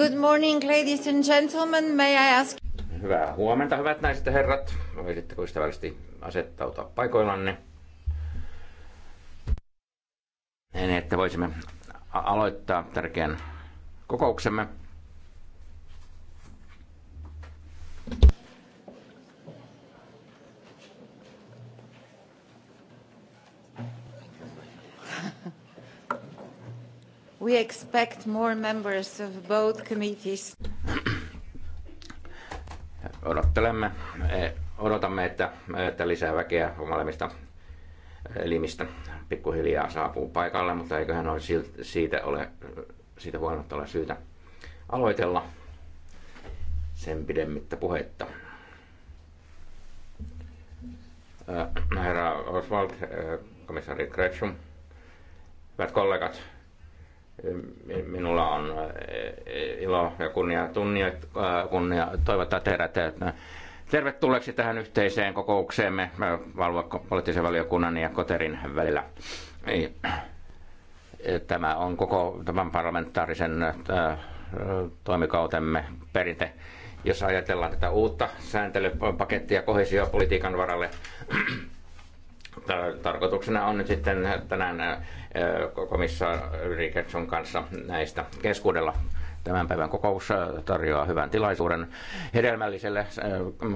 Good morning, ladies and gentlemen. May I ask... Hyvää huomenta, hyvät naiset ja herrat. Voisitteko ystävällisesti asettautua paikoillanne? Niin, että voisimme aloittaa tärkeän kokouksemme. We expect more members of both committees. Odottelemme, odotamme, että, että lisää väkeä molemmista elimistä pikkuhiljaa saapuu paikalle, mutta eiköhän ole siitä, ole, siitä huolimatta ole syytä aloitella sen pidemmittä puhetta. Äh, herra Oswald, äh, komissaari Gretschum, hyvät kollegat, Minulla on ilo ja kunnia, tunnia, kunnia toivottaa teidät tervetulleeksi tähän yhteiseen kokoukseemme valvo poliittisen valiokunnan ja Koterin välillä. Tämä on koko tämän parlamentaarisen toimikautemme perinte. Jos ajatellaan tätä uutta sääntelypakettia kohesiopolitiikan varalle, tarkoituksena on nyt sitten tänään komissaari Richardson kanssa näistä keskuudella Tämän päivän kokous äh, tarjoaa hyvän tilaisuuden hedelmälliselle äh,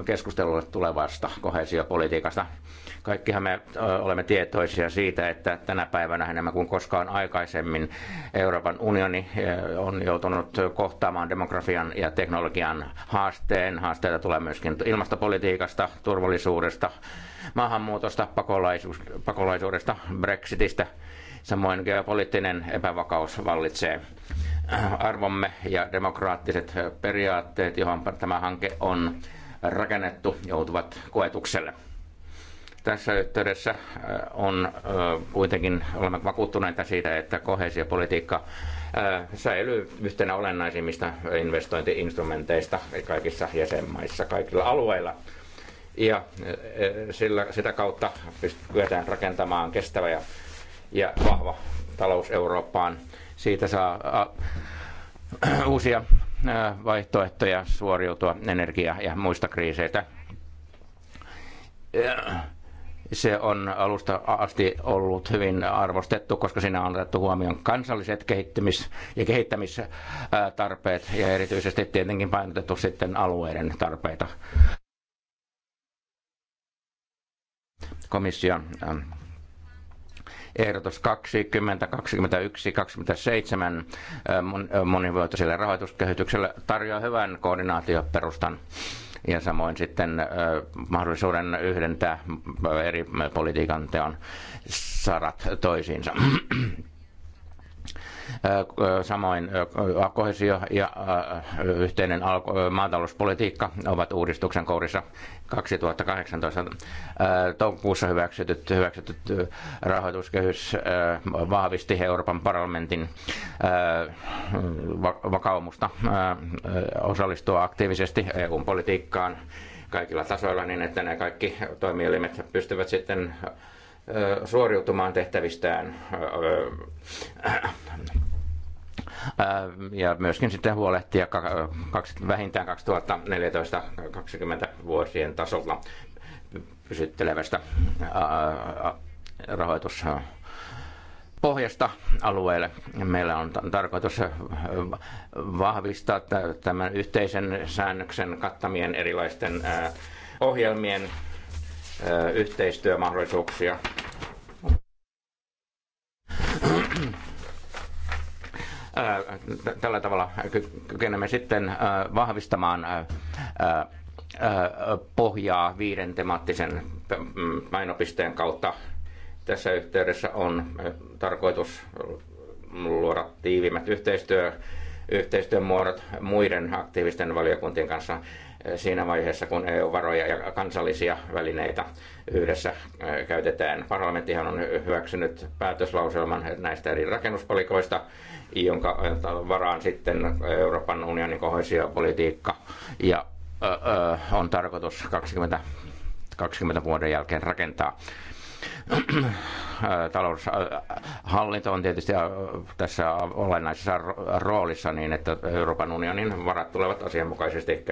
keskustelulle tulevasta kohesiopolitiikasta. Kaikkihan me äh, olemme tietoisia siitä, että tänä päivänä enemmän kuin koskaan aikaisemmin Euroopan unioni on joutunut kohtaamaan demografian ja teknologian haasteen. Haasteita tulee myöskin ilmastopolitiikasta, turvallisuudesta, maahanmuutosta, pakolaisuudesta, Brexitistä. Samoin geopoliittinen epävakaus vallitsee arvomme ja demokraattiset periaatteet, johon tämä hanke on rakennettu, joutuvat koetukselle. Tässä yhteydessä äh, on äh, kuitenkin, olemme vakuuttuneita siitä, että kohesiopolitiikka äh, säilyy yhtenä olennaisimmista investointiinstrumenteista kaikissa jäsenmaissa, kaikilla alueilla. Ja sillä, sitä kautta pystytään rakentamaan kestävä ja, ja vahva talous Eurooppaan – siitä saa uusia vaihtoehtoja suoriutua energia- ja muista kriiseistä. Se on alusta asti ollut hyvin arvostettu, koska siinä on otettu huomioon kansalliset kehittymis- ja kehittämistarpeet ja erityisesti tietenkin painotettu sitten alueiden tarpeita. Komissio ehdotus 20, 21, 27 monivuotiselle rahoituskehitykselle tarjoaa hyvän koordinaatioperustan ja samoin sitten mahdollisuuden yhdentää eri politiikan teon sarat toisiinsa. Samoin kohesio ja yhteinen maatalouspolitiikka ovat uudistuksen kourissa 2018 toukokuussa hyväksytyt, hyväksytyt rahoituskehys vahvisti Euroopan parlamentin vakaumusta osallistua aktiivisesti EU-politiikkaan kaikilla tasoilla niin, että ne kaikki toimielimet pystyvät sitten suoriutumaan tehtävistään ja myöskin sitten huolehtia vähintään 2014-2020 vuosien tasolla pysyttelevästä rahoitus pohjasta alueelle. Meillä on tarkoitus vahvistaa tämän yhteisen säännöksen kattamien erilaisten ohjelmien yhteistyömahdollisuuksia. Tällä tavalla kykenemme sitten vahvistamaan pohjaa viiden temaattisen mm, painopisteen kautta. Tässä yhteydessä on tarkoitus luoda tiivimmät yhteistyö, yhteistyön muodot muiden aktiivisten valiokuntien kanssa siinä vaiheessa, kun EU-varoja ja kansallisia välineitä yhdessä käytetään. Parlamenttihan on hyväksynyt päätöslauselman näistä eri rakennuspolikoista, jonka varaan sitten Euroopan unionin politiikka ja on tarkoitus 20, 20 vuoden jälkeen rakentaa taloushallinto on tietysti äh, tässä olennaisessa roolissa niin, että Euroopan unionin varat tulevat asianmukaisesti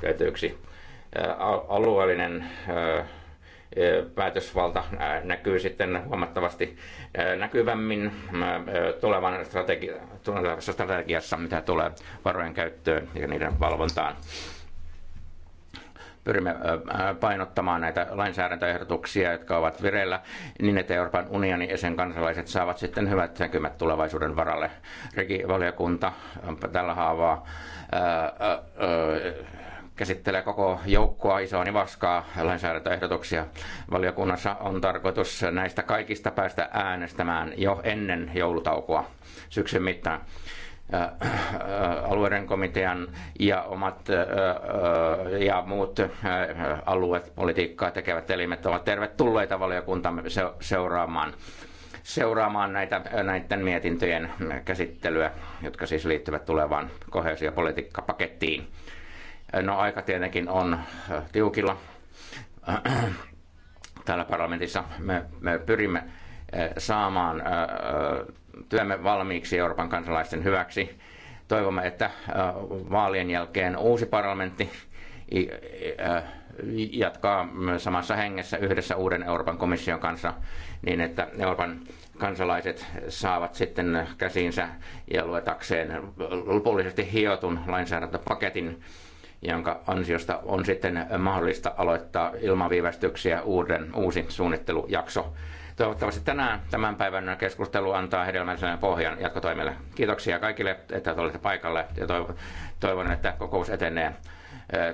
käytetyksi. Äh, alueellinen äh, e, päätösvalta näkyy sitten huomattavasti näkyvämmin tulevan strategi- tulevassa strategiassa, mitä tulee varojen käyttöön ja niiden valvontaan pyrimme painottamaan näitä lainsäädäntöehdotuksia, jotka ovat vireillä, niin että Euroopan unioni ja sen kansalaiset saavat sitten hyvät näkymät tulevaisuuden varalle. Regivaliokunta tällä haavaa käsittelee koko joukkoa isoa nivaskaa lainsäädäntöehdotuksia. Valiokunnassa on tarkoitus näistä kaikista päästä äänestämään jo ennen joulutaukoa syksyn mittaan alueiden komitean ja omat ja muut aluepolitiikkaa tekevät elimet ovat tervetulleita valiokuntamme seuraamaan seuraamaan näitä, näiden mietintöjen käsittelyä, jotka siis liittyvät tulevaan kohesiopolitiikkapakettiin. No aika tietenkin on tiukilla. Täällä parlamentissa me, me pyrimme saamaan työmme valmiiksi Euroopan kansalaisten hyväksi. Toivomme, että äh, vaalien jälkeen uusi parlamentti äh, jatkaa samassa hengessä yhdessä uuden Euroopan komission kanssa niin, että Euroopan kansalaiset saavat sitten käsiinsä ja luetakseen lopullisesti hiotun lainsäädäntöpaketin, jonka ansiosta on sitten mahdollista aloittaa ilman viivästyksiä uuden, uusi suunnittelujakso Toivottavasti tänään tämän päivän keskustelu antaa hedelmällisen pohjan jatkotoimille. Kiitoksia kaikille, että olette paikalle ja toivon, että kokous etenee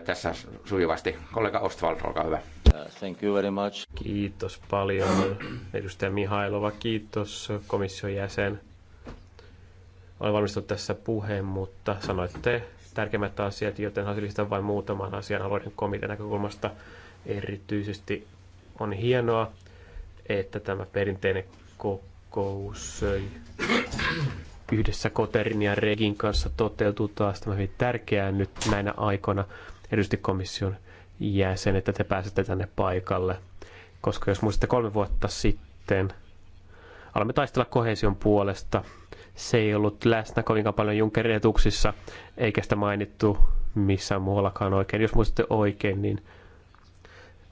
tässä sujuvasti. Kollega Ostwald, olkaa hyvä. Uh, thank you very much. Kiitos paljon. Edustaja Mihailova, kiitos komission jäsen. Olen valmistunut tässä puheen, mutta sanoitte tärkeimmät asiat, joten asiallista vain muutaman asian alueiden komitean näkökulmasta. Erityisesti on hienoa, että tämä perinteinen kokous yhdessä Koterin ja Regin kanssa toteutuu taas. Tämä on hyvin tärkeää nyt näinä aikoina erityisesti komission jäsen, että te pääsette tänne paikalle. Koska jos muistatte kolme vuotta sitten, alamme taistella kohesion puolesta. Se ei ollut läsnä kovinkaan paljon Junckerin etuksissa, eikä sitä mainittu missään muuallakaan oikein. Jos muistatte oikein, niin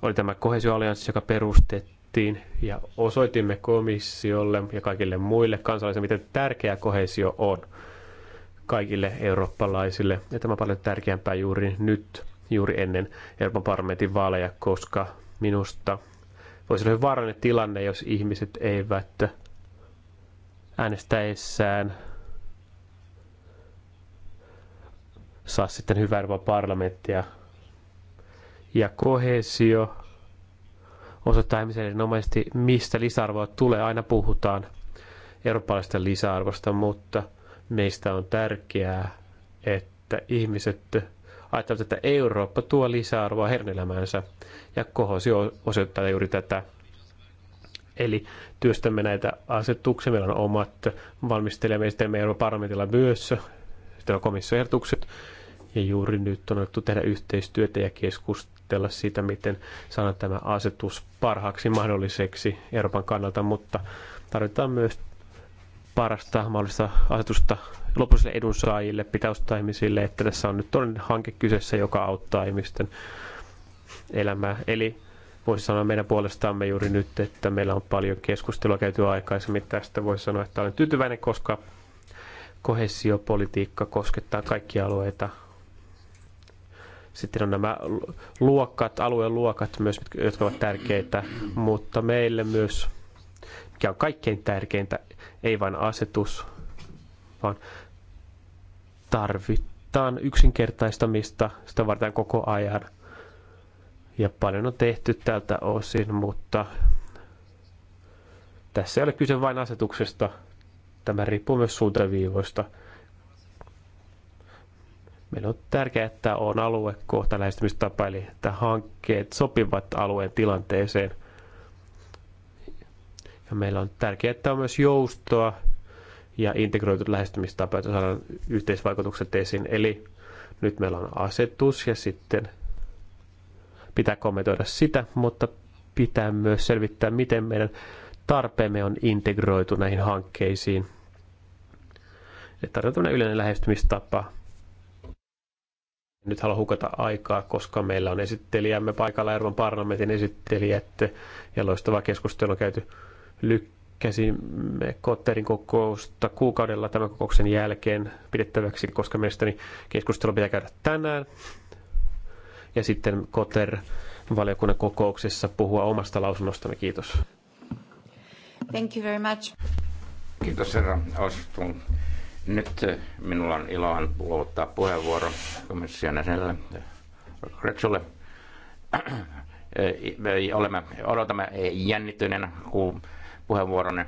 oli tämä kohesioallianssi, joka perustettiin tehtiin ja osoitimme komissiolle ja kaikille muille kansalaisille, miten tärkeä kohesio on kaikille eurooppalaisille. Ja tämä on paljon tärkeämpää juuri nyt, juuri ennen Euroopan parlamentin vaaleja, koska minusta voisi olla vaarallinen tilanne, jos ihmiset eivät äänestäessään saa sitten hyvää Euroopan parlamenttia. Ja kohesio osoittaa ihmisen erinomaisesti, mistä lisäarvoa tulee. Aina puhutaan eurooppalaisesta lisäarvosta, mutta meistä on tärkeää, että ihmiset ajattelevat, että Eurooppa tuo lisäarvoa hernelämäänsä Ja kohosi osoittaa juuri tätä. Eli työstämme näitä asetuksia, meillä on omat valmistelijamme, sitten meidän Euroopan parlamentilla myös, sitten on komissioehdotukset, ja juuri nyt on otettu tehdä yhteistyötä ja keskustelua neuvotella siitä, miten saada tämä asetus parhaaksi mahdolliseksi Euroopan kannalta, mutta tarvitaan myös parasta mahdollista asetusta lopullisille edunsaajille, pitää ostaa ihmisille, että tässä on nyt toinen hanke kyseessä, joka auttaa ihmisten elämää. Eli voisi sanoa meidän puolestamme juuri nyt, että meillä on paljon keskustelua käyty aikaisemmin tästä. Voisi sanoa, että olen tyytyväinen, koska kohesiopolitiikka koskettaa kaikkia alueita sitten on nämä luokat, alueen luokat myös, jotka ovat tärkeitä, mutta meille myös, mikä on kaikkein tärkeintä, ei vain asetus, vaan tarvitaan yksinkertaistamista sitä varten koko ajan. Ja paljon on tehty tältä osin, mutta tässä ei ole kyse vain asetuksesta. Tämä riippuu myös suuntaviivoista – Meillä on tärkeää, että on aluekohta lähestymistapa, eli että hankkeet sopivat alueen tilanteeseen. Ja meillä on tärkeää, että on myös joustoa ja integroitut lähestymistapa, että saadaan yhteisvaikutukset esiin. Eli nyt meillä on asetus ja sitten pitää kommentoida sitä, mutta pitää myös selvittää, miten meidän tarpeemme on integroitu näihin hankkeisiin. Eli tarjotaan yleinen lähestymistapa nyt halua hukata aikaa, koska meillä on esittelijämme paikalla Euroopan parlamentin esittelijät ja loistava keskustelu on käyty lykkäsimme Kotterin kokousta kuukaudella tämän kokouksen jälkeen pidettäväksi, koska mielestäni keskustelu pitää käydä tänään. Ja sitten Kotter valiokunnan kokouksessa puhua omasta lausunnostamme. Kiitos. Thank you very much. Kiitos herra Ostun nyt eh, minulla on ilo luovuttaa puheenvuoro komission jäsenelle Kretsulle. Eh, olemme, odotamme jännittyneenä puheenvuoronne.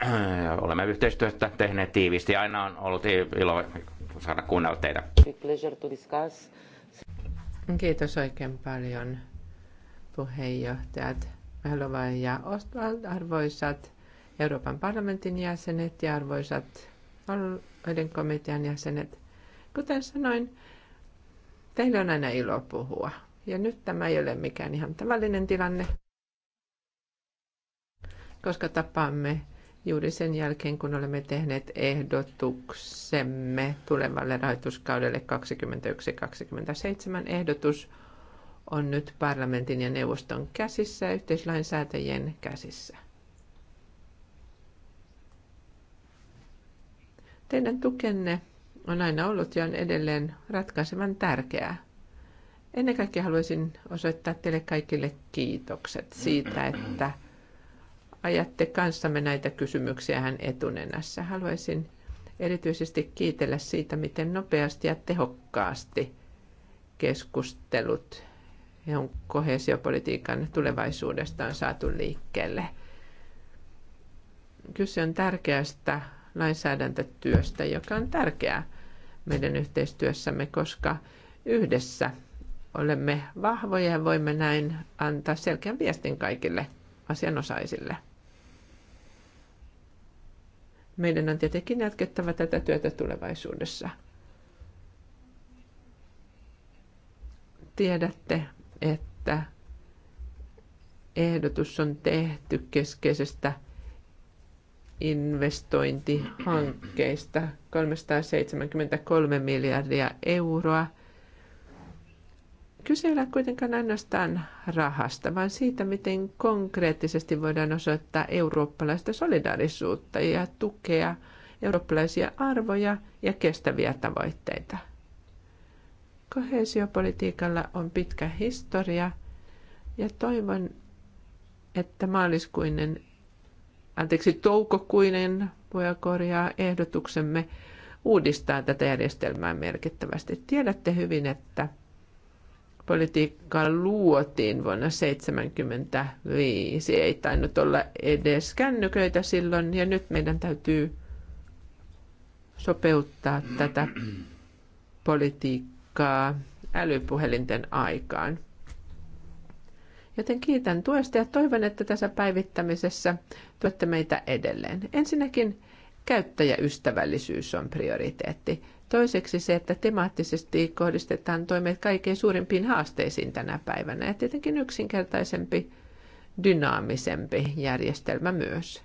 Olemme yhteistyötä tehneet tiiviisti. Aina on ollut ilo saada kuunnella teitä. Kiitos oikein paljon puheenjohtajat Melova ja Ostwald, arvoisat Euroopan parlamentin jäsenet ja arvoisat alueiden komitean jäsenet. Kuten sanoin, teillä on aina ilo puhua. Ja nyt tämä ei ole mikään ihan tavallinen tilanne, koska tapaamme juuri sen jälkeen, kun olemme tehneet ehdotuksemme tulevalle rahoituskaudelle 21 2027 Ehdotus on nyt parlamentin ja neuvoston käsissä ja yhteislainsäätäjien käsissä. Teidän tukenne on aina ollut ja on edelleen ratkaisevan tärkeää. Ennen kaikkea haluaisin osoittaa teille kaikille kiitokset siitä, että ajatte kanssamme näitä kysymyksiä hän etunenässä. Haluaisin erityisesti kiitellä siitä, miten nopeasti ja tehokkaasti keskustelut EUn kohesiopolitiikan tulevaisuudesta on saatu liikkeelle. Kyse on tärkeästä lainsäädäntötyöstä, joka on tärkeää meidän yhteistyössämme, koska yhdessä olemme vahvoja ja voimme näin antaa selkeän viestin kaikille asianosaisille. Meidän on tietenkin jatkettava tätä työtä tulevaisuudessa. Tiedätte, että ehdotus on tehty keskeisestä investointihankkeista 373 miljardia euroa. Kyse ei ole kuitenkaan ainoastaan rahasta, vaan siitä, miten konkreettisesti voidaan osoittaa eurooppalaista solidaarisuutta ja tukea eurooppalaisia arvoja ja kestäviä tavoitteita. Kohesiopolitiikalla on pitkä historia ja toivon, että maaliskuinen anteeksi, toukokuinen korjaa ehdotuksemme uudistaa tätä järjestelmää merkittävästi. Tiedätte hyvin, että politiikkaa luotiin vuonna 1975. Ei tainnut olla edes kännyköitä silloin ja nyt meidän täytyy sopeuttaa tätä politiikkaa älypuhelinten aikaan. Joten kiitän tuesta ja toivon, että tässä päivittämisessä tuette meitä edelleen. Ensinnäkin käyttäjäystävällisyys on prioriteetti. Toiseksi se, että temaattisesti kohdistetaan toimet kaikkein suurimpiin haasteisiin tänä päivänä ja tietenkin yksinkertaisempi, dynaamisempi järjestelmä myös.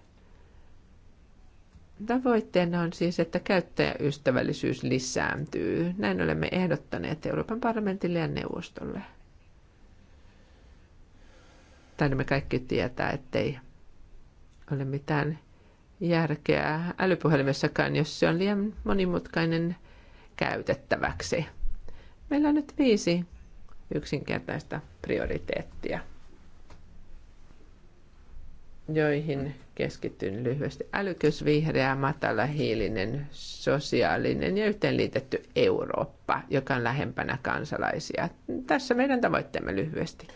Tavoitteena on siis, että käyttäjäystävällisyys lisääntyy. Näin olemme ehdottaneet Euroopan parlamentille ja neuvostolle me kaikki tietää, ettei ole mitään järkeä älypuhelimessakaan, jos se on liian monimutkainen käytettäväksi. Meillä on nyt viisi yksinkertaista prioriteettia, joihin keskityn lyhyesti. Älykös, vihreä, matala, hiilinen, sosiaalinen ja yhteenliitetty Eurooppa, joka on lähempänä kansalaisia. Tässä meidän tavoitteemme lyhyesti.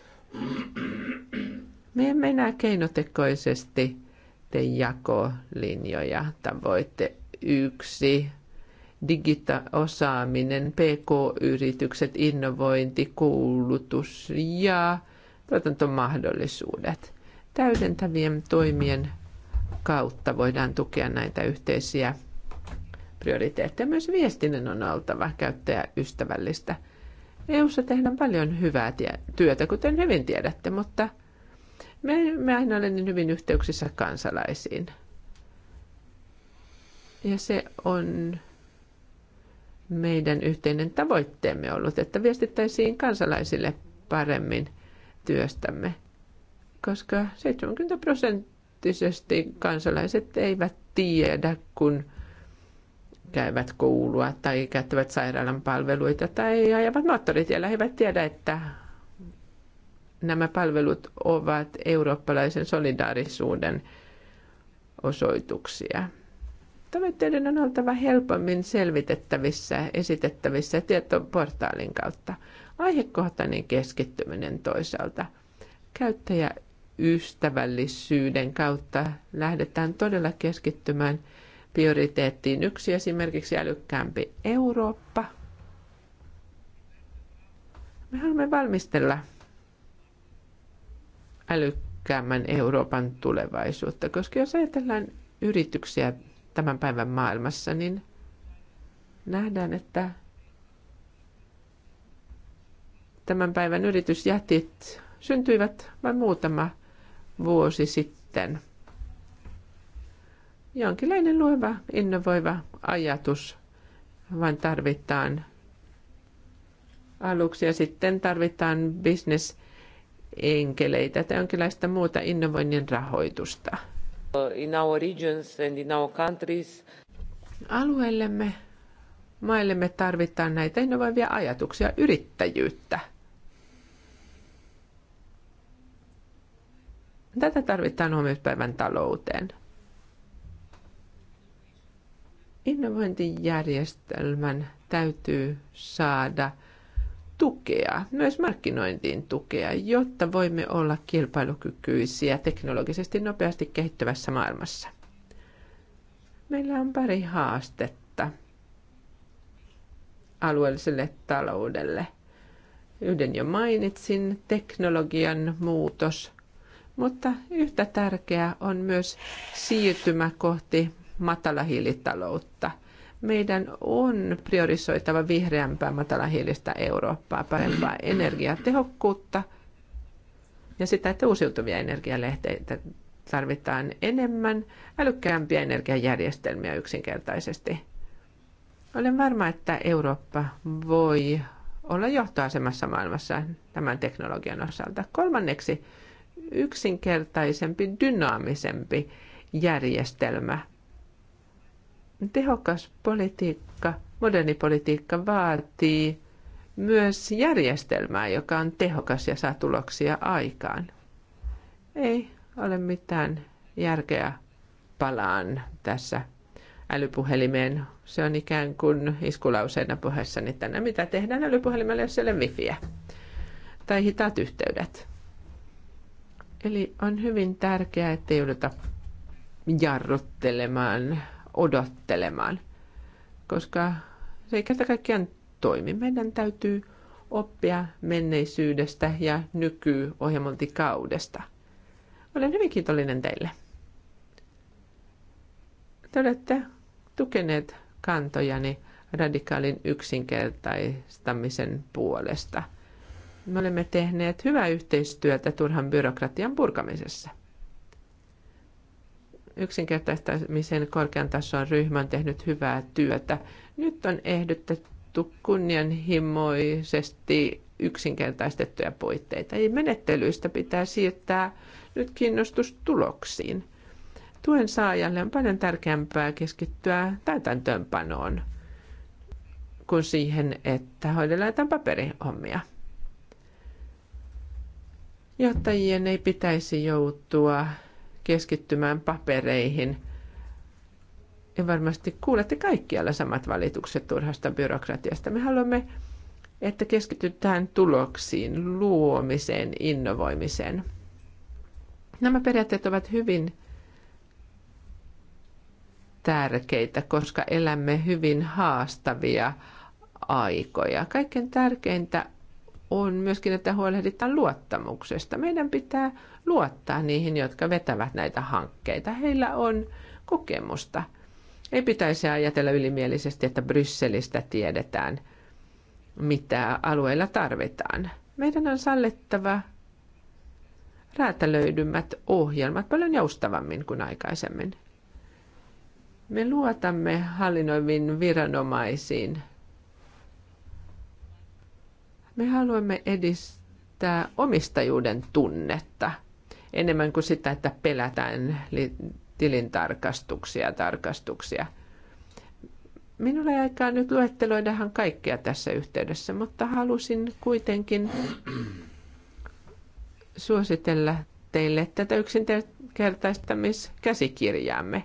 Me emme enää keinotekoisesti te jakolinjoja tavoitte yksi, digitaosaaminen, pk-yritykset, innovointi, koulutus ja tuotantomahdollisuudet. Täydentävien toimien kautta voidaan tukea näitä yhteisiä prioriteetteja. Myös viestinnän on oltava käyttäjäystävällistä – EU-ssa tehdään paljon hyvää työtä, kuten hyvin tiedätte, mutta me me aina ole niin hyvin yhteyksissä kansalaisiin. Ja se on meidän yhteinen tavoitteemme ollut, että viestittäisiin kansalaisille paremmin työstämme, koska 70 prosenttisesti kansalaiset eivät tiedä, kun käyvät koulua tai käyttävät sairaalan palveluita tai ajavat moottoritiellä. He tiedä, että nämä palvelut ovat eurooppalaisen solidaarisuuden osoituksia. Tavoitteiden on oltava helpommin selvitettävissä, esitettävissä tietoportaalin kautta. Aihekohtainen keskittyminen toisaalta. Käyttäjäystävällisyyden kautta lähdetään todella keskittymään – prioriteettiin yksi esimerkiksi älykkäämpi Eurooppa. Me haluamme valmistella älykkäämmän Euroopan tulevaisuutta, koska jos ajatellaan yrityksiä tämän päivän maailmassa, niin nähdään, että tämän päivän yritysjätit syntyivät vain muutama vuosi sitten – jonkinlainen luova, innovoiva ajatus, vaan tarvitaan aluksi ja sitten tarvitaan bisnesenkeleitä tai jonkinlaista muuta innovoinnin rahoitusta. In our regions and in our countries. Alueellemme, maillemme tarvitaan näitä innovoivia ajatuksia, yrittäjyyttä. Tätä tarvitaan päivän talouteen – Innovointijärjestelmän täytyy saada tukea, myös markkinointiin tukea, jotta voimme olla kilpailukykyisiä teknologisesti nopeasti kehittyvässä maailmassa. Meillä on pari haastetta alueelliselle taloudelle. Yhden jo mainitsin, teknologian muutos, mutta yhtä tärkeää on myös siirtymä kohti matalahiilitaloutta. Meidän on priorisoitava vihreämpää matalahiilistä Eurooppaa, parempaa energiatehokkuutta ja sitä, että uusiutuvia energialehteitä tarvitaan enemmän, älykkäämpiä energiajärjestelmiä yksinkertaisesti. Olen varma, että Eurooppa voi olla johtoasemassa maailmassa tämän teknologian osalta. Kolmanneksi, yksinkertaisempi, dynaamisempi järjestelmä – Tehokas politiikka, moderni politiikka vaatii myös järjestelmää, joka on tehokas ja saa tuloksia aikaan. Ei ole mitään järkeä palaan tässä älypuhelimeen. Se on ikään kuin iskulauseena puheessani tänään. Mitä tehdään älypuhelimelle, jos siellä wifiä? Tai hitaat yhteydet. Eli on hyvin tärkeää, että jouduta jarruttelemaan odottelemaan, koska se ei kerta kaikkiaan toimi. Meidän täytyy oppia menneisyydestä ja nykyohjelmointikaudesta. Olen hyvin kiitollinen teille. Te olette tukeneet kantojani radikaalin yksinkertaistamisen puolesta. Me olemme tehneet hyvää yhteistyötä turhan byrokratian purkamisessa – yksinkertaistamisen korkean tason ryhmä on tehnyt hyvää työtä. Nyt on ehdotettu kunnianhimoisesti yksinkertaistettuja puitteita. Ei menettelyistä pitää siirtää nyt kiinnostus tuloksiin. Tuen saajalle on paljon tärkeämpää keskittyä täytäntöönpanoon kuin siihen, että hoidellaan jotain paperihommia. Johtajien ei pitäisi joutua keskittymään papereihin. Ja varmasti kuulette kaikkialla samat valitukset turhasta byrokratiasta. Me haluamme, että keskitytään tuloksiin, luomiseen, innovoimiseen. Nämä periaatteet ovat hyvin tärkeitä, koska elämme hyvin haastavia aikoja. Kaikkein tärkeintä on myöskin, että huolehditaan luottamuksesta. Meidän pitää luottaa niihin, jotka vetävät näitä hankkeita. Heillä on kokemusta. Ei pitäisi ajatella ylimielisesti, että Brysselistä tiedetään, mitä alueella tarvitaan. Meidän on sallittava räätälöidymmät ohjelmat paljon joustavammin kuin aikaisemmin. Me luotamme hallinnoiviin viranomaisiin – me haluamme edistää omistajuuden tunnetta enemmän kuin sitä, että pelätään tilintarkastuksia, tarkastuksia. Minulla ei aikaa nyt luetteloidahan kaikkea tässä yhteydessä, mutta halusin kuitenkin suositella teille tätä yksinkertaistamiskäsikirjaamme.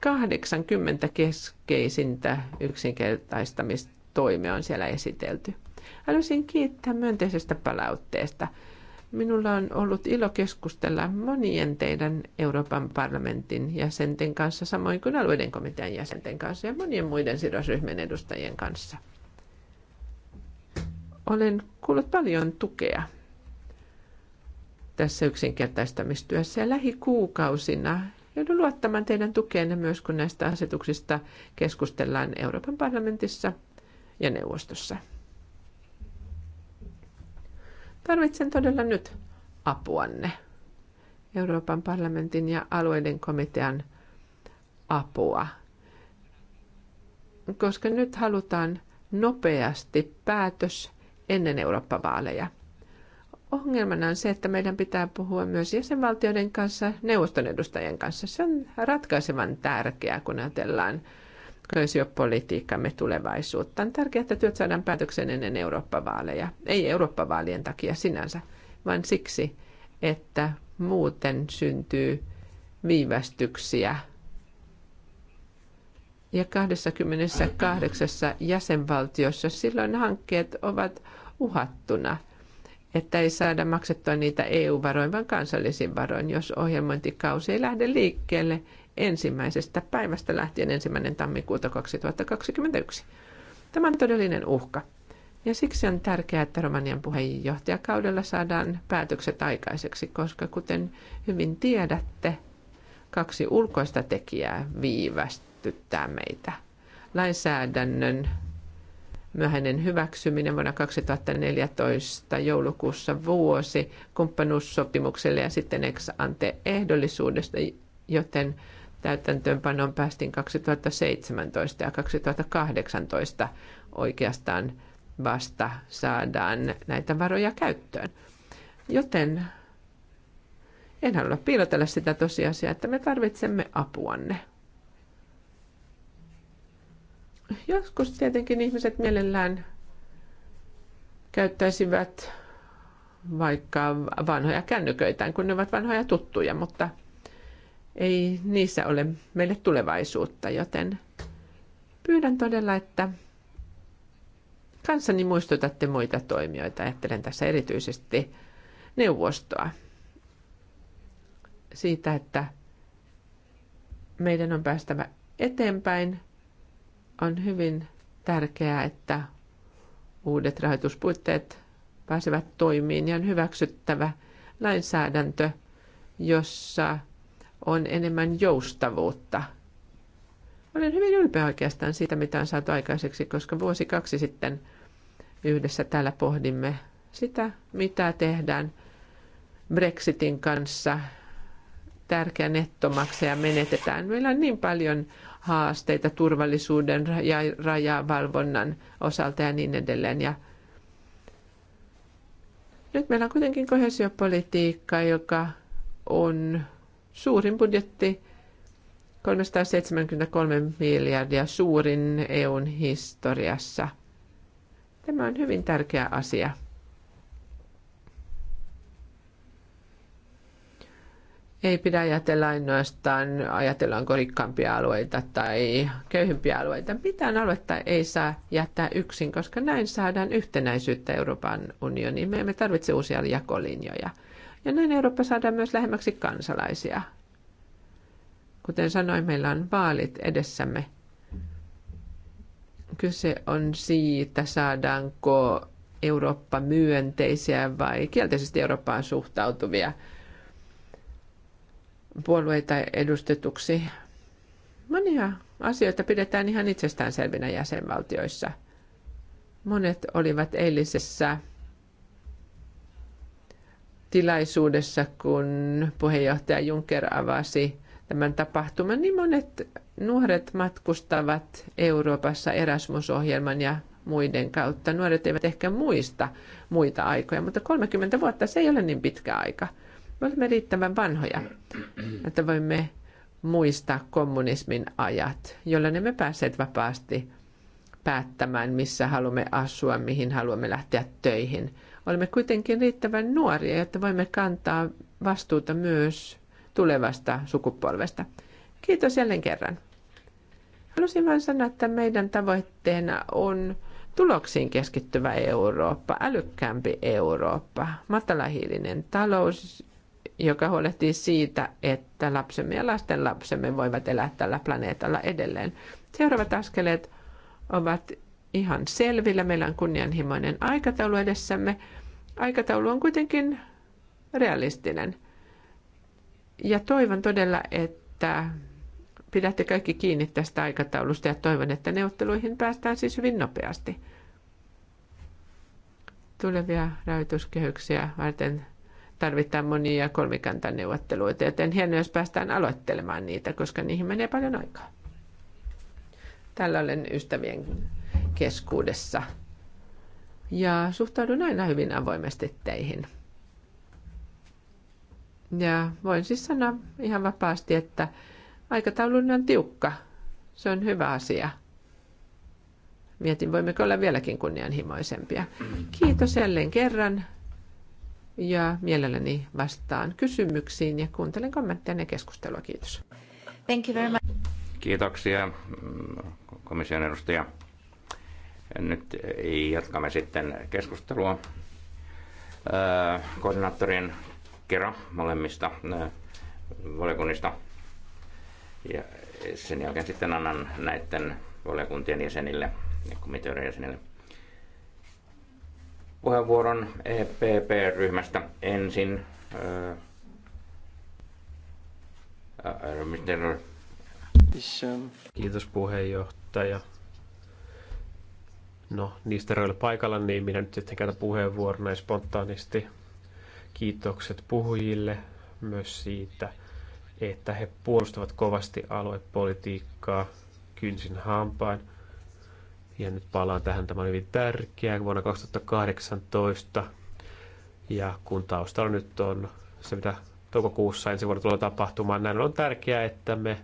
80 keskeisintä yksinkertaistamistoimea on siellä esitelty. Haluaisin kiittää myönteisestä palautteesta. Minulla on ollut ilo keskustella monien teidän Euroopan parlamentin jäsenten kanssa, samoin kuin alueiden komitean jäsenten kanssa ja monien muiden sidosryhmien edustajien kanssa. Olen kuullut paljon tukea tässä yksinkertaistamistyössä ja lähikuukausina joudun luottamaan teidän tukeenne myös, kun näistä asetuksista keskustellaan Euroopan parlamentissa ja neuvostossa. Tarvitsen todella nyt apuanne. Euroopan parlamentin ja alueiden komitean apua. Koska nyt halutaan nopeasti päätös ennen Eurooppa-vaaleja. Ongelmana on se, että meidän pitää puhua myös jäsenvaltioiden kanssa, neuvoston edustajien kanssa. Se on ratkaisevan tärkeää, kun ajatellaan politiikkamme tulevaisuutta. On tärkeää, että työt saadaan päätöksen ennen Eurooppa-vaaleja. Ei Eurooppa-vaalien takia sinänsä, vaan siksi, että muuten syntyy viivästyksiä. Ja 28 jäsenvaltiossa silloin hankkeet ovat uhattuna, että ei saada maksettua niitä EU-varoin, vaan kansallisin varoin, jos ohjelmointikausi ei lähde liikkeelle – ensimmäisestä päivästä lähtien ensimmäinen tammikuuta 2021. Tämä on todellinen uhka. Ja siksi on tärkeää, että Romanian puheenjohtajakaudella saadaan päätökset aikaiseksi, koska kuten hyvin tiedätte, kaksi ulkoista tekijää viivästyttää meitä. Lainsäädännön myöhäinen hyväksyminen vuonna 2014 joulukuussa vuosi kumppanuussopimukselle ja sitten ex ante ehdollisuudesta, joten täytäntöönpanoon päästiin 2017 ja 2018 oikeastaan vasta saadaan näitä varoja käyttöön. Joten en halua piilotella sitä tosiasiaa, että me tarvitsemme apuanne. Joskus tietenkin ihmiset mielellään käyttäisivät vaikka vanhoja kännyköitään, kun ne ovat vanhoja tuttuja, mutta ei niissä ole meille tulevaisuutta, joten pyydän todella, että kanssani muistutatte muita toimijoita. Ajattelen tässä erityisesti neuvostoa siitä, että meidän on päästävä eteenpäin. On hyvin tärkeää, että uudet rahoituspuitteet pääsevät toimiin ja on hyväksyttävä lainsäädäntö, jossa on enemmän joustavuutta. Olen hyvin ylpeä oikeastaan siitä, mitä on saatu aikaiseksi, koska vuosi kaksi sitten yhdessä täällä pohdimme sitä, mitä tehdään Brexitin kanssa. Tärkeä nettomaksaja menetetään. Meillä on niin paljon haasteita turvallisuuden ja rajavalvonnan osalta ja niin edelleen. Ja nyt meillä on kuitenkin kohesiopolitiikka, joka on suurin budjetti 373 miljardia, suurin EUn historiassa. Tämä on hyvin tärkeä asia. Ei pidä ajatella ainoastaan, ajatellaanko rikkaampia alueita tai köyhimpiä alueita. Mitään aluetta ei saa jättää yksin, koska näin saadaan yhtenäisyyttä Euroopan unioniin. Me emme tarvitse uusia jakolinjoja. Ja näin Eurooppa saadaan myös lähemmäksi kansalaisia. Kuten sanoin, meillä on vaalit edessämme. Kyse on siitä, saadaanko Eurooppa myönteisiä vai kielteisesti Eurooppaan suhtautuvia puolueita edustetuksi. Monia asioita pidetään ihan itsestäänselvinä jäsenvaltioissa. Monet olivat eilisessä tilaisuudessa, kun puheenjohtaja Juncker avasi tämän tapahtuman, niin monet nuoret matkustavat Euroopassa Erasmus-ohjelman ja muiden kautta. Nuoret eivät ehkä muista muita aikoja, mutta 30 vuotta se ei ole niin pitkä aika. Me olemme riittävän vanhoja, että voimme muistaa kommunismin ajat, jolloin emme päässeet vapaasti päättämään, missä haluamme asua, mihin haluamme lähteä töihin – Olemme kuitenkin riittävän nuoria, jotta voimme kantaa vastuuta myös tulevasta sukupolvesta. Kiitos jälleen kerran. Halusin vain sanoa, että meidän tavoitteena on tuloksiin keskittyvä Eurooppa, älykkäämpi Eurooppa, matalahiilinen talous, joka huolehtii siitä, että lapsemme ja lasten lapsemme voivat elää tällä planeetalla edelleen. Seuraavat askeleet ovat ihan selvillä. Meillä on kunnianhimoinen aikataulu edessämme. Aikataulu on kuitenkin realistinen. Ja toivon todella, että pidätte kaikki kiinni tästä aikataulusta ja toivon, että neuvotteluihin päästään siis hyvin nopeasti. Tulevia rahoituskehyksiä varten tarvitaan monia kolmikantaneuvotteluita, joten hienoa, jos päästään aloittelemaan niitä, koska niihin menee paljon aikaa. Tällä olen ystävien keskuudessa. Ja suhtaudun aina hyvin avoimesti teihin. Ja voin siis sanoa ihan vapaasti, että aikataulun on tiukka. Se on hyvä asia. Mietin, voimmeko olla vieläkin kunnianhimoisempia. Kiitos jälleen kerran ja mielelläni vastaan kysymyksiin ja kuuntelen kommentteja ja keskustelua. Kiitos. Thank you very much. Kiitoksia mm, komission edustaja. Nyt jatkamme sitten keskustelua koordinaattorien kerran molemmista valiokunnista. Ja sen jälkeen sitten annan näiden valiokuntien jäsenille ja komiteoiden jäsenille puheenvuoron EPP-ryhmästä ensin. Um, Kiitos puheenjohtaja. No, niistä ei ole paikalla, niin minä nyt sitten käytän puheenvuoron näin spontaanisti. Kiitokset puhujille myös siitä, että he puolustavat kovasti aluepolitiikkaa kynsin hampain. Ja nyt palaan tähän, tämä on hyvin tärkeää vuonna 2018. Ja kun taustalla nyt on se, mitä toukokuussa ensi vuonna tulee tapahtumaan, näin on tärkeää, että me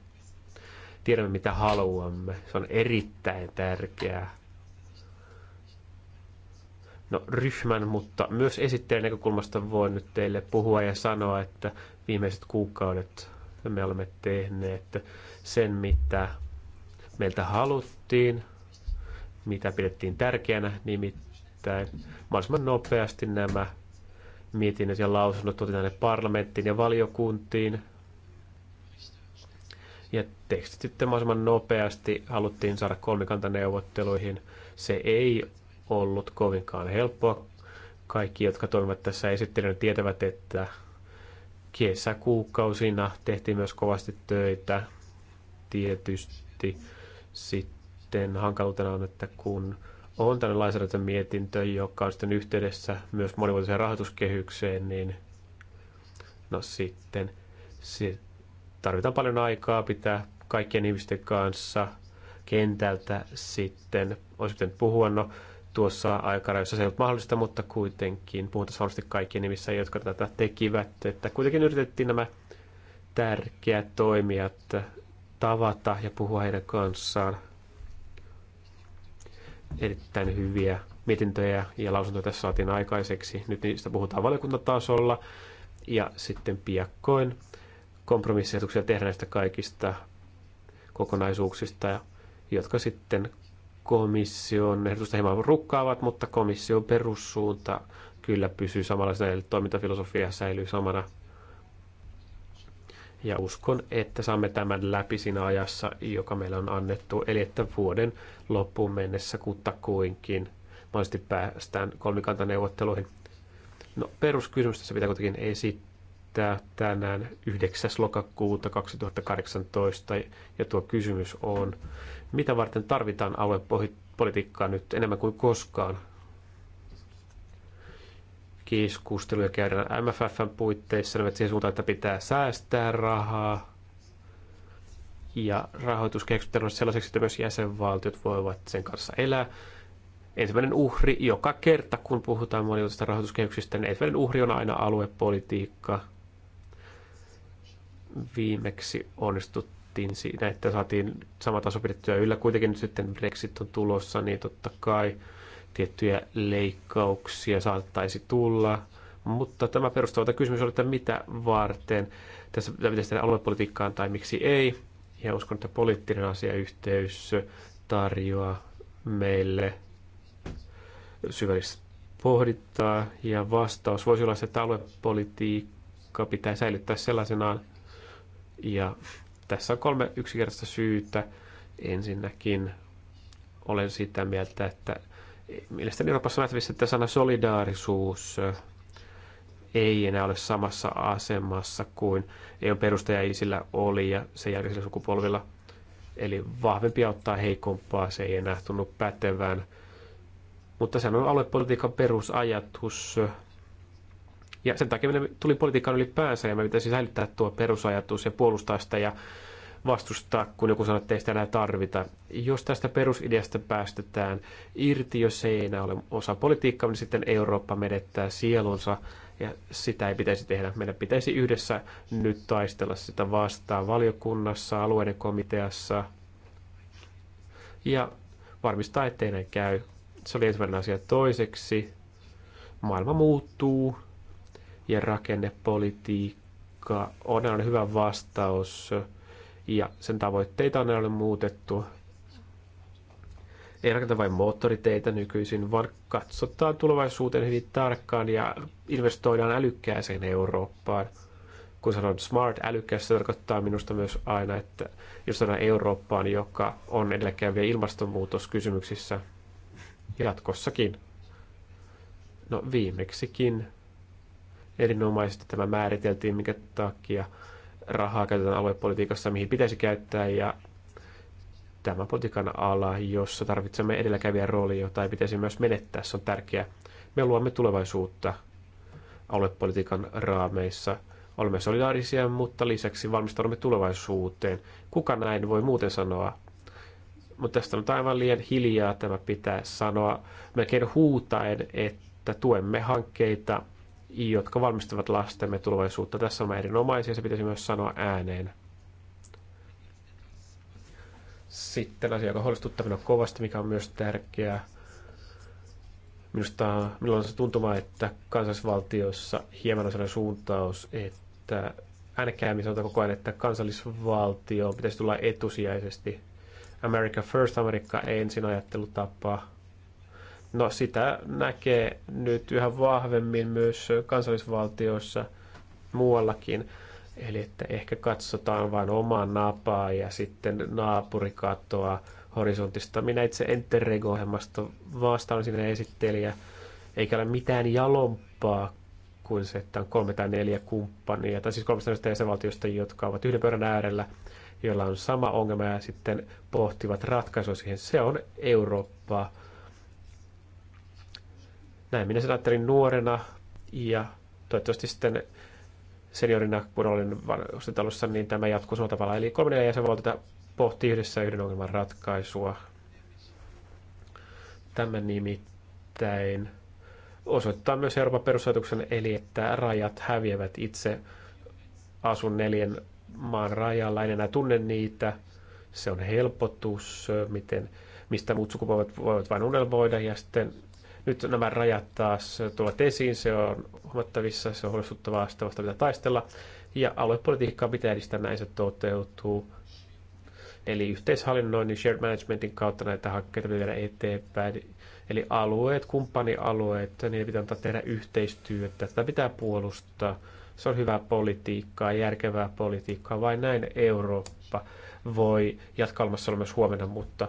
tiedämme, mitä haluamme. Se on erittäin tärkeää no, ryhmän, mutta myös esittäjän näkökulmasta voin nyt teille puhua ja sanoa, että viimeiset kuukaudet me olemme tehneet sen, mitä meiltä haluttiin, mitä pidettiin tärkeänä, nimittäin mahdollisimman nopeasti nämä mietinnöt ja lausunnot tuotiin tänne parlamenttiin ja valiokuntiin. Ja tekstit sitten mahdollisimman nopeasti haluttiin saada kolmikantaneuvotteluihin. Se ei ollut kovinkaan helppoa. Kaikki, jotka toimivat tässä esittelyyn, tietävät, että kesäkuukausina tehtiin myös kovasti töitä. Tietysti sitten hankaluutena on, että kun on tällainen lainsäädäntömietintö, joka on sitten yhteydessä myös monivuotiseen rahoituskehykseen, niin no sitten tarvitaan paljon aikaa pitää kaikkien ihmisten kanssa kentältä sitten, olisi pitänyt puhua, no tuossa aikarajoissa. Se ei ollut mahdollista, mutta kuitenkin puhutaan varmasti kaikkien nimissä, jotka tätä tekivät. Että kuitenkin yritettiin nämä tärkeät toimijat tavata ja puhua heidän kanssaan. Erittäin hyviä mietintöjä ja lausuntoja tässä saatiin aikaiseksi. Nyt niistä puhutaan valiokuntatasolla ja sitten piakkoin kompromissiehdotuksia tehdään näistä kaikista kokonaisuuksista, jotka sitten komission ehdotusta hieman rukkaavat, mutta komission perussuunta kyllä pysyy samanlaisena, eli toimintafilosofia säilyy samana. Ja uskon, että saamme tämän läpi siinä ajassa, joka meillä on annettu, eli että vuoden loppuun mennessä kuttakuinkin mahdollisesti päästään kolmikantaneuvotteluihin. No, peruskysymys tässä pitää kuitenkin esittää tänään 9. lokakuuta 2018, ja tuo kysymys on, mitä varten tarvitaan aluepolitiikkaa nyt enemmän kuin koskaan? Keskusteluja käydään MFFn puitteissa, ne siihen suuntaan, että pitää säästää rahaa, ja rahoituskeskustelu sellaiseksi, että myös jäsenvaltiot voivat sen kanssa elää. Ensimmäinen uhri, joka kerta kun puhutaan monilaisista rahoituskehyksistä, niin ensimmäinen uhri on aina aluepolitiikka. Viimeksi onnistut tehtiin siinä, että saatiin sama taso pidettyä yllä. Kuitenkin nyt sitten Brexit on tulossa, niin totta kai tiettyjä leikkauksia saattaisi tulla. Mutta tämä perustava kysymys on että mitä varten tässä pitäisi tehdä aluepolitiikkaan tai miksi ei. Ja uskon, että poliittinen asiayhteys tarjoaa meille syvällistä pohdittaa ja vastaus voisi olla se, että aluepolitiikka pitää säilyttää sellaisenaan ja tässä on kolme yksinkertaista syytä. Ensinnäkin olen sitä mieltä, että mielestäni Euroopassa nähtävissä, että sana solidaarisuus ei enää ole samassa asemassa kuin EUn perustaja isillä oli ja sen jälkeisellä sukupolvilla. Eli vahvempia ottaa heikompaa, se ei enää tunnu pätevään. Mutta sehän on aluepolitiikan perusajatus, ja sen takia minä tulin politiikkaan ylipäänsä ja me pitäisin säilyttää tuo perusajatus ja puolustaa sitä ja vastustaa, kun joku sanoo, että ei sitä enää tarvita. Jos tästä perusideasta päästetään irti, jos ei enää ole osa politiikkaa, niin sitten Eurooppa menettää sielunsa ja sitä ei pitäisi tehdä. Meidän pitäisi yhdessä nyt taistella sitä vastaan valiokunnassa, alueiden komiteassa ja varmistaa, ettei näin käy. Se oli ensimmäinen asia. Toiseksi, maailma muuttuu, ja rakennepolitiikka on aina hyvä vastaus ja sen tavoitteita on aina muutettu. Ei rakenneta vain moottoriteitä nykyisin, vaan katsotaan tulevaisuuteen hyvin tarkkaan ja investoidaan älykkääseen Eurooppaan. Kun sanon smart älykäs, se tarkoittaa minusta myös aina, että jos sanon Eurooppaan, joka on edelläkävijä ilmastonmuutoskysymyksissä jatkossakin. No viimeksikin erinomaisesti tämä määriteltiin, mikä takia rahaa käytetään aluepolitiikassa, mihin pitäisi käyttää ja tämä politiikan ala, jossa tarvitsemme edelläkävijän roolia, jota ei pitäisi myös menettää, se on tärkeää. Me luomme tulevaisuutta aluepolitiikan raameissa. Olemme solidaarisia, mutta lisäksi valmistaudumme tulevaisuuteen. Kuka näin voi muuten sanoa? Mutta tästä on aivan liian hiljaa tämä pitää sanoa, melkein huutaen, että tuemme hankkeita, jotka valmistavat lastemme tulevaisuutta. Tässä on erinomaisia, se pitäisi myös sanoa ääneen. Sitten asia, joka huolestuttavana kovasti, mikä on myös tärkeää. Minusta minulla on se tuntuma, että kansallisvaltiossa hieman on sellainen suuntaus, että äänekäämmin sanotaan koko ajan, että kansallisvaltio pitäisi tulla etusijaisesti. America First, Amerikka ensin ajattelutapaa No sitä näkee nyt yhä vahvemmin myös kansallisvaltioissa muuallakin. Eli että ehkä katsotaan vain omaa napaa ja sitten naapuri katoaa horisontista. Minä itse Enterrego-ohjelmasta vastaan sinne esittelijä, eikä ole mitään jalompaa kuin se, että on kolme tai neljä kumppania, tai siis kolme neljä jäsenvaltiosta, jotka ovat yhden pöydän äärellä, joilla on sama ongelma ja sitten pohtivat ratkaisua siihen. Se on Eurooppaa näin minä sen ajattelin nuorena ja toivottavasti sitten seniorina, kun olin talossa, niin tämä jatkuu samalla tavalla. Eli kolme neljä jäsenvaltiota pohtii yhdessä yhden ongelman ratkaisua. Tämä nimittäin osoittaa myös Euroopan perusajatuksen, eli että rajat häviävät itse asun neljän maan rajalla, en enää tunne niitä. Se on helpotus, miten, mistä muut sukupolvet voivat vain unelmoida, ja sitten nyt nämä rajat taas tulevat esiin, se on huomattavissa, se on huolestuttavaa, sitä vasta pitää taistella. Ja aluepolitiikkaa pitää edistää, näin se toteutuu. Eli yhteishallinnoinnin, shared managementin kautta näitä hankkeita viedä eteenpäin. Eli alueet, kumppanialueet, niiden pitää antaa tehdä yhteistyötä, sitä pitää puolustaa. Se on hyvää politiikkaa, järkevää politiikkaa, vain näin Eurooppa voi jatkaa olemassa myös huomenna, mutta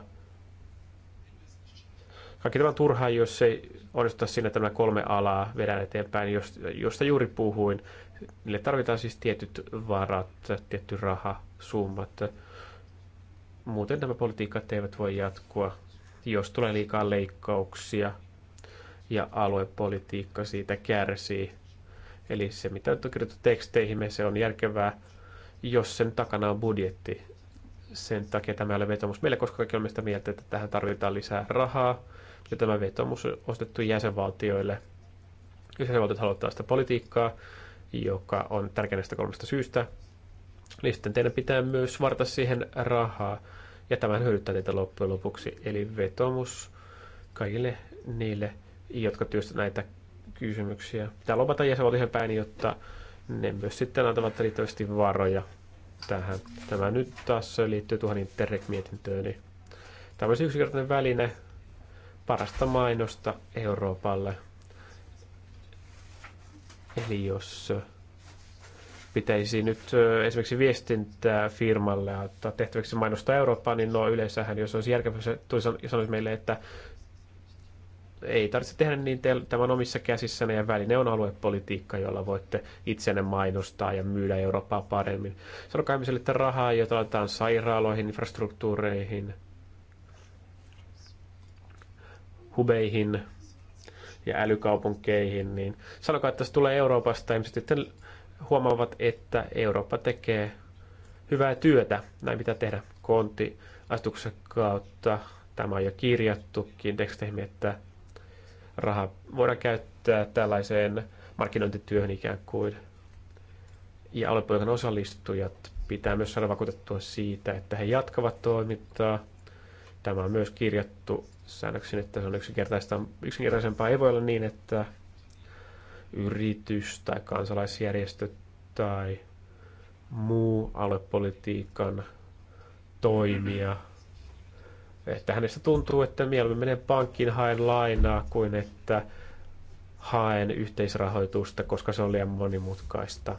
kaikki tämä on turhaa, jos ei onnistuta siinä, että nämä kolme alaa vedään eteenpäin, josta juuri puhuin. Niille tarvitaan siis tietyt varat, tietty raha, summat. Muuten nämä politiikat eivät voi jatkua, jos tulee liikaa leikkauksia ja aluepolitiikka siitä kärsii. Eli se, mitä nyt on kirjoitettu teksteihin, se on järkevää, jos sen takana on budjetti. Sen takia tämä ei ole vetomus meille, koska kaikki olemme sitä mieltä, että tähän tarvitaan lisää rahaa ja tämä vetomus on ostettu jäsenvaltioille. Jäsenvaltiot haluavat tällaista politiikkaa, joka on tärkeä näistä kolmesta syystä. Niin sitten teidän pitää myös varata siihen rahaa. Ja tämän hyödyttää teitä loppujen lopuksi. Eli vetomus kaikille niille, jotka työstävät näitä kysymyksiä. Pitää lopata jäsenvaltioiden päin, jotta ne myös sitten antavat riittävästi varoja tähän. Tämä nyt taas liittyy tuohon Interreg-mietintöön. tämä olisi yksinkertainen väline, parasta mainosta Euroopalle. Eli jos pitäisi nyt esimerkiksi viestintää firmalle ottaa tehtäväksi mainostaa Eurooppaa, niin no yleensähän, jos olisi järkevää, se sanoisi meille, että ei tarvitse tehdä niin, tämän omissa käsissänne ja väline on aluepolitiikka, jolla voitte itsenne mainostaa ja myydä Eurooppaa paremmin. Sanokaa ihmisille, että rahaa, jota laitetaan sairaaloihin, infrastruktuureihin – hubeihin ja älykaupunkeihin, niin sanokaa, että se tulee Euroopasta, ja sitten huomaavat, että Eurooppa tekee hyvää työtä. Näin pitää tehdä koontiastuksen kautta. Tämä on jo kirjattukin teksteihin, että raha voidaan käyttää tällaiseen markkinointityöhön ikään kuin. Ja aluepolitiikan osallistujat pitää myös saada vakuutettua siitä, että he jatkavat toimintaa. Tämä on myös kirjattu säännöksiin, että se on yksinkertaista. yksinkertaisempaa. Ei voi olla niin, että yritys tai kansalaisjärjestö tai muu aluepolitiikan toimija, että hänestä tuntuu, että mieluummin menen pankkiin haen lainaa kuin että haen yhteisrahoitusta, koska se on liian monimutkaista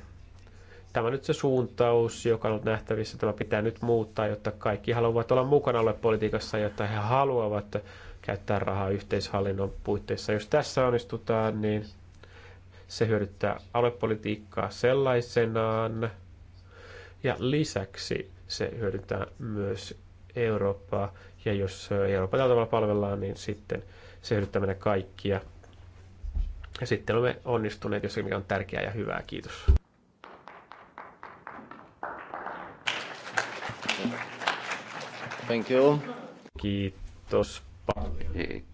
tämä nyt se suuntaus, joka on ollut nähtävissä. Tämä pitää nyt muuttaa, jotta kaikki haluavat olla mukana aluepolitiikassa, jotta he haluavat käyttää rahaa yhteishallinnon puitteissa. Jos tässä onnistutaan, niin se hyödyttää aluepolitiikkaa sellaisenaan. Ja lisäksi se hyödyttää myös Eurooppaa. Ja jos Eurooppa tällä tavalla palvellaan, niin sitten se hyödyttää meidän kaikkia. Ja sitten olemme onnistuneet jossakin, mikä on tärkeää ja hyvää. Kiitos. Thank you. Kiitos.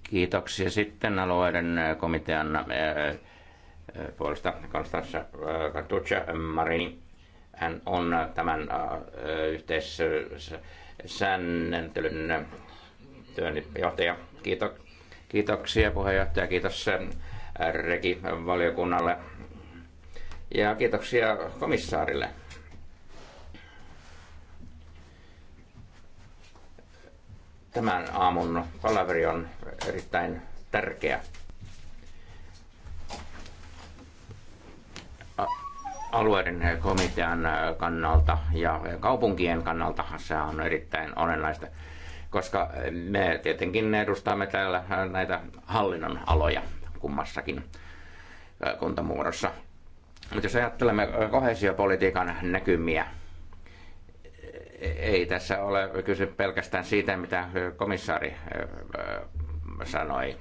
Kiitoksia sitten alueiden komitean äh, äh, puolesta Konstanssa äh, Katucha Marini. Hän on tämän yhteissäännöntelyn työnjohtaja. Kiito, kiitoksia puheenjohtaja, kiitos Regi valiokunnalle ja kiitoksia komissaarille. Tämän aamun palaveri on erittäin tärkeä. alueiden komitean kannalta ja kaupunkien kannalta se on erittäin olennaista, koska me tietenkin edustamme täällä näitä hallinnon aloja kummassakin kuntamuodossa. Mutta jos ajattelemme kohesiopolitiikan näkymiä, ei tässä ole kyse pelkästään siitä, mitä komissaari sanoi.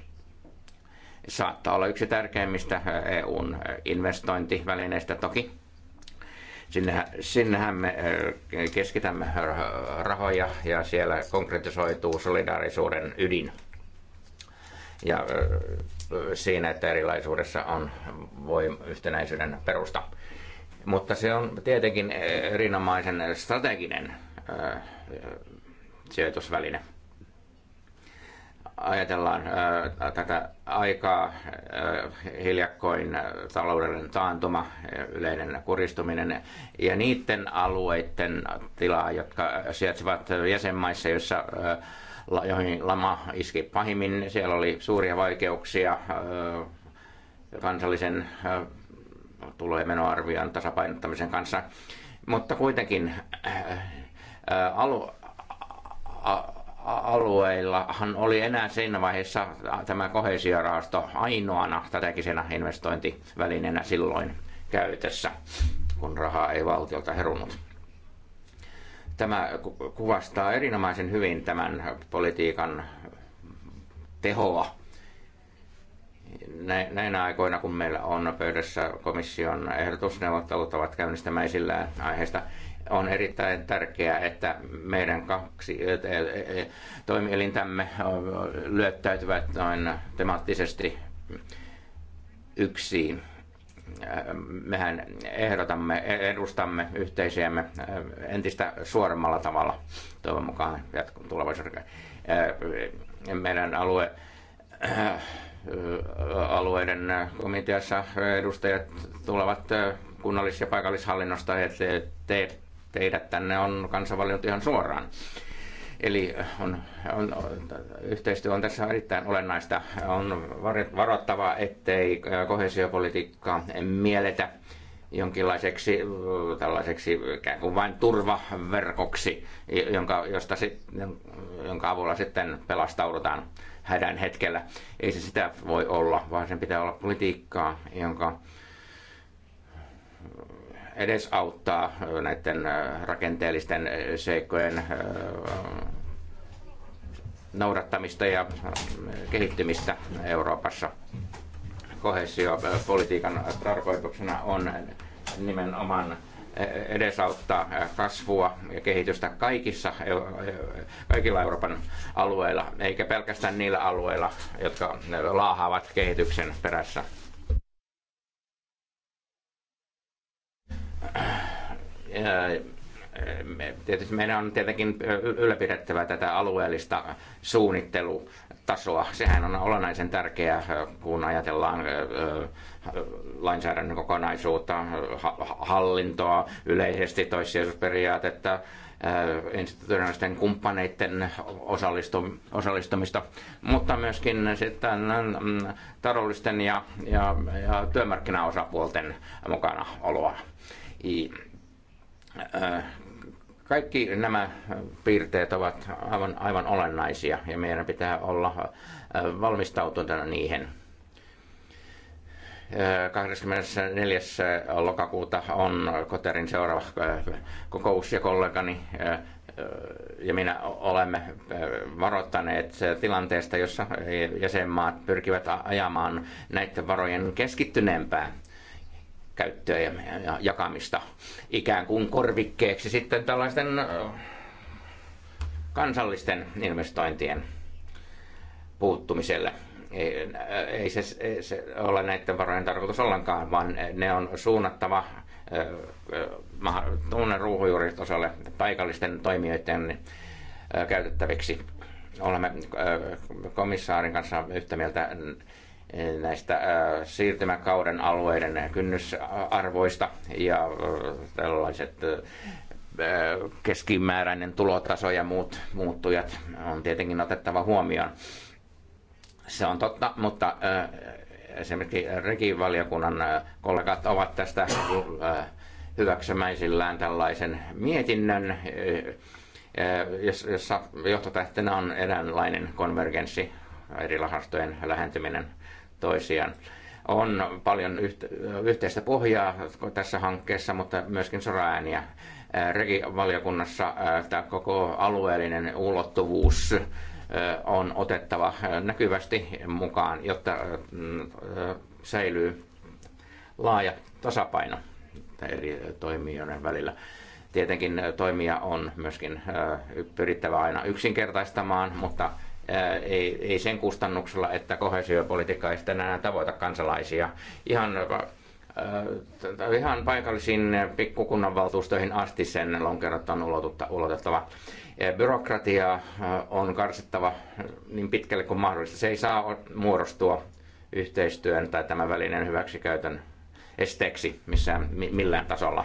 Saattaa olla yksi tärkeimmistä EUn investointivälineistä toki. Sinnehän, sinnehän me keskitämme rahoja ja siellä konkretisoituu solidaarisuuden ydin. Ja siinä, että erilaisuudessa on voi yhtenäisyyden perusta mutta se on tietenkin erinomaisen strateginen Äh, sijoitusväline. Ajatellaan äh, tätä aikaa, äh, hiljakkoin taloudellinen taantuma, yleinen kuristuminen ja niiden alueiden tilaa, jotka sijaitsevat jäsenmaissa, joissa joihin lama iski pahimmin. Siellä oli suuria vaikeuksia kansallisen tulo- ja menoarvion tasapainottamisen kanssa. Mutta kuitenkin alu, alueillahan oli enää siinä vaiheessa tämä kohesiorahasto ainoana strategisena investointivälineenä silloin käytössä, kun rahaa ei valtiolta herunut. Tämä kuvastaa erinomaisen hyvin tämän politiikan tehoa näinä aikoina, kun meillä on pöydässä komission ehdotusneuvottelut ovat käynnistämäisillä aiheesta, on erittäin tärkeää, että meidän kaksi toimielintämme lyöttäytyvät noin temaattisesti yksiin. Mehän ehdotamme, edustamme yhteisiämme entistä suoremmalla tavalla, toivon mukaan tulevaisuudessa. Meidän alue, alueiden komiteassa edustajat tulevat kunnallis- ja paikallishallinnosta, että teet teidät tänne on kansa ihan suoraan. Eli on, on, yhteistyö on tässä erittäin olennaista. On varoittava, ettei kohesiopolitiikka mieletä jonkinlaiseksi tällaiseksi ikään kuin vain turvaverkoksi, jonka, josta sit, jonka avulla sitten pelastaudutaan hädän hetkellä. Ei se sitä voi olla, vaan sen pitää olla politiikkaa, jonka edesauttaa näiden rakenteellisten seikkojen noudattamista ja kehittymistä Euroopassa. Kohesiopolitiikan tarkoituksena on nimenomaan edesauttaa kasvua ja kehitystä kaikissa, kaikilla Euroopan alueilla, eikä pelkästään niillä alueilla, jotka laahaavat kehityksen perässä Tietysti meidän on tietenkin ylläpidettävä tätä alueellista suunnittelutasoa. Sehän on olennaisen tärkeää, kun ajatellaan lainsäädännön kokonaisuutta, hallintoa, yleisesti toissijaisuusperiaatetta, institutionaalisten kumppaneiden osallistumista, mutta myöskin sitten taloudellisten ja, ja, ja työmarkkinaosapuolten mukana oloa. Äh, kaikki nämä piirteet ovat aivan, aivan olennaisia ja meidän pitää olla äh, valmistautuneena niihin. 24. Äh, lokakuuta on Koterin seuraava kokous ja kollegani ja minä olemme varoittaneet tilanteesta, jossa jäsenmaat pyrkivät ajamaan näiden varojen keskittyneempää käyttöä ja, ja jakamista ikään kuin korvikkeeksi sitten tällaisten kansallisten investointien puuttumiselle. Ei, ei se, ei se ole näiden varojen tarkoitus ollenkaan, vaan ne on suunnattava tunnen ruuhunjuuritasolle paikallisten toimijoiden käytettäviksi. Olemme komissaarin kanssa yhtä mieltä näistä äh, siirtymäkauden alueiden kynnysarvoista ja äh, tällaiset äh, keskimääräinen tulotaso ja muut muuttujat on tietenkin otettava huomioon. Se on totta, mutta esimerkiksi rekivaliokunnan kollegat ovat tästä hyväksymäisillään tällaisen mietinnön, jossa johtotähtenä on eräänlainen konvergenssi eri rahastojen lähentyminen – toisiaan. On paljon yhteistä pohjaa tässä hankkeessa, mutta myöskin soraääniä. Regivaliokunnassa tämä koko alueellinen ulottuvuus on otettava näkyvästi mukaan, jotta säilyy laaja tasapaino eri toimijoiden välillä. Tietenkin toimia on myöskin pyrittävä aina yksinkertaistamaan, mutta ei, ei sen kustannuksella, että kohesiopolitiikka ei sitten enää tavoita kansalaisia. Ihan, äh, ihan paikallisiin pikkukunnanvaltuustoihin asti sen lonkerot on ulotettava. Byrokratia on karsittava niin pitkälle kuin mahdollista. Se ei saa muodostua yhteistyön tai tämän välinen hyväksikäytön esteeksi missään, millään tasolla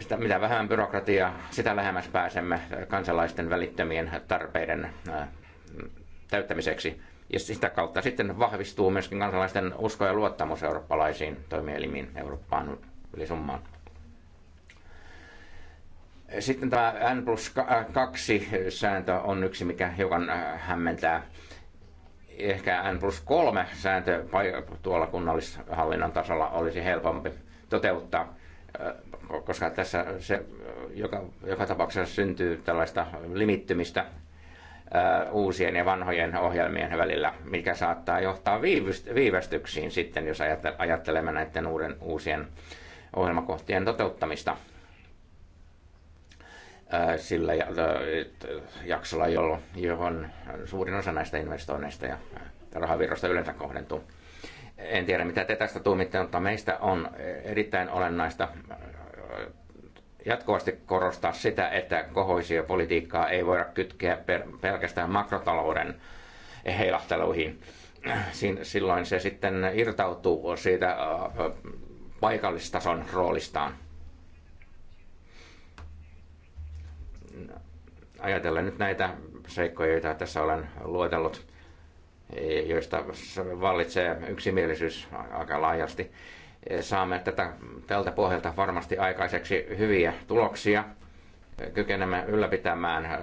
sitä, mitä vähemmän byrokratiaa, sitä lähemmäs pääsemme kansalaisten välittömien tarpeiden täyttämiseksi. Ja sitä kautta sitten vahvistuu myöskin kansalaisten usko ja luottamus eurooppalaisiin toimielimiin, Eurooppaan summaan. Sitten tämä N plus 2 sääntö on yksi, mikä hiukan hämmentää. Ehkä N plus 3 sääntö tuolla kunnallishallinnon tasolla olisi helpompi toteuttaa koska tässä se joka, joka tapauksessa syntyy tällaista limittymistä uusien ja vanhojen ohjelmien välillä, mikä saattaa johtaa viivästyksiin sitten, jos ajattelemme näiden uuden, uusien ohjelmakohtien toteuttamista sillä jaksolla, johon suurin osa näistä investoinneista ja rahavirrosta yleensä kohdentuu. En tiedä, mitä te tästä tuumitte, mutta meistä on erittäin olennaista äh, jatkuvasti korostaa sitä, että kohoisia politiikkaa ei voida kytkeä pelkästään makrotalouden heilahteluihin. silloin se sitten irtautuu siitä äh, paikallistason roolistaan. Ajatellen nyt näitä seikkoja, joita tässä olen luetellut, joista vallitsee yksimielisyys aika laajasti. Saamme tätä, tältä pohjalta varmasti aikaiseksi hyviä tuloksia. Kykenemme ylläpitämään äh,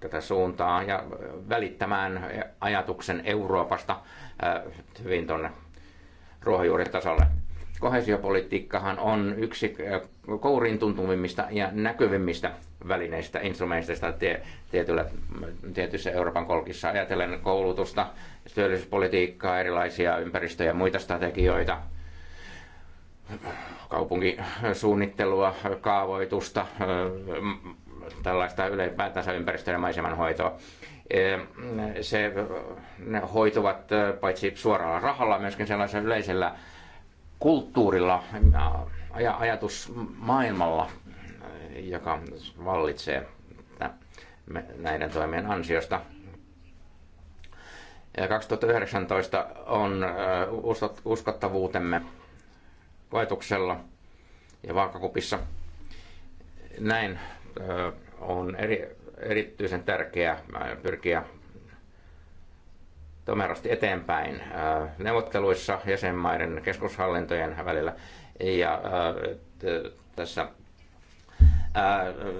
tätä suuntaa ja välittämään ajatuksen Euroopasta äh, hyvin tuonne ruohonjuuritasolle. Kohesiopolitiikkahan on yksi äh, kourin tuntuvimmista ja näkyvimmistä välineistä, instrumenteista tietyissä Euroopan kolkissa. Ajatellen koulutusta, työllisyyspolitiikkaa, erilaisia ympäristöjä, ja muita strategioita, kaupunkisuunnittelua, kaavoitusta, tällaista ylipäätänsä ympäristön ja maisemanhoitoa. E, se, ne hoituvat paitsi suoralla rahalla, myöskin sellaisella yleisellä kulttuurilla ja ajatusmaailmalla joka vallitsee näiden toimien ansiosta. 2019 on uskottavuutemme koetuksella ja vaakakupissa. Näin on eri, erityisen tärkeää pyrkiä tomerasti eteenpäin neuvotteluissa jäsenmaiden keskushallintojen välillä. Ja tässä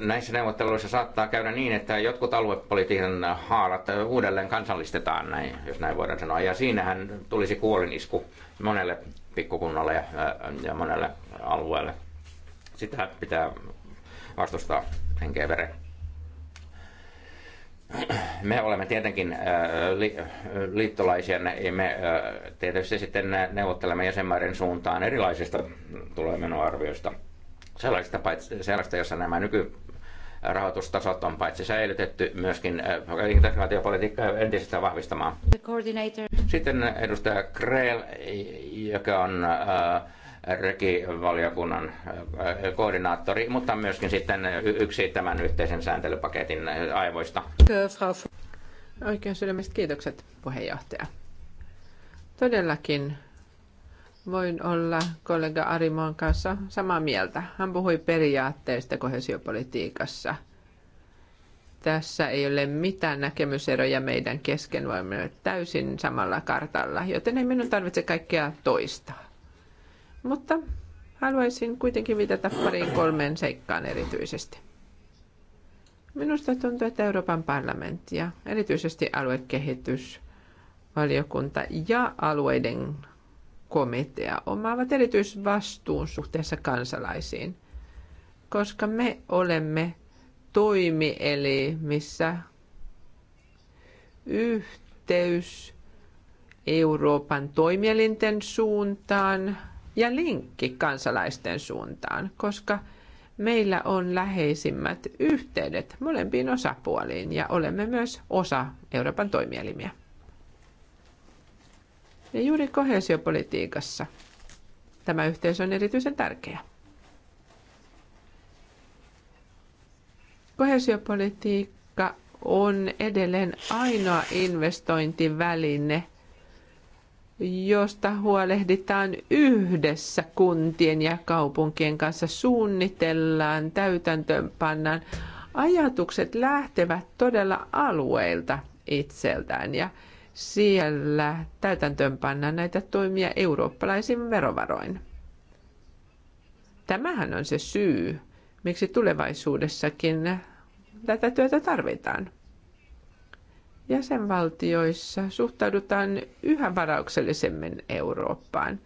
näissä neuvotteluissa saattaa käydä niin, että jotkut aluepolitiikan haarat uudelleen kansallistetaan, näin, jos näin voidaan sanoa. Ja siinähän tulisi kuolinisku monelle pikkukunnalle ja, ja monelle alueelle. Sitä pitää vastustaa henkeä veren. Me olemme tietenkin liittolaisia ja me tietysti sitten neuvottelemme jäsenmaiden suuntaan erilaisista tulemenoarvioista – sellaista, paitsi, sellaista jossa nämä nyky rahoitustasot on paitsi säilytetty, myöskin äh, integraatiopolitiikkaa entisestään vahvistamaan. Sitten edustaja Krell, joka on äh, rekivaliokunnan äh, koordinaattori, mutta myöskin sitten yksi tämän yhteisen sääntelypaketin aivoista. Oikein sydämestä kiitokset puheenjohtaja. Todellakin voin olla kollega Arimon kanssa samaa mieltä. Hän puhui periaatteista kohesiopolitiikassa. Tässä ei ole mitään näkemyseroja meidän kesken, vaan me täysin samalla kartalla, joten ei minun tarvitse kaikkea toistaa. Mutta haluaisin kuitenkin viitata pariin kolmeen seikkaan erityisesti. Minusta tuntuu, että Euroopan parlamentti ja erityisesti aluekehitysvaliokunta ja alueiden komitea omaavat erityisvastuun suhteessa kansalaisiin, koska me olemme toimielimissä yhteys Euroopan toimielinten suuntaan ja linkki kansalaisten suuntaan, koska meillä on läheisimmät yhteydet molempiin osapuoliin ja olemme myös osa Euroopan toimielimiä. Ja juuri kohesiopolitiikassa tämä yhteys on erityisen tärkeä. Kohesiopolitiikka on edelleen ainoa investointiväline, josta huolehditaan yhdessä kuntien ja kaupunkien kanssa, suunnitellaan, täytäntöönpannaan. Ajatukset lähtevät todella alueilta itseltään ja siellä täytäntöönpanna näitä toimia eurooppalaisin verovaroin. Tämähän on se syy, miksi tulevaisuudessakin tätä työtä tarvitaan. Jäsenvaltioissa suhtaudutaan yhä varauksellisemmin Eurooppaan.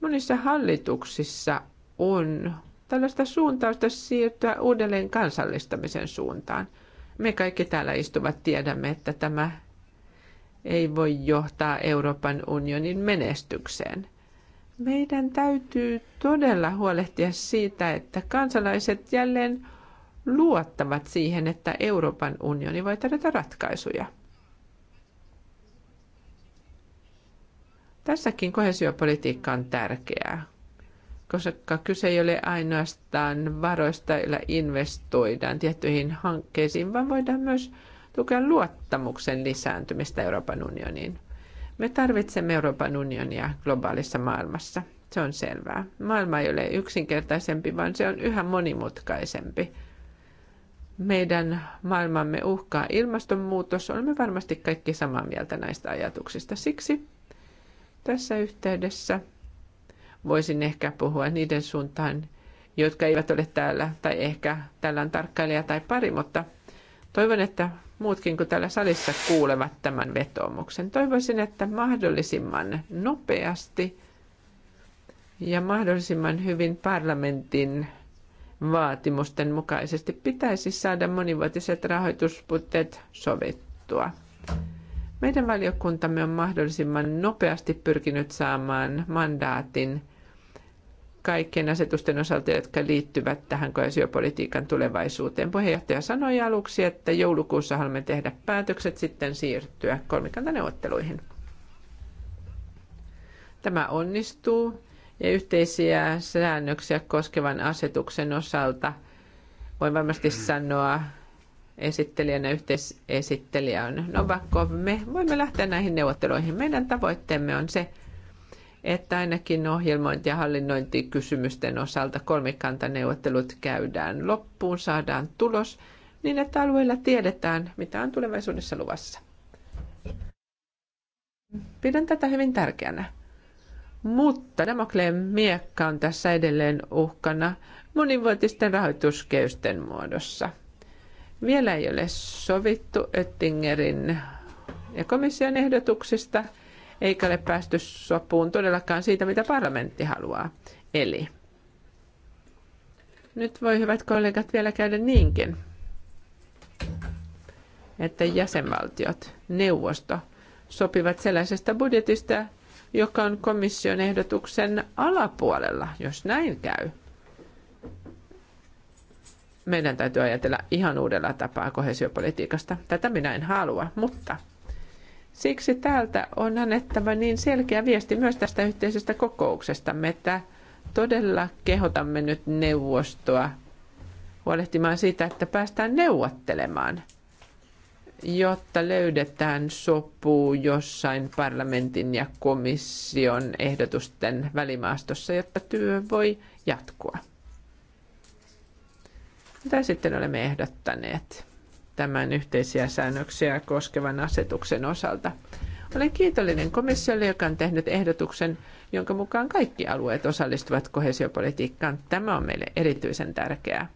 Monissa hallituksissa on tällaista suuntausta siirtyä uudelleen kansallistamisen suuntaan. Me kaikki täällä istuvat tiedämme, että tämä ei voi johtaa Euroopan unionin menestykseen. Meidän täytyy todella huolehtia siitä, että kansalaiset jälleen luottavat siihen, että Euroopan unioni voi tarjota ratkaisuja. Tässäkin kohesiopolitiikka on tärkeää, koska kyse ei ole ainoastaan varoista, joilla investoidaan tiettyihin hankkeisiin, vaan voidaan myös tukea luottamuksen lisääntymistä Euroopan unioniin. Me tarvitsemme Euroopan unionia globaalissa maailmassa. Se on selvää. Maailma ei ole yksinkertaisempi, vaan se on yhä monimutkaisempi. Meidän maailmamme uhkaa ilmastonmuutos. Olemme varmasti kaikki samaa mieltä näistä ajatuksista. Siksi tässä yhteydessä voisin ehkä puhua niiden suuntaan, jotka eivät ole täällä, tai ehkä täällä on tarkkailija tai pari, mutta toivon, että muutkin kuin täällä salissa kuulevat tämän vetoomuksen. Toivoisin, että mahdollisimman nopeasti ja mahdollisimman hyvin parlamentin vaatimusten mukaisesti pitäisi saada monivuotiset rahoituspuitteet sovittua. Meidän valiokuntamme on mahdollisimman nopeasti pyrkinyt saamaan mandaatin kaikkien asetusten osalta, jotka liittyvät tähän koesiopolitiikan tulevaisuuteen. Puheenjohtaja sanoi aluksi, että joulukuussa haluamme tehdä päätökset sitten siirtyä kolmikantaneuvotteluihin. Tämä onnistuu ja yhteisiä säännöksiä koskevan asetuksen osalta voin varmasti sanoa esittelijänä yhteisesittelijä on Novakov. Me voimme lähteä näihin neuvotteluihin. Meidän tavoitteemme on se, että ainakin ohjelmointi- ja hallinnointikysymysten osalta kolmikantaneuvottelut käydään loppuun, saadaan tulos, niin että alueilla tiedetään, mitä on tulevaisuudessa luvassa. Pidän tätä hyvin tärkeänä. Mutta Damokleen miekka on tässä edelleen uhkana monivuotisten rahoituskeysten muodossa. Vielä ei ole sovittu Öttingerin ja komission ehdotuksista – eikä ole päästy sopuun todellakaan siitä, mitä parlamentti haluaa. Eli nyt voi hyvät kollegat vielä käydä niinkin, että jäsenvaltiot, neuvosto sopivat sellaisesta budjetista, joka on komission ehdotuksen alapuolella, jos näin käy. Meidän täytyy ajatella ihan uudella tapaa kohesiopolitiikasta. Tätä minä en halua, mutta – Siksi täältä on annettava niin selkeä viesti myös tästä yhteisestä kokouksestamme, että todella kehotamme nyt neuvostoa huolehtimaan siitä, että päästään neuvottelemaan, jotta löydetään sopu jossain parlamentin ja komission ehdotusten välimaastossa, jotta työ voi jatkua. Mitä sitten olemme ehdottaneet? tämän yhteisiä säännöksiä koskevan asetuksen osalta. Olen kiitollinen komissiolle, joka on tehnyt ehdotuksen, jonka mukaan kaikki alueet osallistuvat kohesiopolitiikkaan. Tämä on meille erityisen tärkeää.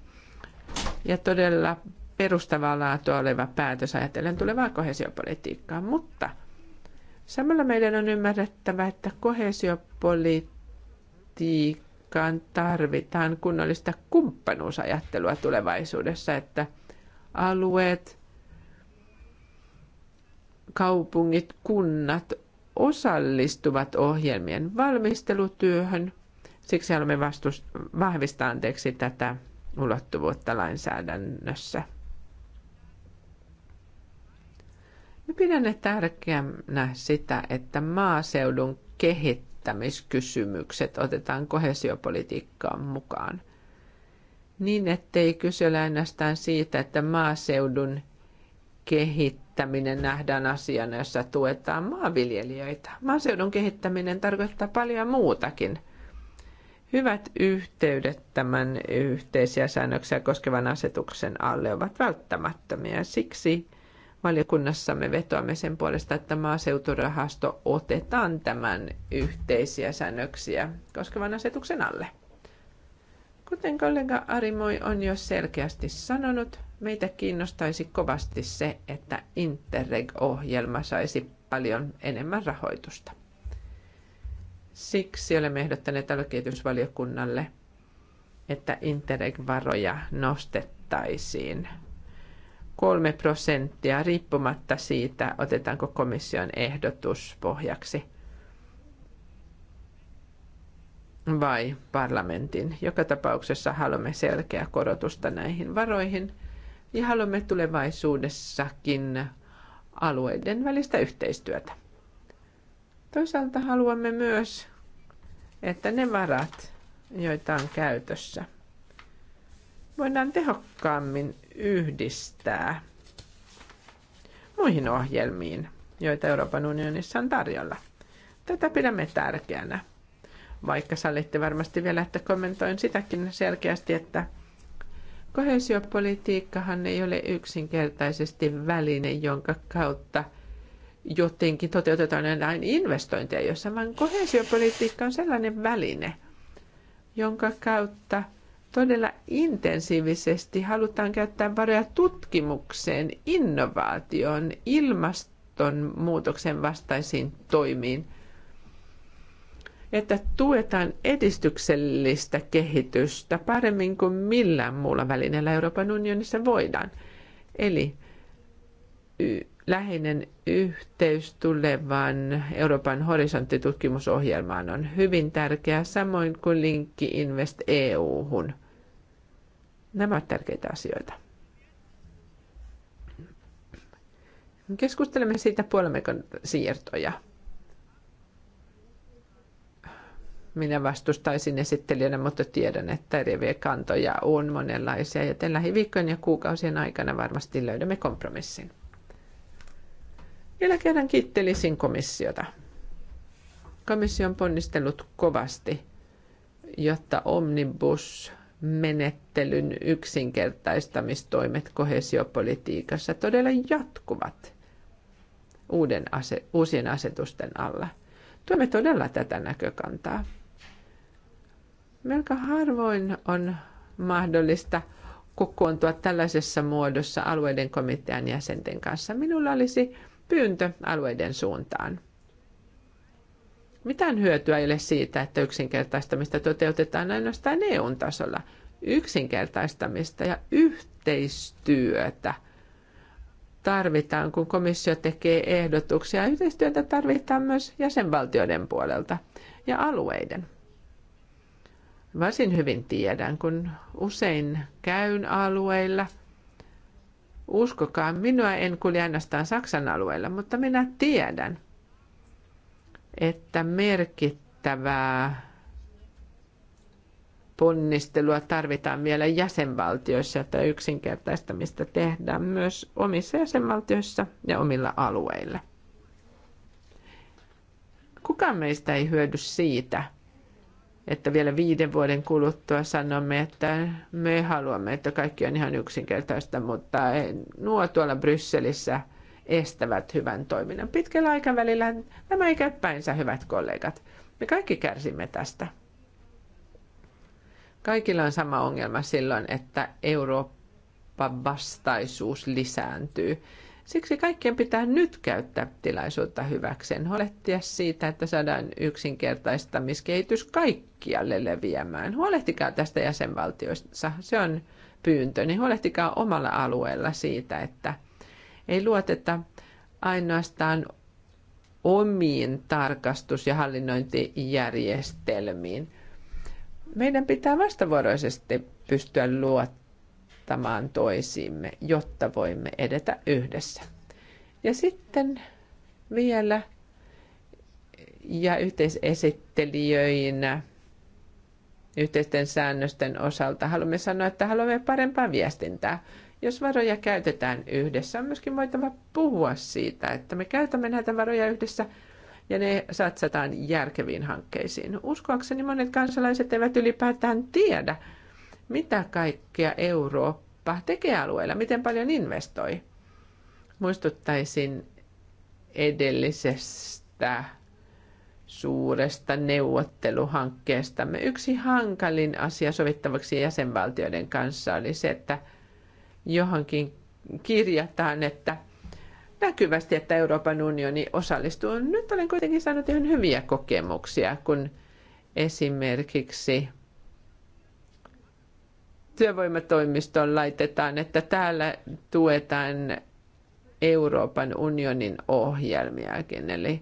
Ja todella perustavaa laatua oleva päätös ajatellen tulevaa kohesiopolitiikkaa. Mutta samalla meidän on ymmärrettävä, että kohesiopolitiikkaan tarvitaan kunnollista kumppanuusajattelua tulevaisuudessa, että – alueet, kaupungit, kunnat osallistuvat ohjelmien valmistelutyöhön. Siksi haluamme vastust- vahvistaa anteeksi tätä ulottuvuutta lainsäädännössä. Me pidämme tärkeänä sitä, että maaseudun kehittämiskysymykset otetaan kohesiopolitiikkaan mukaan – niin, ettei kyse ole ainoastaan siitä, että maaseudun kehittäminen nähdään asiana, jossa tuetaan maanviljelijöitä. Maaseudun kehittäminen tarkoittaa paljon muutakin. Hyvät yhteydet tämän yhteisiä säännöksiä koskevan asetuksen alle ovat välttämättömiä. Siksi valiokunnassamme vetoamme sen puolesta, että maaseuturahasto otetaan tämän yhteisiä säännöksiä koskevan asetuksen alle. Kuten kollega Arimoi on jo selkeästi sanonut, meitä kiinnostaisi kovasti se, että Interreg-ohjelma saisi paljon enemmän rahoitusta. Siksi olemme ehdottaneet aluekehitysvaliokunnalle, että Interreg-varoja nostettaisiin kolme prosenttia riippumatta siitä, otetaanko komission ehdotus pohjaksi – vai parlamentin. Joka tapauksessa haluamme selkeää korotusta näihin varoihin ja haluamme tulevaisuudessakin alueiden välistä yhteistyötä. Toisaalta haluamme myös, että ne varat, joita on käytössä, voidaan tehokkaammin yhdistää muihin ohjelmiin, joita Euroopan unionissa on tarjolla. Tätä pidämme tärkeänä vaikka sallitte varmasti vielä, että kommentoin sitäkin selkeästi, että kohesiopolitiikkahan ei ole yksinkertaisesti väline, jonka kautta jotenkin toteutetaan näin investointeja, jossa vaan kohesiopolitiikka on sellainen väline, jonka kautta todella intensiivisesti halutaan käyttää varoja tutkimukseen, innovaatioon, ilmastonmuutoksen vastaisiin toimiin – että tuetaan edistyksellistä kehitystä paremmin kuin millään muulla välineellä Euroopan unionissa voidaan. Eli y- läheinen yhteys tulevan Euroopan horisonttitutkimusohjelmaan on hyvin tärkeä, samoin kuin linkki Invest EU-hun. Nämä ovat tärkeitä asioita. Keskustelemme siitä puolemmekon siirtoja. minä vastustaisin esittelijänä, mutta tiedän, että eriäviä kantoja on monenlaisia, joten lähiviikkojen ja kuukausien aikana varmasti löydämme kompromissin. Vielä kerran kiittelisin komissiota. Komissio on ponnistellut kovasti, jotta omnibus menettelyn yksinkertaistamistoimet kohesiopolitiikassa todella jatkuvat uuden ase- uusien asetusten alla. Tuemme todella tätä näkökantaa. Melko harvoin on mahdollista kokoontua tällaisessa muodossa alueiden komitean jäsenten kanssa. Minulla olisi pyyntö alueiden suuntaan. Mitään hyötyä ei ole siitä, että yksinkertaistamista toteutetaan ainoastaan EU-tasolla. Yksinkertaistamista ja yhteistyötä tarvitaan, kun komissio tekee ehdotuksia. Yhteistyötä tarvitaan myös jäsenvaltioiden puolelta ja alueiden varsin hyvin tiedän, kun usein käyn alueilla. Uskokaa, minua en kulje ainoastaan Saksan alueella, mutta minä tiedän, että merkittävää ponnistelua tarvitaan vielä jäsenvaltioissa, että yksinkertaistamista tehdään myös omissa jäsenvaltioissa ja omilla alueilla. Kukaan meistä ei hyödy siitä – että vielä viiden vuoden kuluttua sanomme, että me haluamme, että kaikki on ihan yksinkertaista, mutta nuo tuolla Brysselissä estävät hyvän toiminnan. Pitkällä aikavälillä nämä ei käy päinsä, hyvät kollegat. Me kaikki kärsimme tästä. Kaikilla on sama ongelma silloin, että Eurooppa vastaisuus lisääntyy. Siksi kaikkien pitää nyt käyttää tilaisuutta hyväkseen, huolehtia siitä, että saadaan yksinkertaistamiskehitys kaikkialle leviämään. Huolehtikaa tästä jäsenvaltioissa, se on pyyntöni. Niin huolehtikaa omalla alueella siitä, että ei luoteta ainoastaan omiin tarkastus- ja hallinnointijärjestelmiin. Meidän pitää vastavuoroisesti pystyä luottamaan luottamaan toisiimme, jotta voimme edetä yhdessä. Ja sitten vielä ja yhteisesittelijöinä yhteisten säännösten osalta haluamme sanoa, että haluamme parempaa viestintää. Jos varoja käytetään yhdessä, on myöskin voitava puhua siitä, että me käytämme näitä varoja yhdessä ja ne satsataan järkeviin hankkeisiin. Uskoakseni monet kansalaiset eivät ylipäätään tiedä, mitä kaikkea Eurooppa tekee alueella, miten paljon investoi. Muistuttaisin edellisestä suuresta neuvotteluhankkeestamme. Yksi hankalin asia sovittavaksi jäsenvaltioiden kanssa oli se, että johonkin kirjataan, että näkyvästi, että Euroopan unioni osallistuu. Nyt olen kuitenkin saanut ihan hyviä kokemuksia, kun esimerkiksi työvoimatoimistoon laitetaan, että täällä tuetaan Euroopan unionin ohjelmiakin, eli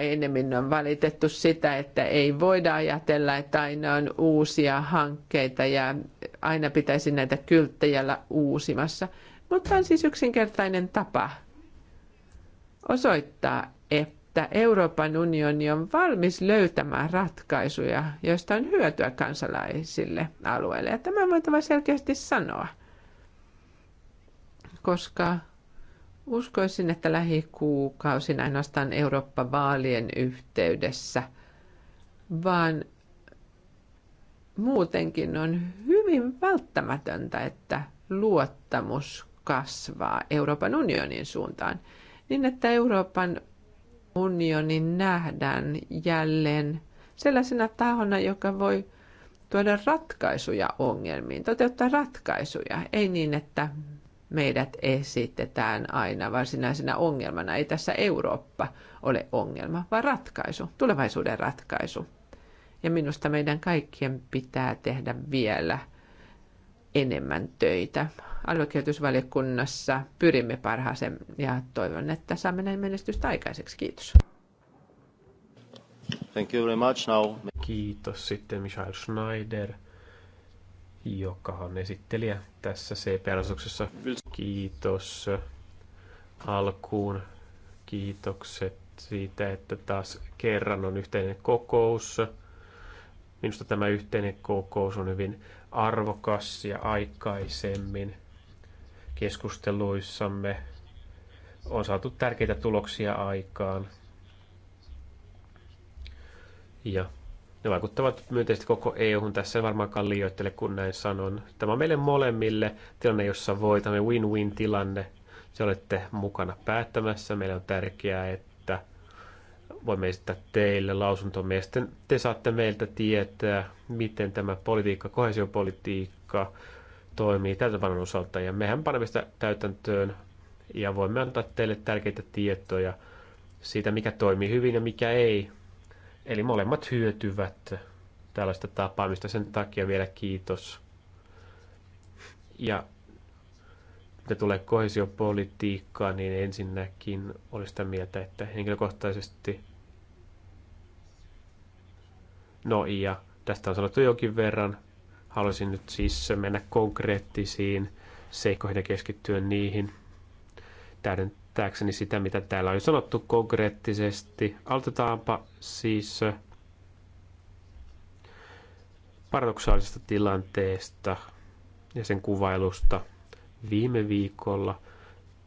enemmän on valitettu sitä, että ei voida ajatella, että aina on uusia hankkeita ja aina pitäisi näitä kylttejä olla uusimassa. Mutta on siis yksinkertainen tapa osoittaa, että että Euroopan unioni on valmis löytämään ratkaisuja, joista on hyötyä kansalaisille alueille. Ja tämä voitava selkeästi sanoa, koska uskoisin, että lähikuukausin ainoastaan Eurooppa-vaalien yhteydessä, vaan muutenkin on hyvin välttämätöntä, että luottamus kasvaa Euroopan unionin suuntaan, niin että Euroopan unionin nähdään jälleen sellaisena tahona, joka voi tuoda ratkaisuja ongelmiin, toteuttaa ratkaisuja. Ei niin, että meidät esitetään aina varsinaisena ongelmana. Ei tässä Eurooppa ole ongelma, vaan ratkaisu, tulevaisuuden ratkaisu. Ja minusta meidän kaikkien pitää tehdä vielä enemmän töitä aluekehitysvaliokunnassa pyrimme parhaaseen ja toivon, että saamme näin menestystä aikaiseksi. Kiitos. Thank you very much now. Kiitos sitten Michael Schneider, joka on esittelijä tässä CPR-asuksessa. Kiitos alkuun. Kiitokset siitä, että taas kerran on yhteinen kokous. Minusta tämä yhteinen kokous on hyvin arvokas ja aikaisemmin keskusteluissamme on saatu tärkeitä tuloksia aikaan. Ja ne vaikuttavat myönteisesti koko eu Tässä en varmaankaan liioittele, kun näin sanon. Tämä on meille molemmille tilanne, jossa voitamme win-win tilanne. Se olette mukana päättämässä. Meille on tärkeää, että voimme esittää teille lausuntomme. te saatte meiltä tietää, miten tämä politiikka, kohesiopolitiikka, toimii täytäntöpanon osalta. Ja mehän panemme sitä täytäntöön ja voimme antaa teille tärkeitä tietoja siitä, mikä toimii hyvin ja mikä ei. Eli molemmat hyötyvät tällaista tapaamista. Sen takia vielä kiitos. Ja mitä tulee kohesiopolitiikkaan, niin ensinnäkin olisi sitä mieltä, että henkilökohtaisesti no ja tästä on sanottu jokin verran, Haluaisin nyt siis mennä konkreettisiin seikkoihin ja keskittyä niihin täydentääkseni sitä, mitä täällä on jo sanottu konkreettisesti. Aloitetaanpa siis paradoksaalisesta tilanteesta ja sen kuvailusta. Viime viikolla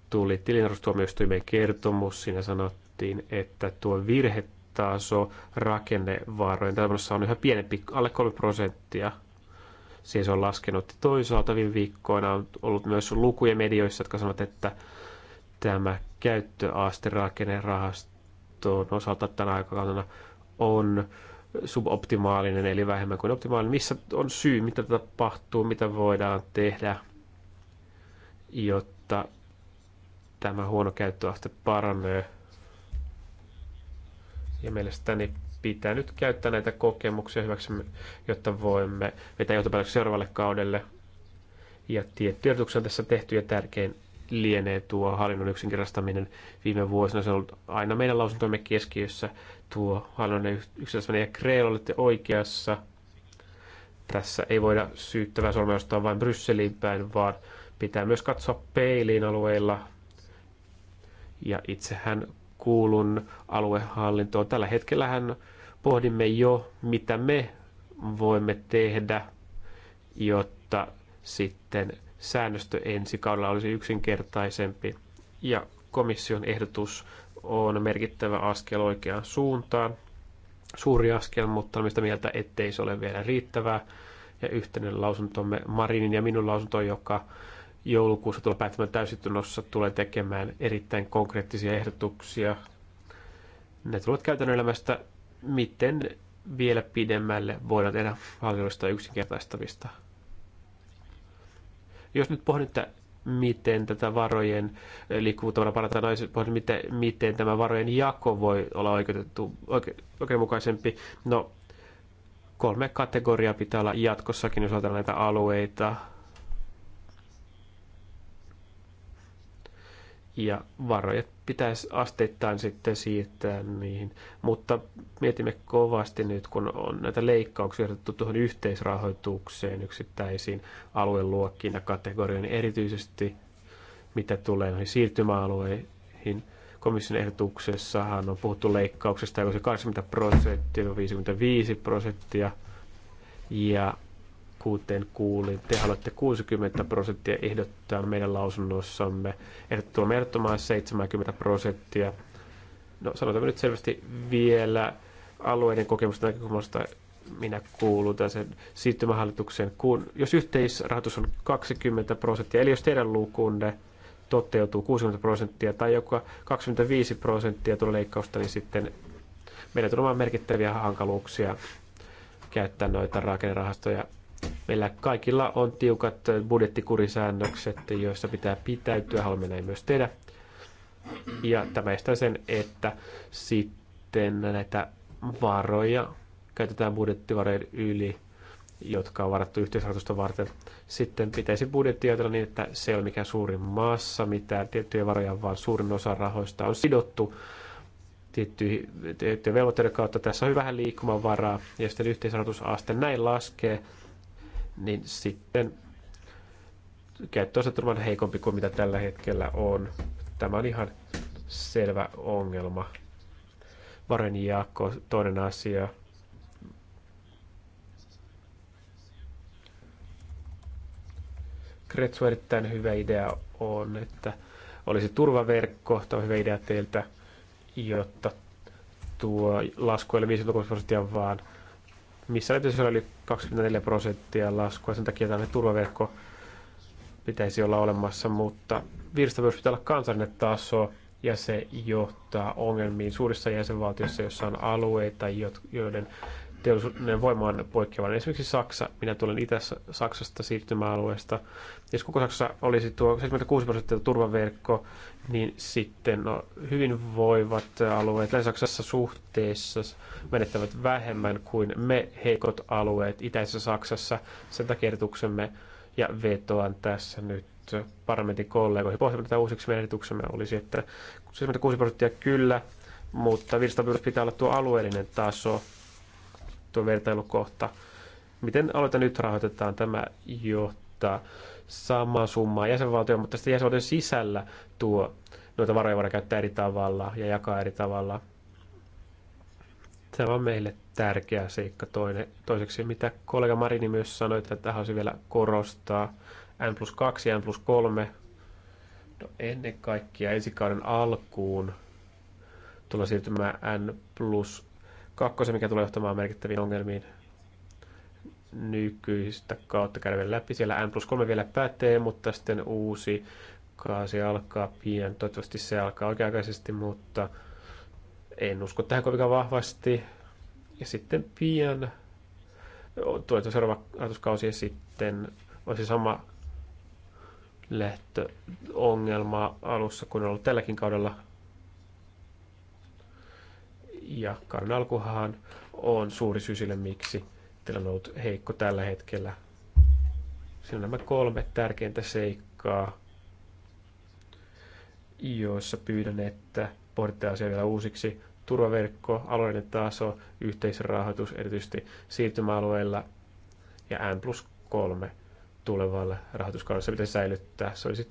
tuli tilinarvostuomioistuimen kertomus. Siinä sanottiin, että tuo virhetaso rakennevaarojen tämmöisessä on yhä pienempi, alle 3 prosenttia – siis on laskenut. Toisaalta viime viikkoina on ollut myös lukuja medioissa, jotka sanovat, että tämä käyttöaste rahastoon osalta tänä aikakautena on suboptimaalinen, eli vähemmän kuin optimaalinen. Missä on syy, mitä tapahtuu, mitä voidaan tehdä, jotta tämä huono käyttöaste paranee. Ja mielestäni pitää nyt käyttää näitä kokemuksia hyväksi, jotta voimme vetää johtopäätöksiä seuraavalle kaudelle. Ja tietty on tässä tehty ja tärkein lienee tuo hallinnon yksinkertaistaminen viime vuosina. Se on ollut aina meidän lausuntoimme keskiössä tuo hallinnon yksinkertaistaminen ja Kreel olette oikeassa. Tässä ei voida syyttävää sormea ostaa vain Brysseliin päin, vaan pitää myös katsoa peiliin alueilla. Ja itsehän kuulun aluehallintoon. Tällä hetkellä hän pohdimme jo, mitä me voimme tehdä, jotta sitten säännöstö ensi kaudella olisi yksinkertaisempi. Ja komission ehdotus on merkittävä askel oikeaan suuntaan. Suuri askel, mutta mistä mieltä, ettei se ole vielä riittävää. Ja yhteinen lausuntomme Marinin ja minun lausunto, joka joulukuussa tulee päättämään täysistunnossa, tulee tekemään erittäin konkreettisia ehdotuksia. Ne tulevat käytännön elämästä miten vielä pidemmälle voidaan tehdä hallinnollista yksinkertaistavista. Jos nyt pohdin, että miten tätä varojen liikkuvuutta voidaan parantaa, no pohdin, miten, miten tämä varojen jako voi olla oikeutettu, oike, oikeudenmukaisempi. No, kolme kategoriaa pitää olla jatkossakin, jos ajatellaan näitä alueita, ja varoja pitäisi asteittain sitten siirtää niihin. Mutta mietimme kovasti nyt, kun on näitä leikkauksia ehdotettu tuohon yhteisrahoitukseen yksittäisiin alueluokkiin ja kategorioihin, erityisesti mitä tulee noihin siirtymäalueihin. Komission ehdotuksessahan on puhuttu leikkauksesta, joko se 80 prosenttia, 55 prosenttia, ja kuten kuulin, te haluatte 60 prosenttia ehdottaa meidän lausunnossamme. että me ehdottomaan 70 prosenttia. No sanotaan nyt selvästi vielä alueiden kokemusta näkökulmasta minä kuulun sen siirtymähallitukseen, kun, jos yhteisrahoitus on 20 prosenttia, eli jos teidän lukunne toteutuu 60 prosenttia tai joka 25 prosenttia tulee leikkausta, niin sitten meillä tulee olemaan merkittäviä hankaluuksia käyttää noita rakennerahastoja Meillä kaikilla on tiukat budjettikurisäännökset, joissa pitää pitäytyä, haluamme näin myös tehdä. Ja tämä estää sen, että sitten näitä varoja käytetään budjettivarojen yli, jotka on varattu yhteisrahoitusta varten. Sitten pitäisi budjetti ajatella niin, että se ei ole mikään suurin massa, mitään tiettyjä varoja, vaan suurin osa rahoista on sidottu tiettyjen velvoitteiden kautta. Tässä on vähän liikkumavaraa ja sitten yhteisrahoitusaste näin laskee niin sitten käyttöasetelma on heikompi kuin mitä tällä hetkellä on. Tämä on ihan selvä ongelma. Varojen jaakko, toinen asia. Kretsu erittäin hyvä idea on, että olisi turvaverkko, tämä on hyvä idea teiltä, jotta tuo lasku ei ole 50 prosenttia, vaan missä yrityksessä oli 24 prosenttia laskua. Sen takia tällainen turvaverkko pitäisi olla olemassa, mutta virstavyys pitää olla kansallinen taso ja se johtaa ongelmiin suurissa jäsenvaltioissa, joissa on alueita, joiden teollisuuden voima on poikkeava. Esimerkiksi Saksa, minä tulen Itä-Saksasta siirtymäalueesta. Jos koko Saksassa olisi tuo 76 prosenttia turvaverkko, niin sitten no, hyvinvoivat alueet Länsi-Saksassa suhteessa menettävät vähemmän kuin me heikot alueet Itäisessä Saksassa. Sen takia ja vetoan tässä nyt parlamentin kollegoihin. tätä uusiksi merkityksemme olisi, että 76 prosenttia kyllä, mutta 500 pitää olla tuo alueellinen taso, tuo vertailukohta. Miten aloita nyt rahoitetaan tämä, jotta sama summa jäsenvaltio, mutta sitten jäsenvaltion sisällä tuo noita varoja voidaan käyttää eri tavalla ja jakaa eri tavalla. Tämä on meille tärkeä seikka. Toinen, toiseksi, mitä kollega Marini myös sanoi, että olisi vielä korostaa, N plus 2 ja N plus 3 no ennen kaikkea ensi kauden alkuun tulee siirtymään N plus kakkosen, mikä tulee johtamaan merkittäviin ongelmiin nykyistä kautta käydä läpi. Siellä M plus 3 vielä pätee, mutta sitten uusi kaasi alkaa pian. Toivottavasti se alkaa oikea-aikaisesti, mutta en usko tähän kovinkaan vahvasti. Ja sitten pian tulee seuraava ajatuskausi ja sitten on se sama lähtöongelma alussa kun on ollut tälläkin kaudella ja kauden alkuhan on suuri syy sille, miksi tilanne on ollut heikko tällä hetkellä. Siinä on nämä kolme tärkeintä seikkaa, joissa pyydän, että pohditte asiaa vielä uusiksi. Turvaverkko, alueiden taso, yhteisrahoitus, erityisesti siirtymäalueilla ja N plus 3 tulevalle rahoituskaudelle. Se pitäisi säilyttää. Se olisi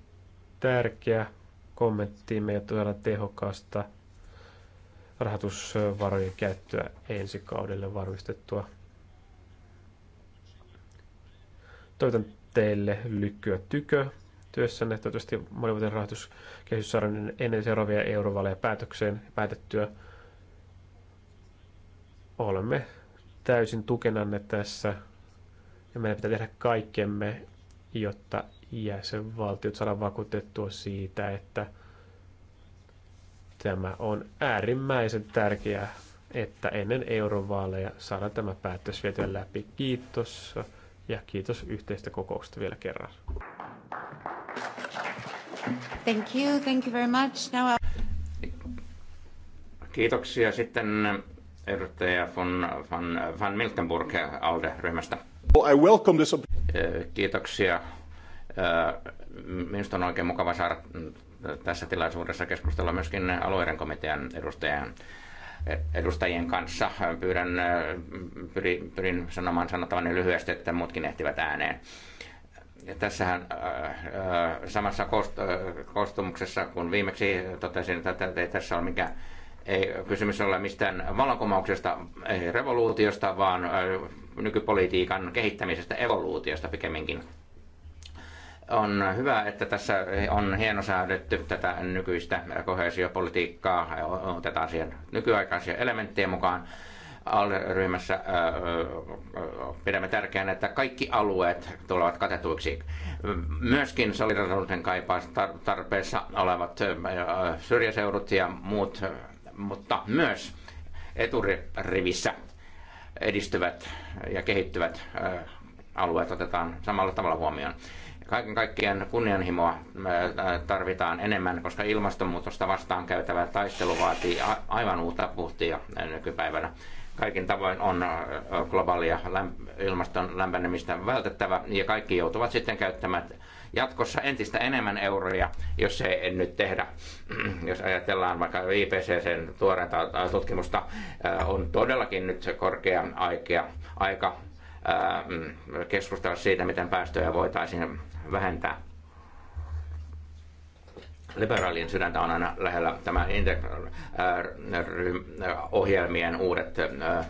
tärkeä kommenttiimme ja todella tehokasta rahoitusvarojen käyttöä ensi kaudelle varmistettua. Toivotan teille lykkyä tykö työssänne. Toivottavasti monivuotinen rahoituskehys saadaan ennen seuraavia eurovaleja päätökseen päätettyä. Olemme täysin tukenanne tässä ja meidän pitää tehdä kaikkemme, jotta jäsenvaltiot saadaan vakuutettua siitä, että – Tämä on äärimmäisen tärkeää, että ennen eurovaaleja saadaan tämä päätös vietyä läpi. Kiitos ja kiitos yhteistä kokouksesta vielä kerran. Thank you, thank you very much. Now I... Kiitoksia sitten edustaja von, von, von Miltenburg ALDE-ryhmästä. Well, I welcome this... Kiitoksia. Äh, minusta on oikein mukava saada tässä tilaisuudessa keskustella myöskin alueiden komitean edustajan edustajien kanssa. Pyydän, pyrin, pyrin sanomaan sanottavani lyhyesti, että muutkin ehtivät ääneen. Ja tässähän äh, äh samassa koost, äh, koostumuksessa, kun viimeksi totesin, että ei tässä ole mikään ei kysymys ole mistään vallankumouksesta, ei revoluutiosta, vaan äh, nykypolitiikan kehittämisestä, evoluutiosta pikemminkin. On hyvä, että tässä on hienosäädetty tätä nykyistä kohesiopolitiikkaa, otetaan siihen nykyaikaisia elementtejä mukaan. ALDE-ryhmässä pidämme tärkeänä, että kaikki alueet tulevat katetuiksi. Myöskin solidarisuuden kaipaa tarpeessa olevat syrjäseudut ja muut, mutta myös eturivissä edistyvät ja kehittyvät alueet otetaan samalla tavalla huomioon. Kaiken kaikkiaan kunnianhimoa tarvitaan enemmän, koska ilmastonmuutosta vastaan käytävä taistelu vaatii aivan uutta puhtia nykypäivänä. Kaikin tavoin on globaalia ilmaston lämpenemistä vältettävä ja kaikki joutuvat sitten käyttämään jatkossa entistä enemmän euroja, jos se ei nyt tehdä. Jos ajatellaan vaikka IPCCn tuoreita tutkimusta, on todellakin nyt se korkea aikea, aika mm, keskustella siitä, miten päästöjä voitaisiin vähentää. Liberaalien sydäntä on aina lähellä tämä äh, äh, ohjelmien uudet äh,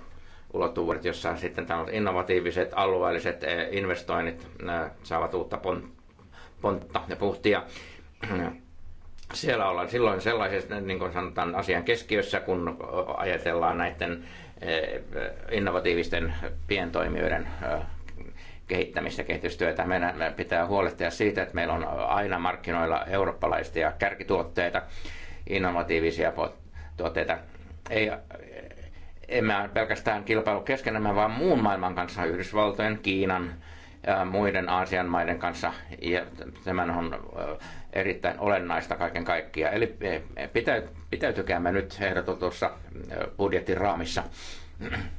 ulottuvuudet, jossa sitten tällaiset innovatiiviset alueelliset investoinnit saavat uutta pontta ja puhtia. Siellä ollaan silloin sellaisessa, niin kuin sanotaan, asian keskiössä, kun ajatellaan näiden innovatiivisten pientoimijoiden kehittämistä, kehitystyötä. Meidän pitää huolehtia siitä, että meillä on aina markkinoilla eurooppalaisia kärkituotteita, innovatiivisia tuotteita. Ei, emme pelkästään kilpailu keskenämme, vaan muun maailman kanssa, Yhdysvaltojen, Kiinan, ja muiden Aasian maiden kanssa. Ja tämän on erittäin olennaista kaiken kaikkiaan. Eli e, e, pitäytykäämme nyt ehdotetussa budjettiraamissa. raamissa.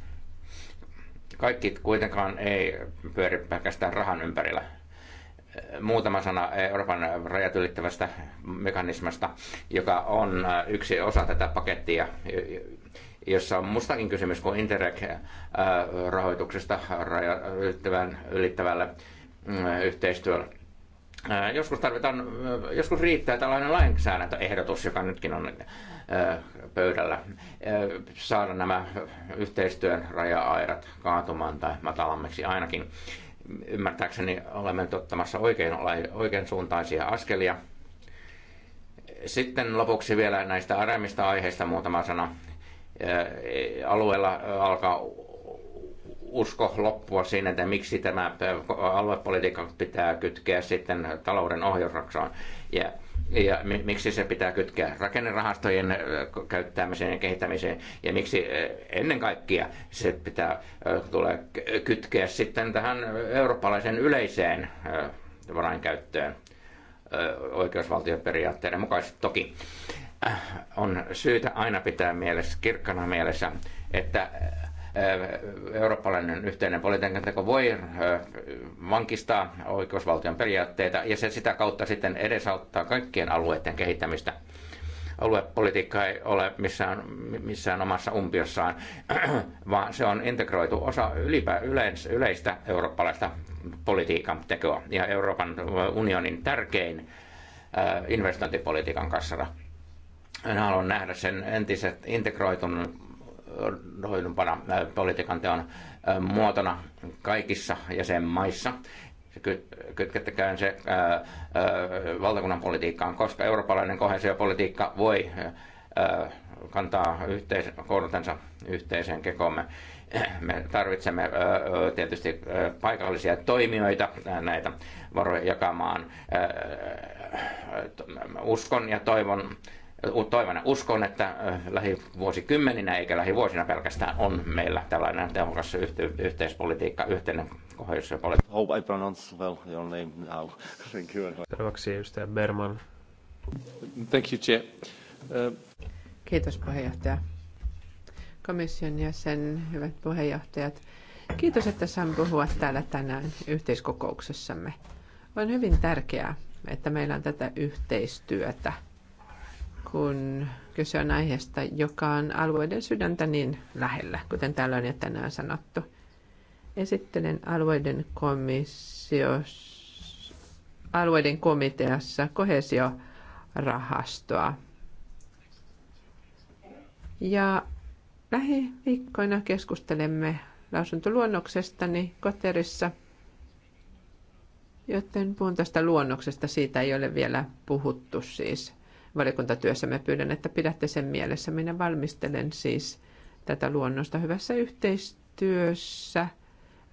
Kaikki kuitenkaan ei pyöri pelkästään rahan ympärillä. Muutama sana Euroopan rajat ylittävästä mekanismista, joka on äh, yksi osa tätä pakettia, jossa on mustakin kysymys kuin Interreg-rahoituksesta äh, ylittävän, ylittävälle mm, yhteistyölle. Äh, joskus, tarvitaan, joskus riittää tällainen lainsäädäntöehdotus, joka nytkin on pöydällä saada nämä yhteistyön raja-aidat kaatumaan tai matalammiksi ainakin. Ymmärtääkseni olemme ottamassa oikein, oikein suuntaisia askelia. Sitten lopuksi vielä näistä aremmista aiheista muutama sana. Alueella alkaa usko loppua siinä, että miksi tämä aluepolitiikka pitää kytkeä sitten talouden ohjausraksaan. Ja ja miksi se pitää kytkeä rakennerahastojen käyttämiseen ja kehittämiseen ja miksi ennen kaikkea se pitää tulee kytkeä sitten tähän eurooppalaisen yleiseen varainkäyttöön periaatteiden mukaisesti toki äh, on syytä aina pitää mielessä, kirkkana mielessä, että eurooppalainen yhteinen politiikan teko voi vankistaa oikeusvaltion periaatteita ja se sitä kautta sitten edesauttaa kaikkien alueiden kehittämistä. Aluepolitiikka ei ole missään, missään omassa umpiossaan, vaan se on integroitu osa ylipä, yleis, yleistä eurooppalaista politiikan tekoa ja Euroopan unionin tärkein investointipolitiikan kassara. En halua nähdä sen entiset integroitun koordinoidumpana äh, politiikan teon äh, muotona kaikissa jäsenmaissa Kytkettäkään se äh, valtakunnan politiikkaan, koska eurooppalainen kohesiopolitiikka voi kantaa yhteis- kortensa yhteiseen kekomme. Me tarvitsemme tietysti paikallisia toimijoita näitä varoja jakamaan. uskon ja toivon, toivon uskon, että lähivuosikymmeninä eikä lähivuosina pelkästään on meillä tällainen tehokas yhteispolitiikka, yhteinen kohdallisuuspolitiikka. Hope I pronounce well your name now. Thank you. Seuraavaksi edustaja Berman. Thank you, Chair. Uh... Kiitos puheenjohtaja. Komission jäsen, hyvät puheenjohtajat. Kiitos, että saan puhua täällä tänään yhteiskokouksessamme. On hyvin tärkeää, että meillä on tätä yhteistyötä – kun kyse on aiheesta, joka on alueiden sydäntä niin lähellä, kuten täällä on jo tänään sanottu. Esittelen alueiden komissiossa alueiden komiteassa kohesiorahastoa. Ja lähiviikkoina keskustelemme lausuntoluonnoksestani Koterissa, joten puhun tästä luonnoksesta, siitä ei ole vielä puhuttu siis valiokuntatyössämme. Pyydän, että pidätte sen mielessä. Minä valmistelen siis tätä luonnosta hyvässä yhteistyössä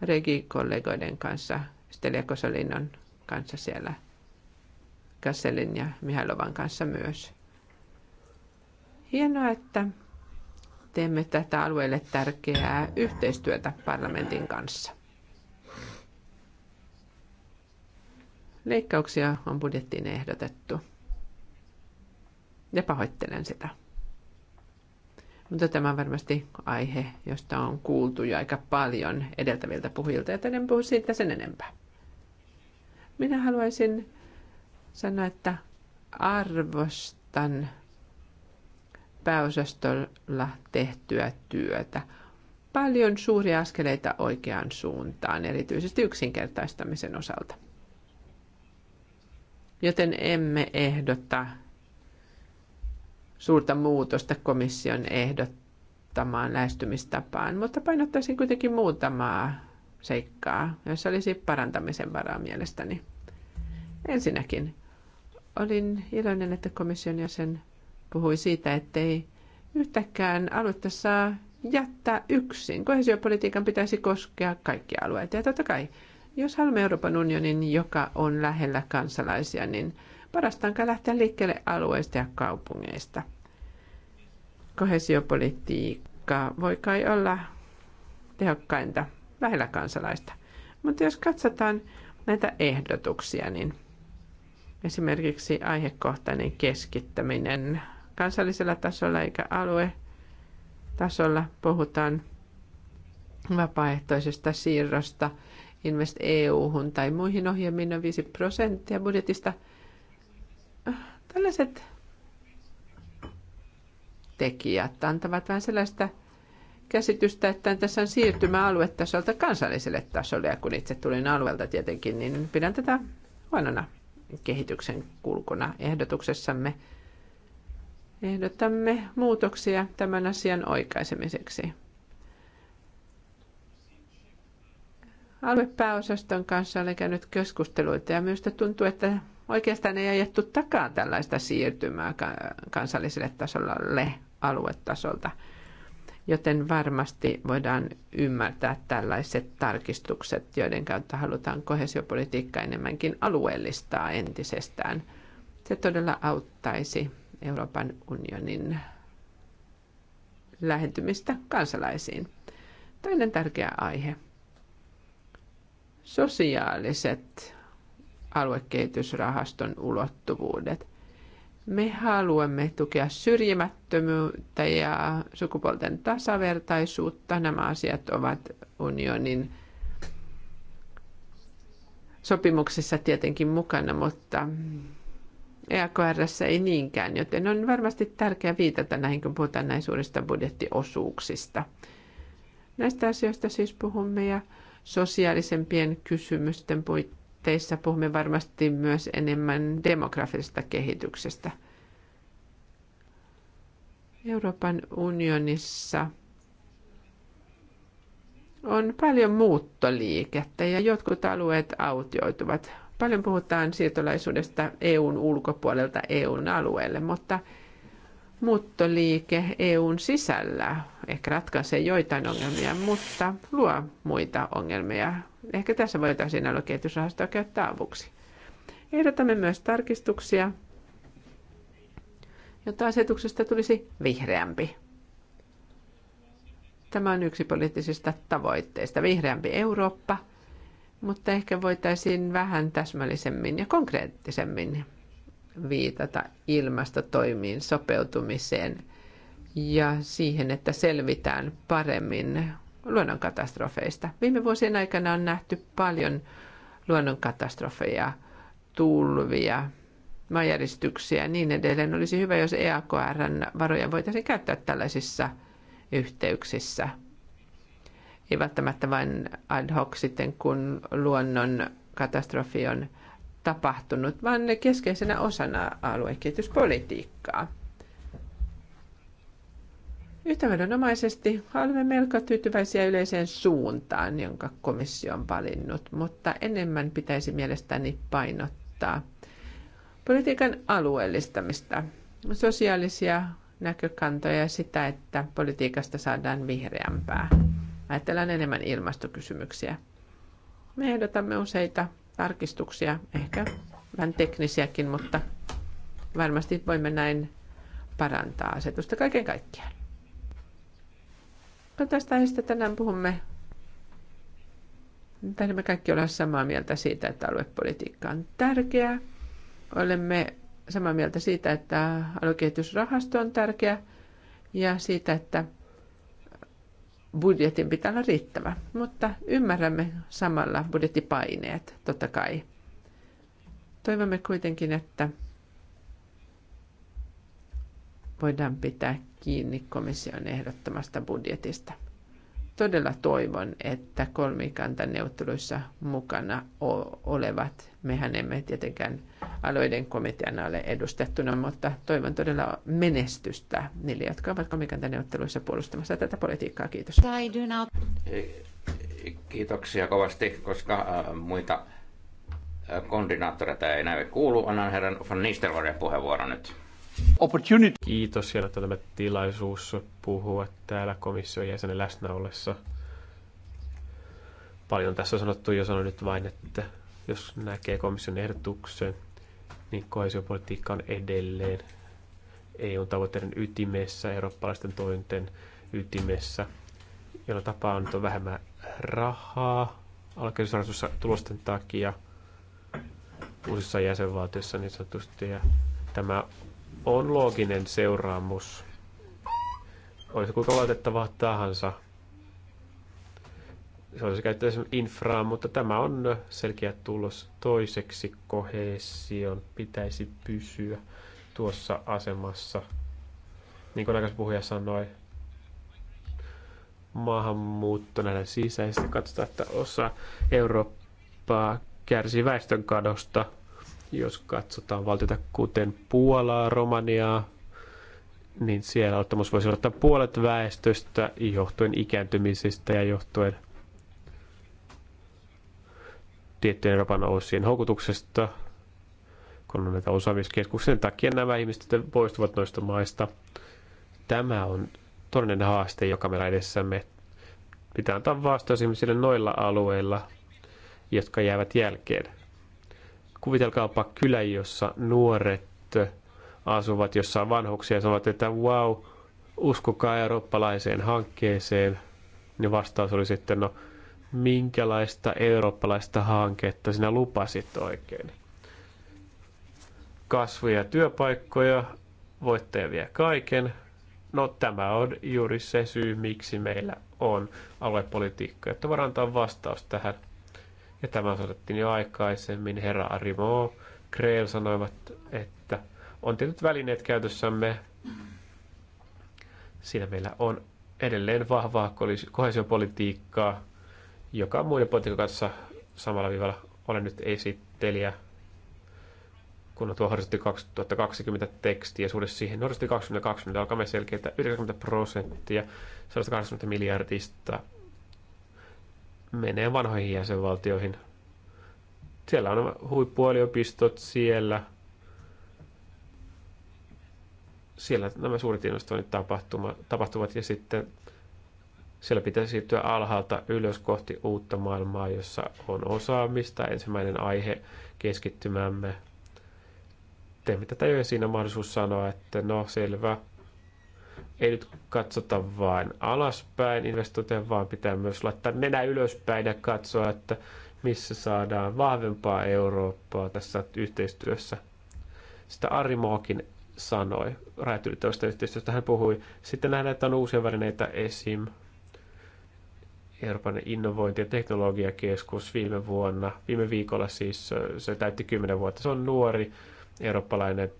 regikollegoiden kanssa, Stelia Kosolinon kanssa siellä, Kasselin ja Mihailovan kanssa myös. Hienoa, että teemme tätä alueelle tärkeää yhteistyötä parlamentin kanssa. Leikkauksia on budjettiin ehdotettu ja pahoittelen sitä. Mutta tämä on varmasti aihe, josta on kuultu jo aika paljon edeltäviltä puhujilta, joten en puhu siitä sen enempää. Minä haluaisin sanoa, että arvostan pääosastolla tehtyä työtä. Paljon suuria askeleita oikeaan suuntaan, erityisesti yksinkertaistamisen osalta. Joten emme ehdota suurta muutosta komission ehdottamaan lähestymistapaan, mutta painottaisin kuitenkin muutamaa seikkaa, joissa olisi parantamisen varaa mielestäni. Ensinnäkin olin iloinen, että komission jäsen puhui siitä, ettei yhtäkään aluetta saa jättää yksin. Kohesiopolitiikan pitäisi koskea kaikkia alueita. Ja totta kai, jos haluamme Euroopan unionin, joka on lähellä kansalaisia, niin Parasta onkaan lähteä liikkeelle alueista ja kaupungeista. Kohesiopolitiikka voi kai olla tehokkainta lähellä kansalaista. Mutta jos katsotaan näitä ehdotuksia, niin esimerkiksi aihekohtainen keskittäminen kansallisella tasolla eikä alue tasolla puhutaan vapaaehtoisesta siirrosta Invest EU-hun tai muihin ohjelmiin on 5 prosenttia budjetista – tällaiset tekijät antavat vähän sellaista käsitystä, että tässä on siirtymäalue tasolta kansalliselle tasolle. Ja kun itse tulin alueelta tietenkin, niin pidän tätä huonona kehityksen kulkuna ehdotuksessamme. Ehdotamme muutoksia tämän asian oikaisemiseksi. Aluepääosaston kanssa olen käynyt keskusteluita ja minusta tuntuu, että Oikeastaan ei ajettu takaan tällaista siirtymää kansalliselle tasolle aluetasolta, joten varmasti voidaan ymmärtää tällaiset tarkistukset, joiden kautta halutaan kohesiopolitiikka enemmänkin alueellistaa entisestään. Se todella auttaisi Euroopan unionin lähentymistä kansalaisiin. Toinen tärkeä aihe. Sosiaaliset aluekehitysrahaston ulottuvuudet. Me haluamme tukea syrjimättömyyttä ja sukupuolten tasavertaisuutta. Nämä asiat ovat unionin sopimuksessa tietenkin mukana, mutta EAKRssä ei niinkään, joten on varmasti tärkeää viitata näihin, kun puhutaan näin suurista budjettiosuuksista. Näistä asioista siis puhumme ja sosiaalisempien kysymysten puitteissa teissä puhumme varmasti myös enemmän demografisesta kehityksestä. Euroopan unionissa on paljon muuttoliikettä ja jotkut alueet autioituvat. Paljon puhutaan siirtolaisuudesta EUn ulkopuolelta EUn alueelle, mutta muuttoliike EUn sisällä ehkä ratkaisee joitain ongelmia, mutta luo muita ongelmia Ehkä tässä voitaisiin aluekehitysrahastoa käyttää avuksi. Ehdotamme myös tarkistuksia, jotta asetuksesta tulisi vihreämpi. Tämä on yksi poliittisista tavoitteista, vihreämpi Eurooppa, mutta ehkä voitaisiin vähän täsmällisemmin ja konkreettisemmin viitata ilmastotoimiin, sopeutumiseen ja siihen, että selvitään paremmin luonnonkatastrofeista. Viime vuosien aikana on nähty paljon luonnonkatastrofeja, tulvia, majäristyksiä ja niin edelleen. Olisi hyvä, jos EAKRn varoja voitaisiin käyttää tällaisissa yhteyksissä. Ei välttämättä vain ad hoc sitten, kun luonnon katastrofi on tapahtunut, vaan keskeisenä osana aluekehityspolitiikkaa. Yhtävedonomaisesti olemme melko tyytyväisiä yleiseen suuntaan, jonka komissio on valinnut, mutta enemmän pitäisi mielestäni painottaa politiikan alueellistamista, sosiaalisia näkökantoja ja sitä, että politiikasta saadaan vihreämpää. Ajatellaan enemmän ilmastokysymyksiä. Me ehdotamme useita tarkistuksia, ehkä vähän teknisiäkin, mutta varmasti voimme näin parantaa asetusta kaiken kaikkiaan. No tästä aiheesta tänään puhumme. tänne me kaikki ollaan samaa mieltä siitä, että aluepolitiikka on tärkeää. Olemme samaa mieltä siitä, että aluekehitysrahasto on tärkeä ja siitä, että budjetin pitää olla riittävä. Mutta ymmärrämme samalla budjettipaineet, totta kai. Toivomme kuitenkin, että voidaan pitää kiinni komission ehdottamasta budjetista. Todella toivon, että kolmikantaneuvotteluissa mukana olevat, mehän emme tietenkään alueiden komiteana ole edustettuna, mutta toivon todella menestystä niille, jotka ovat kolmikantaneuvotteluissa puolustamassa tätä politiikkaa. Kiitos. Kiitoksia kovasti, koska äh, muita äh, koordinaattoreita ei näy kuulu. Annan herran von Nistelrooden puheenvuoro nyt. Opportunity. Kiitos siellä, että tämä tilaisuus puhua täällä komission jäsenen läsnä ollessa. Paljon tässä on sanottu jo sanon nyt vain, että jos näkee komission ehdotuksen, niin koesiopolitiikka on edelleen EU-tavoitteiden ytimessä, eurooppalaisten tointen ytimessä, jolla tapaa on vähemmän rahaa alkeellisuusrahoitussa tulosten takia uusissa jäsenvaltioissa niin sanotusti. Ja tämä on looginen seuraamus. Olisi kuinka luotettavaa tahansa. Se olisi käyttänyt infraa, mutta tämä on selkeä tulos. Toiseksi kohesion pitäisi pysyä tuossa asemassa. Niin kuin aikaisemmin puhuja sanoi, maahanmuutto näiden sisäisesti. Katsotaan, että osa Eurooppaa kärsii väestönkadosta – jos katsotaan valtioita kuten Puolaa, Romaniaa, niin siellä ottamus voisi olla puolet väestöstä johtuen ikääntymisistä ja johtuen tiettyjen Euroopan osien houkutuksesta, kun on näitä osaamiskeskuksen niin takia nämä ihmiset poistuvat noista maista. Tämä on todellinen haaste, joka meillä edessämme pitää antaa vastaus ihmisille noilla alueilla, jotka jäävät jälkeen. Kuvitelkaapa kylä, jossa nuoret asuvat, jossa vanhuksia ja sanovat, että wow, uskokaa eurooppalaiseen hankkeeseen. Niin vastaus oli sitten, no minkälaista eurooppalaista hanketta sinä lupasit oikein? Kasvuja työpaikkoja, voittaja vie kaiken. No tämä on juuri se syy, miksi meillä on aluepolitiikka, että voidaan antaa vastaus tähän – ja tämä osoitettiin jo aikaisemmin. Herra Arimo Kreel sanoivat, että on tietyt välineet käytössämme. Siinä meillä on edelleen vahvaa kohesiopolitiikkaa, joka on muiden politiikan kanssa samalla viivalla. Olen nyt esittelijä, kun on tuo horisontti 2020 teksti ja suhde siihen. Horisontti 2020 alkamme selkeitä 90 prosenttia 180 miljardista menee vanhoihin jäsenvaltioihin. Siellä on huippuoliopistot siellä. Siellä nämä suurit investoinnit tapahtuvat ja sitten siellä pitää siirtyä alhaalta ylös kohti uutta maailmaa, jossa on osaamista, ensimmäinen aihe keskittymämme. Teemme tätä jo siinä mahdollisuus sanoa, että no selvä, ei nyt katsota vain alaspäin investointeja, vaan pitää myös laittaa nenä ylöspäin ja katsoa, että missä saadaan vahvempaa Eurooppaa tässä yhteistyössä. Sitä Ari Mookin sanoi rajat yhteistyöstä. Hän puhui sitten nähdään, että on uusia välineitä esim. Euroopan innovointi- ja teknologiakeskus viime vuonna, viime viikolla siis se täytti 10 vuotta. Se on nuori eurooppalainen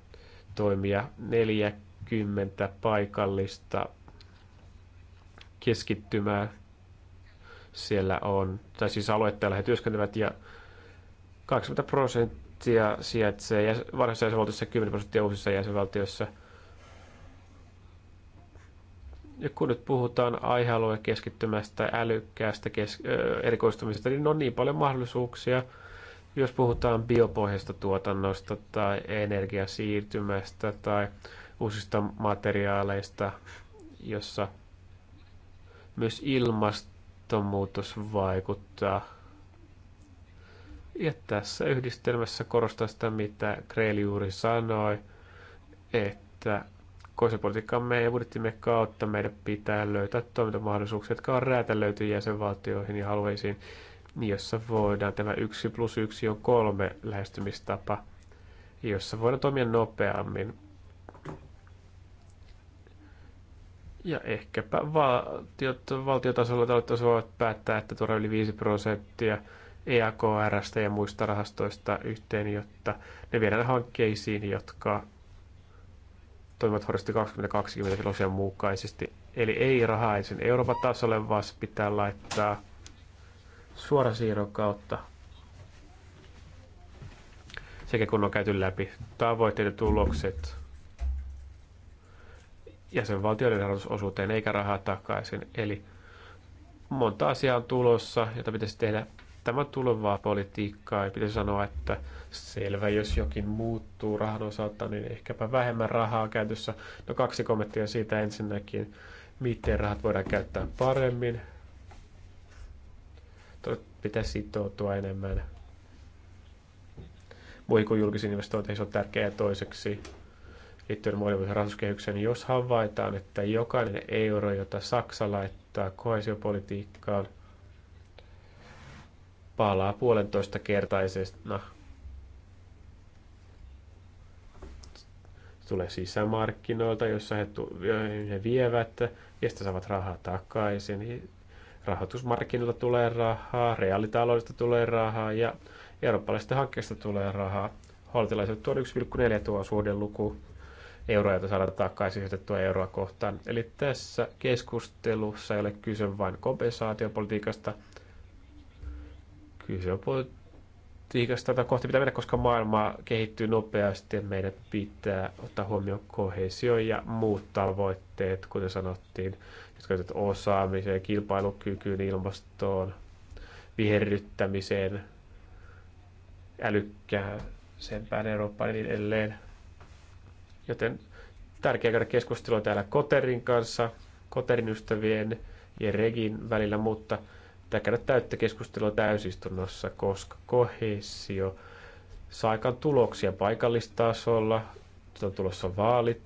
toimija, neljä kymmentä paikallista keskittymää siellä on, tai siis aluetta, he työskentelevät, ja 20 prosenttia sijaitsee vanhassa jäsenvaltiossa 10 prosenttia uusissa jäsenvaltioissa. Ja kun nyt puhutaan aihealuekeskittymästä keskittymästä, älykkäästä kes- erikoistumisesta, niin on niin paljon mahdollisuuksia, jos puhutaan biopohjaisesta tuotannosta tai energiasiirtymästä tai uusista materiaaleista, jossa myös ilmastonmuutos vaikuttaa. Ja tässä yhdistelmässä korostaa sitä, mitä Kreil juuri sanoi, että kohdallisuuspolitiikkamme ja budjettimme kautta meidän pitää löytää toimintamahdollisuuksia, jotka on räätälöity jäsenvaltioihin ja alueisiin, jossa voidaan tämä 1 plus 1 on kolme lähestymistapa, jossa voidaan toimia nopeammin Ja ehkäpä valtiot, valtiotasolla talouttaisiin voivat päättää, että tuoda yli 5 prosenttia EAKRstä ja muista rahastoista yhteen, jotta ne viedään hankkeisiin, jotka toimivat Horisontti 2020 filosofian mukaisesti. Eli ei rahaa ensin Euroopan tasolle, vaan pitää laittaa suorasiirron kautta sekä kun on käyty läpi tavoitteet ja tulokset jäsenvaltioiden rahoitusosuuteen eikä rahaa takaisin. Eli monta asiaa on tulossa, jota pitäisi tehdä tämä tulevaa politiikkaa. Ja pitäisi sanoa, että selvä, jos jokin muuttuu rahan osalta, niin ehkäpä vähemmän rahaa käytössä. No kaksi kommenttia siitä ensinnäkin, miten rahat voidaan käyttää paremmin. Pitäisi sitoutua enemmän muihin kuin julkisiin investointeihin, se on tärkeää toiseksi liittyen monivuotisen rahoituskehykseen, niin jos havaitaan, että jokainen euro, jota Saksa laittaa kohesiopolitiikkaan, palaa puolentoista kertaisena. Tulee sisämarkkinoilta, jossa he, tu- he vievät ja sitten saavat rahaa takaisin. Rahoitusmarkkinoilta tulee rahaa, reaalitaloudesta tulee rahaa ja eurooppalaisista hankkeista tulee rahaa. Holtilaiset tuo 1,4 tuo suhdeluku luku euroa, jota saadaan takaisin sijoitettua euroa kohtaan. Eli tässä keskustelussa ei ole kyse vain kompensaatiopolitiikasta. Kyse on politiikasta, jota kohti pitää mennä, koska maailma kehittyy nopeasti ja meidän pitää ottaa huomioon kohesio ja muut tavoitteet, kuten sanottiin, jotka ovat osaamiseen, kilpailukykyyn, ilmastoon, viherryttämiseen, päin Eurooppaan niin edelleen Joten tärkeää käydä keskustelua täällä Koterin kanssa, Koterin ystävien ja Regin välillä, mutta pitää käydä täyttä keskustelua täysistunnossa, koska kohesio saa aikaan tuloksia paikallistasolla, on tulossa vaalit,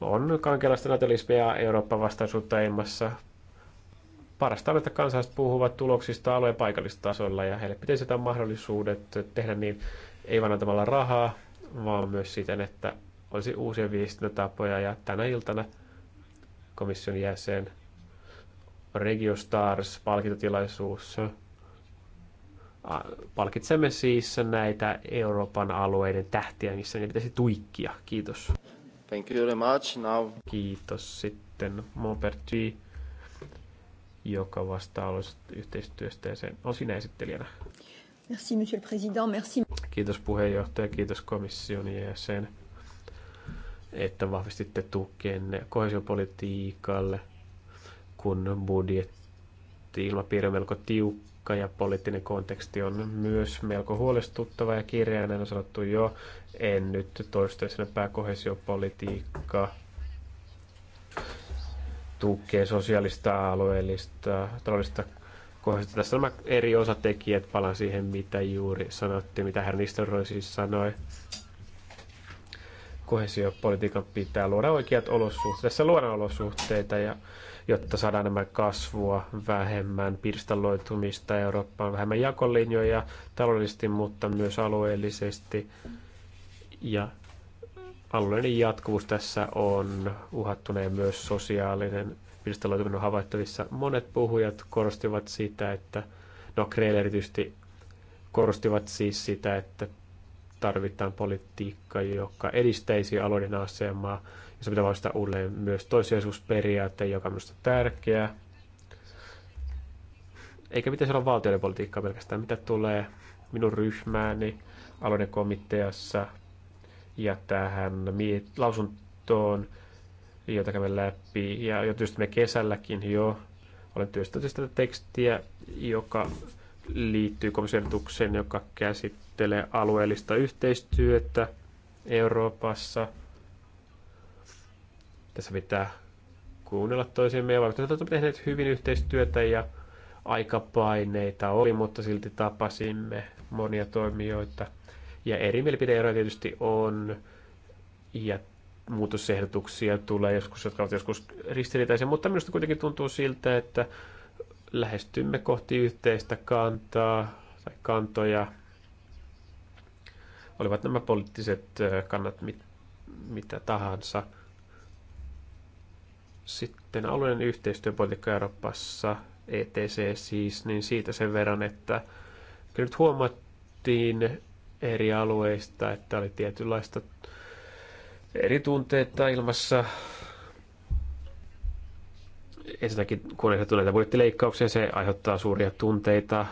on kaikenlaista natalismia ja Euroopan vastaisuutta ilmassa. Parasta on, että kansalaiset puhuvat tuloksista alueen paikallistasolla ja heille pitäisi jätä mahdollisuudet tehdä niin ei vain antamalla rahaa, vaan myös siten, että olisi uusia viestintätapoja ja tänä iltana komission jäsen Regio Stars palkintotilaisuus. Äh, palkitsemme siis näitä Euroopan alueiden tähtiä, missä niitä pitäisi tuikkia. Kiitos. Thank you very much. Now. Kiitos sitten Mopertui, joka vastaa yhteistyöstä ja sen osin esittelijänä. Merci, monsieur le président. Merci. Kiitos puheenjohtaja, kiitos komission jäsen että vahvistitte tukenne kohesiopolitiikalle, kun budjetti ilmapiiri on melko tiukka ja poliittinen konteksti on myös melko huolestuttava ja kirjainen on sanottu jo. En nyt toistaisena sen tukee sosiaalista, alueellista, taloudellista kohdista. Tässä on nämä eri osatekijät, palaan siihen, mitä juuri sanottiin, mitä herra Nistelrooy siis sanoi kohesiopolitiikan pitää luoda oikeat olosuhteet. Tässä luodaan olosuhteita, ja, jotta saadaan nämä kasvua vähemmän, pirstaloitumista Eurooppaan, vähemmän jakolinjoja taloudellisesti, mutta myös alueellisesti. Ja alueellinen jatkuvuus tässä on uhattuna ja myös sosiaalinen pirstaloituminen on havaittavissa. Monet puhujat korostivat sitä, että, no Kreel erityisesti korostivat siis sitä, että tarvitaan politiikka, joka edistäisi alueiden asemaa. Ja se pitää vastata uudelleen myös toissijaisuusperiaate, joka on minusta tärkeä. Eikä pitäisi olla valtioiden politiikkaa pelkästään, mitä tulee minun ryhmääni alueiden komiteassa ja tähän miet- lausuntoon, jota kävin läpi. Ja jo tietysti me kesälläkin jo olen työstänyt tekstiä, joka liittyy komission joka käsittää suunnittelee alueellista yhteistyötä Euroopassa. Tässä pitää kuunnella toisiamme ja vaikuttaa, että tehneet hyvin yhteistyötä ja aikapaineita oli, mutta silti tapasimme monia toimijoita. Ja eri mielipideeroja tietysti on ja muutosehdotuksia tulee joskus, jotka ovat joskus ristiriitaisia, mutta minusta kuitenkin tuntuu siltä, että lähestymme kohti yhteistä kantaa tai kantoja olivat nämä poliittiset kannat mit, mitä tahansa. Sitten alueen yhteistyöpolitiikka Euroopassa, ETC siis, niin siitä sen verran, että kyllä nyt huomattiin eri alueista, että oli tietynlaista eri tunteita ilmassa. Ensinnäkin, kun ei näitä budjettileikkauksia, se aiheuttaa suuria tunteita.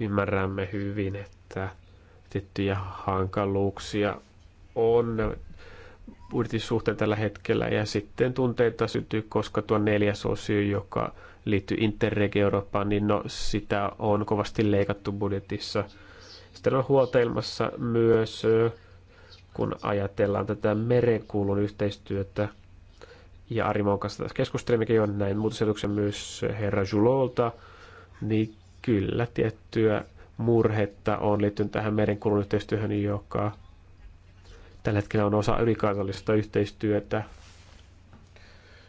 Ymmärrämme hyvin, että tiettyjä hankaluuksia on budjetisuhteen tällä hetkellä. Ja sitten tunteita syntyy, koska tuo neljäs osio, joka liittyy Interreg Eurooppaan, niin no, sitä on kovasti leikattu budjetissa. Sitten on huoltailmassa myös, kun ajatellaan tätä merenkuulun yhteistyötä. Ja Arimon kanssa tässä keskustelimmekin jo näin muutosehdotuksen myös herra Julolta, niin kyllä tiettyä murhetta on liittynyt tähän merenkulun yhteistyöhön, joka tällä hetkellä on osa ylikansallista yhteistyötä.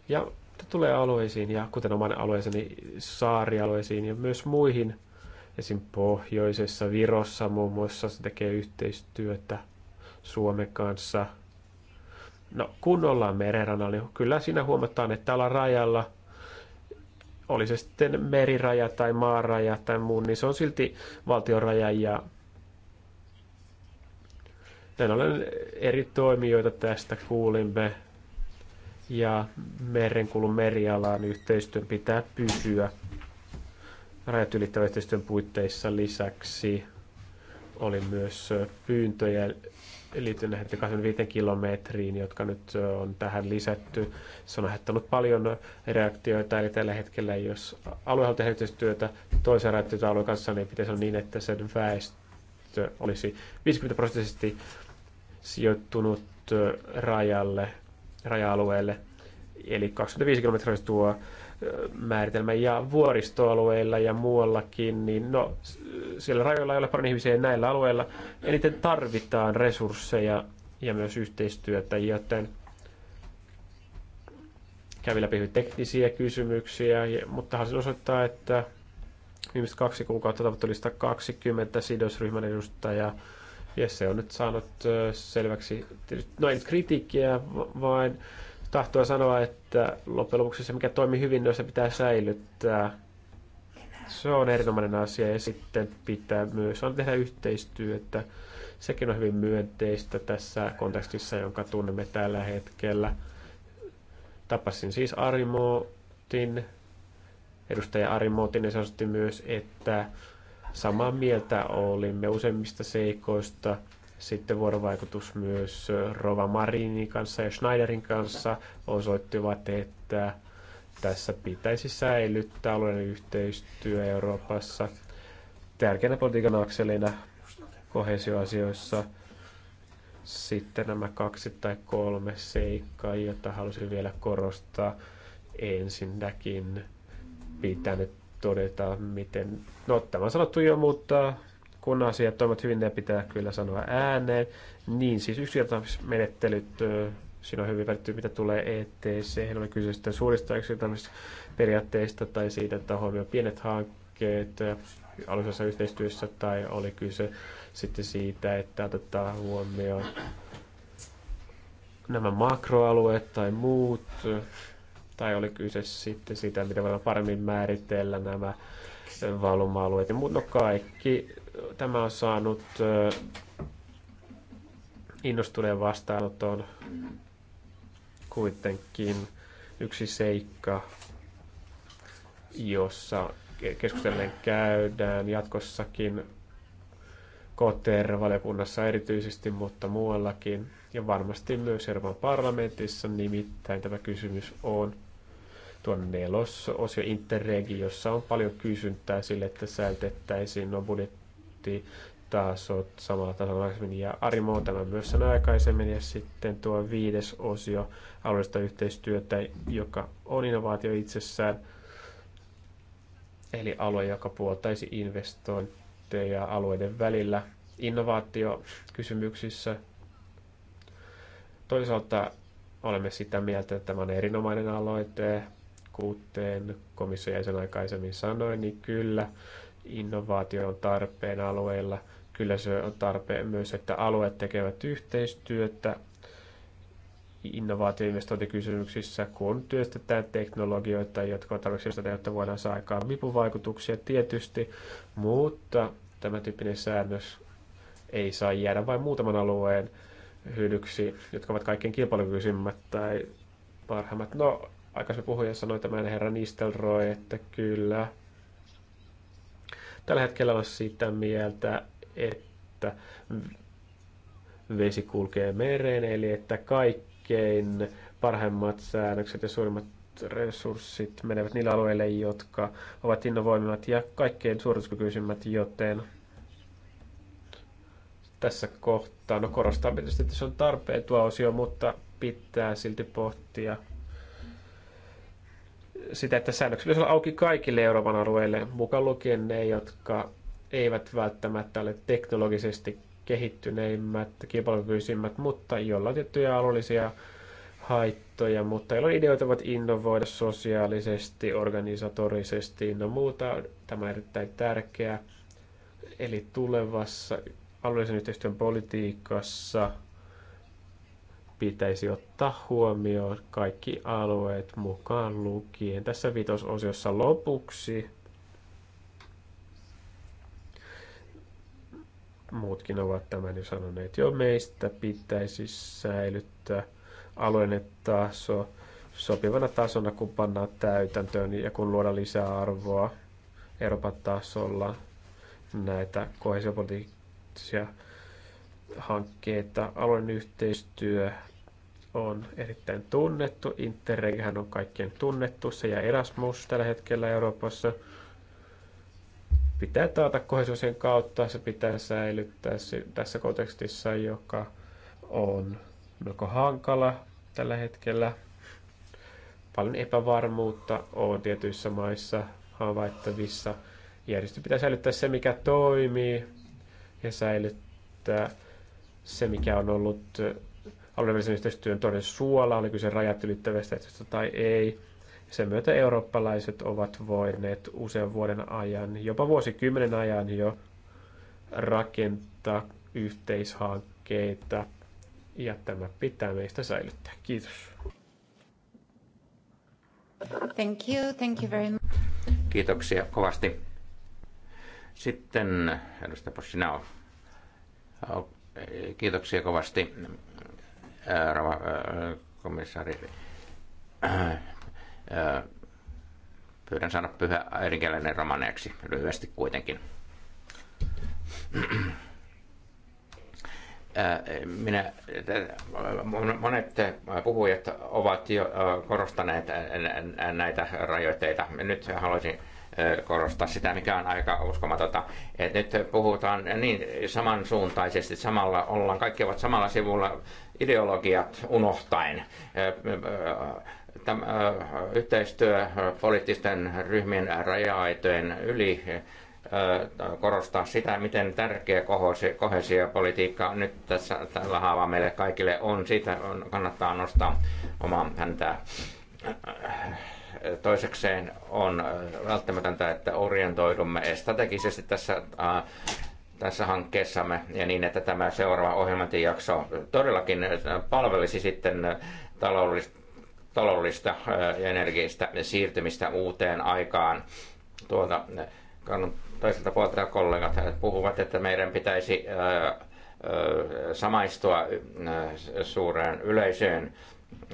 Ja tulee alueisiin, ja kuten oman alueeseni saarialueisiin ja myös muihin, esim. pohjoisessa Virossa muun muassa se tekee yhteistyötä Suomen kanssa. No, kun ollaan merenrannalla, niin kyllä siinä huomataan, että ollaan rajalla oli se sitten meriraja tai maaraja tai muu, niin se on silti valtionraja ja näin ollen eri toimijoita tästä kuulimme ja merenkulun merialaan yhteistyön pitää pysyä rajat ylittävän yhteistyön puitteissa lisäksi oli myös pyyntöjä liittyen näihin 25 kilometriin, jotka nyt on tähän lisätty. Se on aiheuttanut paljon reaktioita, eli tällä hetkellä jos alue haluaa tehdä yhteistyötä toisen rajoitetun kanssa, niin pitäisi olla niin, että sen väestö olisi 50 prosenttisesti sijoittunut rajalle, raja-alueelle. Eli 25 kilometriä olisi tuo määritelmä. Ja vuoristoalueilla ja muuallakin, niin no, siellä rajoilla ei ole paljon ihmisiä näillä alueilla. Eniten tarvitaan resursseja ja myös yhteistyötä, joten kävi läpi hyvin teknisiä kysymyksiä, mutta haluaisin osoittaa, että viimeiset kaksi kuukautta tavoittelista 20 sidosryhmän edustajaa, ja se on nyt saanut selväksi, no ei nyt kritiikkiä, vaan tahtoa sanoa, että loppujen lopuksi se, mikä toimii hyvin, noissa niin pitää säilyttää. Se on erinomainen asia ja sitten pitää myös on tehdä yhteistyötä. Sekin on hyvin myönteistä tässä kontekstissa, jonka tunnemme tällä hetkellä. Tapasin siis Arimootin, edustaja Arimootin ja se osoitti myös, että samaa mieltä olimme useimmista seikoista – sitten vuorovaikutus myös äh, Rova Marinin kanssa ja Schneiderin kanssa osoittivat, että tässä pitäisi säilyttää alueellinen yhteistyö Euroopassa tärkeänä politiikan akselina kohesioasioissa. Sitten nämä kaksi tai kolme seikkaa, joita halusin vielä korostaa. Ensinnäkin pitää nyt todeta, miten... No, tämä on sanottu jo, mutta kun asiat toimivat hyvin, ne pitää kyllä sanoa ääneen. Niin, siis yksinkertaismenettelyt, siinä on hyvin välitty, mitä tulee ETC, oli kyse sitten suurista yksinkertaisperiaatteista tai siitä, että on huomioon pienet hankkeet alueellisessa yhteistyössä, tai oli kyse sitten siitä, että otetaan huomioon nämä makroalueet tai muut, tai oli kyse sitten siitä, miten voidaan paremmin määritellä nämä valuma-alueet ja muut, no kaikki tämä on saanut innostuneen vastaanoton kuitenkin yksi seikka, jossa keskustellen käydään jatkossakin KTR-valiokunnassa erityisesti, mutta muuallakin ja varmasti myös Euroopan parlamentissa. Nimittäin tämä kysymys on tuo nelososio Interregi, jossa on paljon kysyntää sille, että säätettäisiin no budjetti prosenttitasot samalla tasolla aikaisemmin. Ja Arimo tämä myös sanoi aikaisemmin. Ja sitten tuo viides osio alueellista yhteistyötä, joka on innovaatio itsessään. Eli alue, joka puoltaisi investointeja alueiden välillä innovaatiokysymyksissä. Toisaalta olemme sitä mieltä, että tämä on erinomainen aloite, kuten komissio jäsen aikaisemmin sanoi, niin kyllä innovaation on tarpeen alueilla. Kyllä se on tarpeen myös, että alueet tekevät yhteistyötä innovaatioinvestointikysymyksissä, kun työstetään teknologioita, jotka on tarkoituksena, jotta voidaan saada aikaan vipuvaikutuksia tietysti, mutta tämä tyyppinen säännös ei saa jäädä vain muutaman alueen hyödyksi, jotka ovat kaikkein kilpailukykyisimmät tai parhaimmat. No, aikaisemmin puhuja sanoi tämän herran Nistelrooy, että kyllä, tällä hetkellä ole sitä mieltä, että vesi kulkee mereen, eli että kaikkein parhaimmat säännökset ja suurimmat resurssit menevät niille alueille, jotka ovat innovoimimmat ja kaikkein suorituskykyisimmät, joten tässä kohtaa, no korostaa tietysti, että se on tarpeen tuo osio, mutta pitää silti pohtia sitä, että säännökset pitäisi olla auki kaikille Euroopan alueille, mukaan lukien ne, jotka eivät välttämättä ole teknologisesti kehittyneimmät, kilpailukykyisimmät, mutta joilla on tiettyjä alueellisia haittoja, mutta joilla ideoita voivat innovoida sosiaalisesti, organisatorisesti no muuta. Tämä on erittäin tärkeää. Eli tulevassa alueellisen yhteistyön politiikassa – pitäisi ottaa huomioon kaikki alueet mukaan lukien. Tässä viitososiossa lopuksi muutkin ovat tämän jo sanoneet jo, meistä pitäisi säilyttää alueen taso sopivana tasona, kun pannaan täytäntöön ja kun luoda lisää arvoa Euroopan tasolla näitä kohesiopoliittisia hankkeita. Alueen yhteistyö on erittäin tunnettu. Interreghän on kaikkien tunnettu. Se ja Erasmus tällä hetkellä Euroopassa pitää taata kohesuosien kautta. Se pitää säilyttää se, tässä kontekstissa, joka on melko hankala tällä hetkellä. Paljon epävarmuutta on tietyissä maissa havaittavissa. Järjestö pitää säilyttää se, mikä toimii ja säilyttää se, mikä on ollut alueellisen yhteistyön toden suola, oli kyse rajat ylittävästä yhteistyöstä tai ei. Sen myötä eurooppalaiset ovat voineet usean vuoden ajan, jopa vuosikymmenen ajan jo rakentaa yhteishankkeita. Ja tämä pitää meistä säilyttää. Kiitos. Thank you, thank you very much. Kiitoksia kovasti. Sitten edustaja Poshinao. Kiitoksia kovasti, rouva komissaari. Pyydän saada pyhä erikäläinen romaneeksi lyhyesti kuitenkin. Minä, monet puhujat ovat jo korostaneet näitä rajoitteita. Nyt haluaisin korostaa sitä, mikä on aika uskomatonta. Et nyt puhutaan niin samansuuntaisesti, samalla ollaan, kaikki ovat samalla sivulla ideologiat unohtain. Tämä, yhteistyö poliittisten ryhmien raja-aitojen yli korostaa sitä, miten tärkeä politiikka nyt tässä tällä haavaa meille kaikille on. Siitä kannattaa nostaa omaa häntää Toisekseen on äh, välttämätöntä, että orientoidumme strategisesti tässä, äh, tässä hankkeessamme ja niin, että tämä seuraava ohjelmointijakso todellakin äh, palvelisi sitten taloudellista, taloudellista ja energiasta siirtymistä uuteen aikaan. Tuota, toiselta puolta kollegat puhuvat, että meidän pitäisi samaistua suureen yleisöön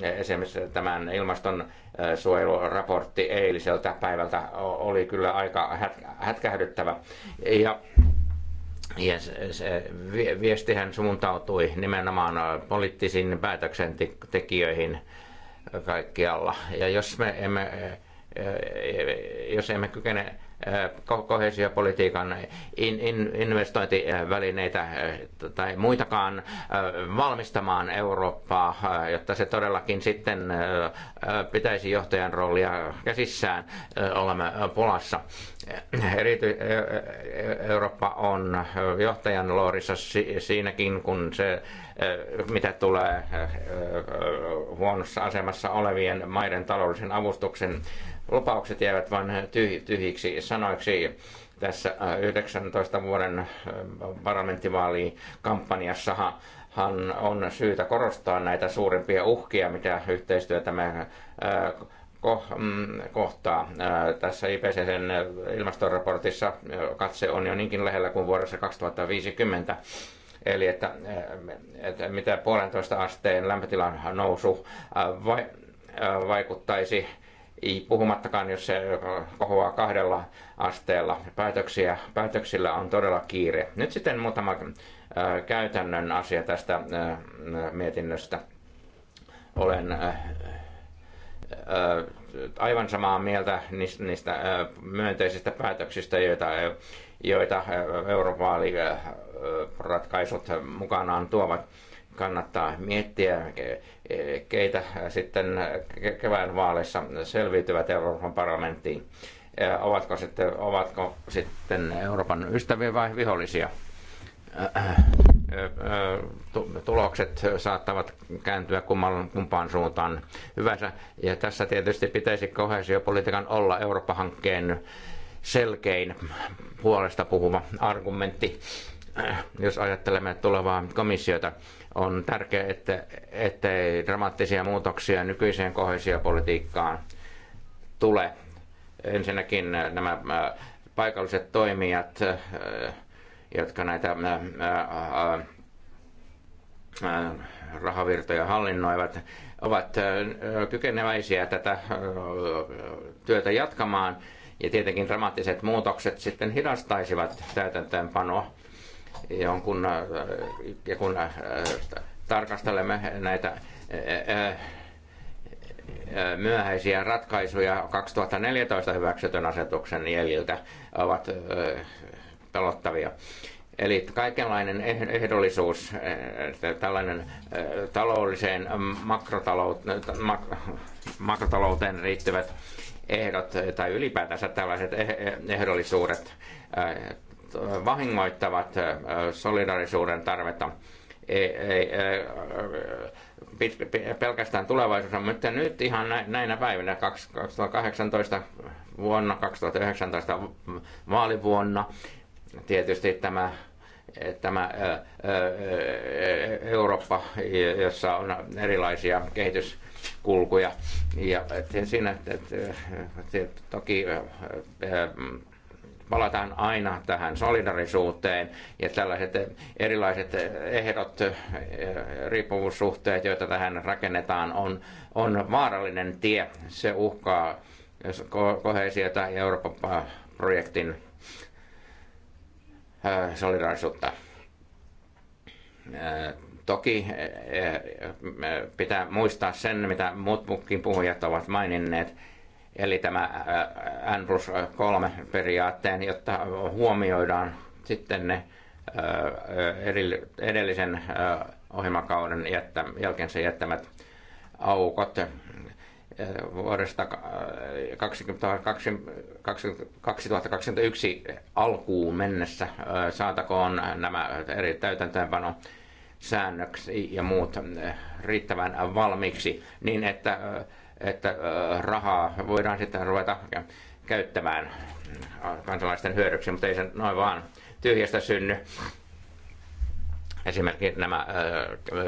esimerkiksi tämän ilmaston äh, suojeluraportti eiliseltä päivältä oli kyllä aika hätkähdyttävä. Ja ja se viestihän suuntautui nimenomaan äh, poliittisiin päätöksentekijöihin äh, kaikkialla. Ja jos me emme, jos emme kykene Eh, kohesiopolitiikan investointivälineitä eh, tai muitakaan eh, valmistamaan Eurooppaa, jotta se todellakin sitten pitäisi johtajan roolia käsissään olemme pulassa. Erity, Eurooppa on johtajan loorissa siinäkin, kun se mitä tulee huonossa asemassa olevien maiden taloudellisen avustuksen lupaukset jäävät vain tyh, tyhjiksi sanoiksi. Tässä 19 äh, vuoden äh, parlamenttivaalikampanjassahan hän on syytä korostaa näitä suurimpia uhkia, mitä yhteistyötä me äh, ko, mm, kohtaa. Tässä IPCCn ilmastoraportissa katse on jo niinkin lähellä kuin vuodessa 2050. Eli että, että mitä puolentoista asteen lämpötilan nousu vai, vaikuttaisi ei puhumattakaan, jos se kohoaa kahdella asteella. Päätöksiä, päätöksillä on todella kiire. Nyt sitten muutama äh, käytännön asia tästä äh, mietinnöstä. Olen äh, aivan samaa mieltä niistä myönteisistä päätöksistä, joita, joita eurovaaliratkaisut mukanaan tuovat kannattaa miettiä, e, keitä sitten kevään vaaleissa selviytyvät Euroopan parlamenttiin. E, ovatko sitten, ovatko sitten Euroopan ystäviä vai vihollisia? tulokset saattavat kääntyä kumpaan suuntaan hyvänsä. Ja tässä tietysti pitäisi kohesiopolitiikan olla Eurooppa-hankkeen selkein puolesta puhuva argumentti, jos ajattelemme tulevaa komissiota on tärkeää, että, ettei dramaattisia muutoksia nykyiseen kohesiopolitiikkaan tule. Ensinnäkin nämä äh, paikalliset toimijat, äh, jotka näitä äh, rahavirtoja hallinnoivat, ovat kykeneväisiä tätä työtä jatkamaan. Ja tietenkin dramaattiset muutokset sitten hidastaisivat täytäntöönpanoa. Äh, ja kun, ja äh, kun tarkastelemme näitä äh, myöhäisiä ratkaisuja 2014 hyväksytyn asetuksen jäljiltä ovat pelottavia. Eli kaikenlainen eh-, ehdollisuus, tällainen taloudelliseen makrotalouteen riittyvät ehdot tai ylipäätänsä tällaiset eh-, eh-, ehdollisuudet vahingoittavat solidarisuuden tarvetta. Ei, e, e, ei, pelkästään tulevaisuudessa, mutta nyt ihan näinä päivinä 2018 vuonna, 2019 vaalivuonna tietysti tämä tämä Eurooppa, jossa on erilaisia kehityskulkuja. Ja siinä toki palataan aina tähän solidarisuuteen ja tällaiset erilaiset ehdot, eh, riippuvuussuhteet, joita tähän rakennetaan, on, on vaarallinen tie. Se uhkaa koheisiota ja Euroopan eh, projektin eh, solidarisuutta. Toki pitää muistaa sen, mitä muut puhujat ovat maininneet, eli tämä N plus 3 periaatteen, jotta huomioidaan sitten ne edellisen ohjelmakauden jättä, jälkeensä jättämät aukot vuodesta 2021 alkuun mennessä saatakoon nämä eri täytäntöönpano säännöksi ja muut riittävän valmiiksi niin, että että rahaa voidaan sitten ruveta käyttämään kansalaisten hyödyksi, mutta ei se noin vaan tyhjästä synny. Esimerkiksi nämä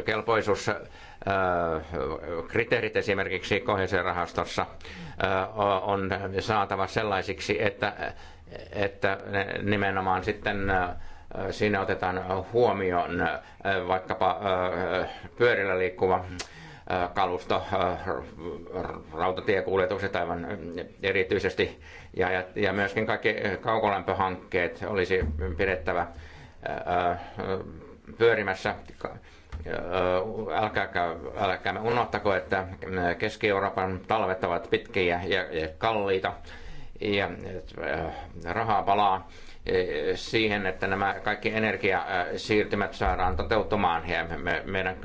kelpoisuuskriteerit esimerkiksi rahastossa on saatava sellaisiksi, että, että nimenomaan sitten siinä otetaan huomioon vaikkapa pyörillä liikkuva kalusto, äh, rautatiekuljetukset aivan äh, erityisesti ja, ja, ja myöskin kaikki kaukolämpöhankkeet olisi pidettävä äh, pyörimässä. älkää me unohtako, että Keski-Euroopan talvet ovat pitkiä ja, ja kalliita ja rahaa palaa Eh, siihen, että nämä kaikki energiasiirtymät saadaan toteutumaan ja me, meidän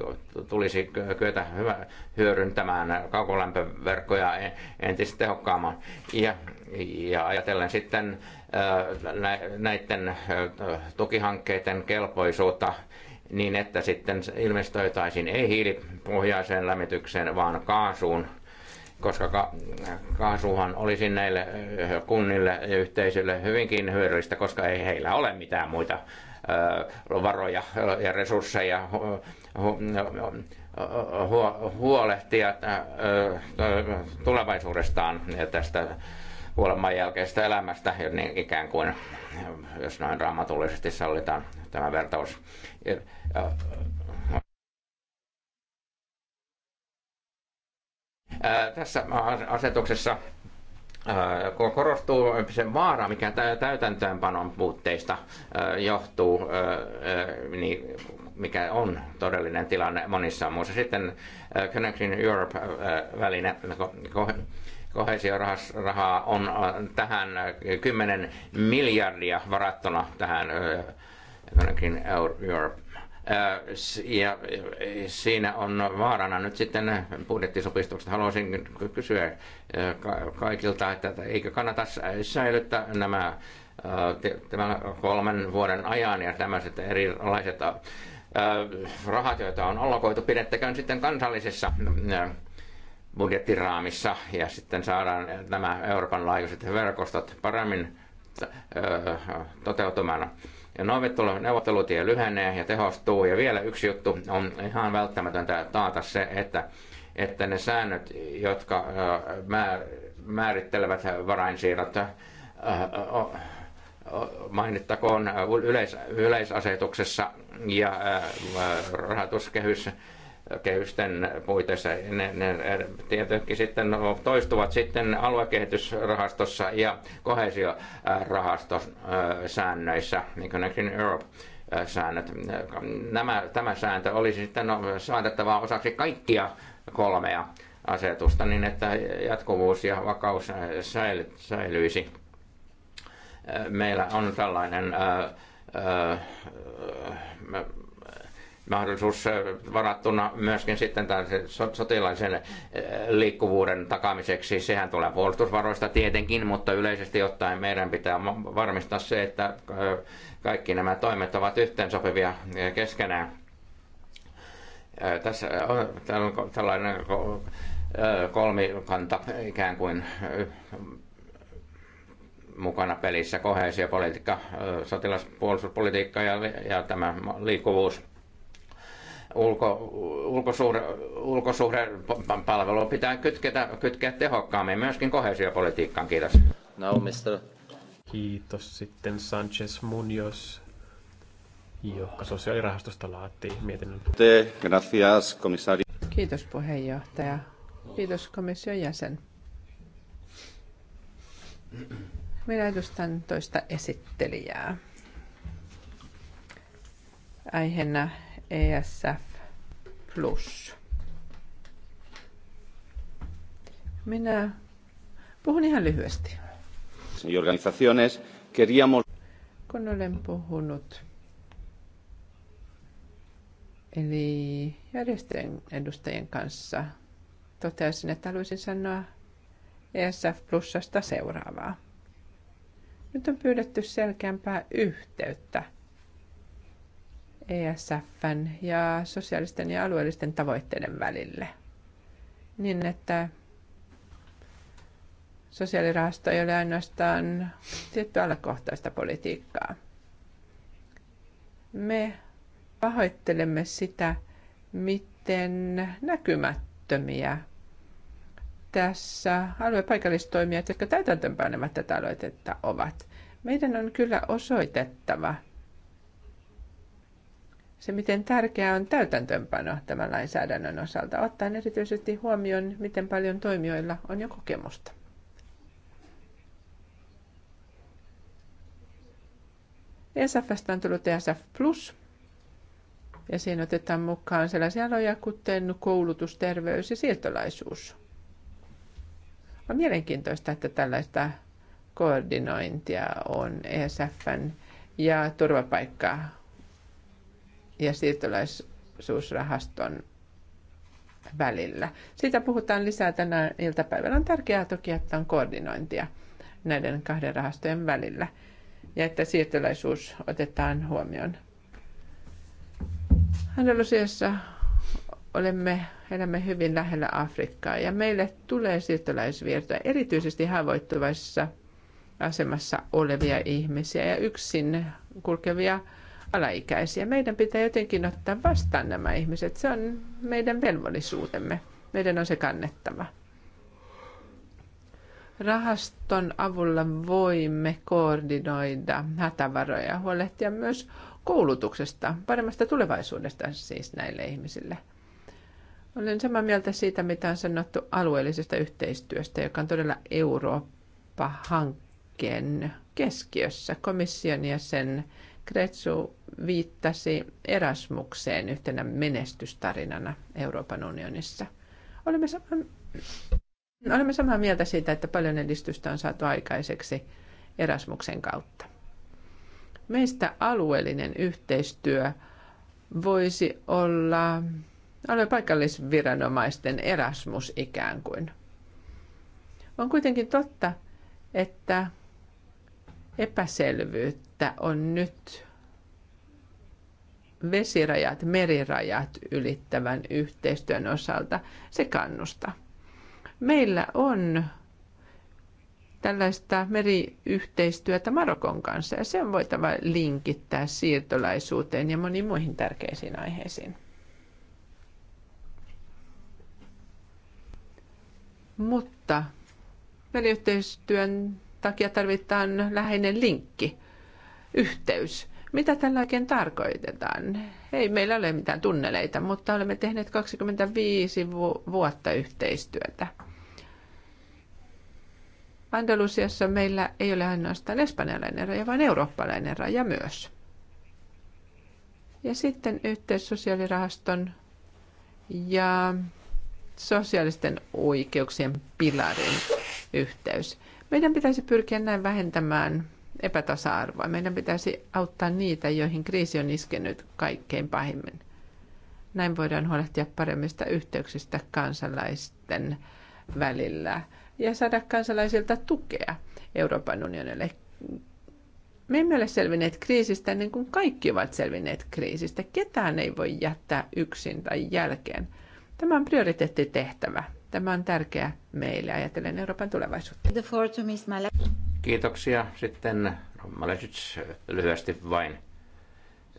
tulisi kyetä hyvä, hyödyntämään kaukolämpöverkkoja entistä tehokkaamman. Ja, ja ajatellen sitten eh, näiden eh, tukihankkeiden kelpoisuutta niin, että sitten investoitaisiin ei hiilipohjaiseen lämmitykseen, vaan kaasuun – koska ka- kaasuhan olisi näille kunnille ja yhteisöille hyvinkin hyödyllistä, koska ei heillä ole mitään muita varoja ja resursseja huolehtia tulevaisuudestaan ja tästä kuoleman jälkeistä elämästä, niin ikään kuin, jos noin raamatullisesti sallitaan tämä vertaus Tässä asetuksessa korostuu se vaara, mikä täytäntöönpanon puutteista johtuu, niin mikä on todellinen tilanne monissa muissa. Sitten Connecting Europe-väline kohesiorahaa on tähän 10 miljardia varattuna tähän Connecting Europe ja siinä on vaarana nyt sitten budjettisopistukset. Haluaisin kysyä kaikilta, että eikö kannata säilyttää nämä tämän kolmen vuoden ajan ja tämmöiset erilaiset rahat, joita on allokoitu, pidettäköön sitten kansallisessa budjettiraamissa ja sitten saadaan nämä Euroopan laajuiset verkostot paremmin toteutumana neuvottelutie lyhenee ja tehostuu. Ja vielä yksi juttu on ihan välttämätöntä taata se, että, että ne säännöt, jotka äh, määrittelevät varainsiirrot, äh, mainittakoon yleis, yleisasetuksessa ja äh, rahoituskehys kehysten puitteissa. Ne, ne tietenkin sitten toistuvat sitten aluekehitysrahastossa ja kohesiorahaston säännöissä, niin Connection Europe äh, säännöt. Nämä, tämä sääntö olisi sitten no, saatettava osaksi kaikkia kolmea asetusta niin, että jatkuvuus ja vakaus äh, säily, säilyisi. Äh, meillä on tällainen ää, ää, mahdollisuus äh, varattuna myöskin sitten tämän sotilaisen äh, liikkuvuuden takamiseksi. Sehän tulee puolustusvaroista tietenkin, mutta yleisesti ottaen meidän pitää varmistaa se, että äh, kaikki nämä toimet ovat yhteensopivia keskenään. Tässä on tällainen kolmikanta ikään kuin mukana pelissä, koheesiopolitiikka, sotilaspuolustuspolitiikka ja, ja tämä liikkuvuus ulko, ulkosuhde, ulkosuhdepalvelu pitää kytketä, kytkeä tehokkaammin myöskin kohesiopolitiikkaan. Kiitos. No, mister. Kiitos sitten Sanchez Munoz, joka sosiaalirahastosta laatti mietinnön. Te, gracias, komissari. Kiitos puheenjohtaja. Kiitos komission jäsen. Minä edustan toista esittelijää. Aiheena ESF Plus. Minä puhun ihan lyhyesti. Y organizaciones queríamos... Kun olen puhunut eli järjestöjen edustajien kanssa totesin, että haluaisin sanoa ESF Plusasta seuraavaa. Nyt on pyydetty selkeämpää yhteyttä – ESFn ja sosiaalisten ja alueellisten tavoitteiden välille. Niin, että sosiaalirahasto ei ole ainoastaan tiettyä alakohtaista politiikkaa. Me pahoittelemme sitä, miten näkymättömiä tässä aluepaikallistoimijat, jotka täytäntöönpanevat tätä aloitetta, ovat. Meidän on kyllä osoitettava – se, miten tärkeää on täytäntöönpano tämän lainsäädännön osalta, ottaen erityisesti huomioon, miten paljon toimijoilla on jo kokemusta. ESFstä on tullut ESF Plus, ja siinä otetaan mukaan sellaisia aloja kuten koulutus, terveys ja siirtolaisuus. On mielenkiintoista, että tällaista koordinointia on ESFn ja turvapaikkaa ja siirtolaisuusrahaston välillä. Siitä puhutaan lisää tänä iltapäivällä. On tärkeää toki, että on koordinointia näiden kahden rahastojen välillä ja että siirtolaisuus otetaan huomioon. Andalusiassa olemme, elämme hyvin lähellä Afrikkaa ja meille tulee siirtolaisvirtoja, erityisesti haavoittuvassa asemassa olevia ihmisiä ja yksin kulkevia alaikäisiä. Meidän pitää jotenkin ottaa vastaan nämä ihmiset. Se on meidän velvollisuutemme. Meidän on se kannettava. Rahaston avulla voimme koordinoida hätävaroja, huolehtia myös koulutuksesta, paremmasta tulevaisuudesta siis näille ihmisille. Olen samaa mieltä siitä, mitä on sanottu alueellisesta yhteistyöstä, joka on todella Eurooppa-hankkeen keskiössä. Komission ja sen Gretsu viittasi Erasmukseen yhtenä menestystarinana Euroopan unionissa. Olemme samaa, olemme samaa mieltä siitä, että paljon edistystä on saatu aikaiseksi Erasmuksen kautta. Meistä alueellinen yhteistyö voisi olla alue paikallisviranomaisten Erasmus ikään kuin. On kuitenkin totta, että epäselvyyttä on nyt vesirajat, merirajat ylittävän yhteistyön osalta. Se kannustaa. Meillä on tällaista meriyhteistyötä Marokon kanssa ja se on voitava linkittää siirtolaisuuteen ja moniin muihin tärkeisiin aiheisiin. Mutta meriyhteistyön takia tarvitaan läheinen linkki, yhteys. Mitä tällä oikein tarkoitetaan? Ei meillä ole mitään tunneleita, mutta olemme tehneet 25 vuotta yhteistyötä. Andalusiassa meillä ei ole ainoastaan espanjalainen raja, vaan eurooppalainen raja myös. Ja sitten sosiaalirahaston ja sosiaalisten oikeuksien pilarin yhteys. Meidän pitäisi pyrkiä näin vähentämään epätasa-arvoa. Meidän pitäisi auttaa niitä, joihin kriisi on iskenyt kaikkein pahimmin. Näin voidaan huolehtia paremmista yhteyksistä kansalaisten välillä ja saada kansalaisilta tukea Euroopan unionille. Me emme ole selvinneet kriisistä ennen kuin kaikki ovat selvinneet kriisistä. Ketään ei voi jättää yksin tai jälkeen. Tämä on prioriteettitehtävä. Tämä on tärkeää meille ajatellen Euroopan tulevaisuutta. Kiitoksia. Sitten Malesic lyhyesti vain,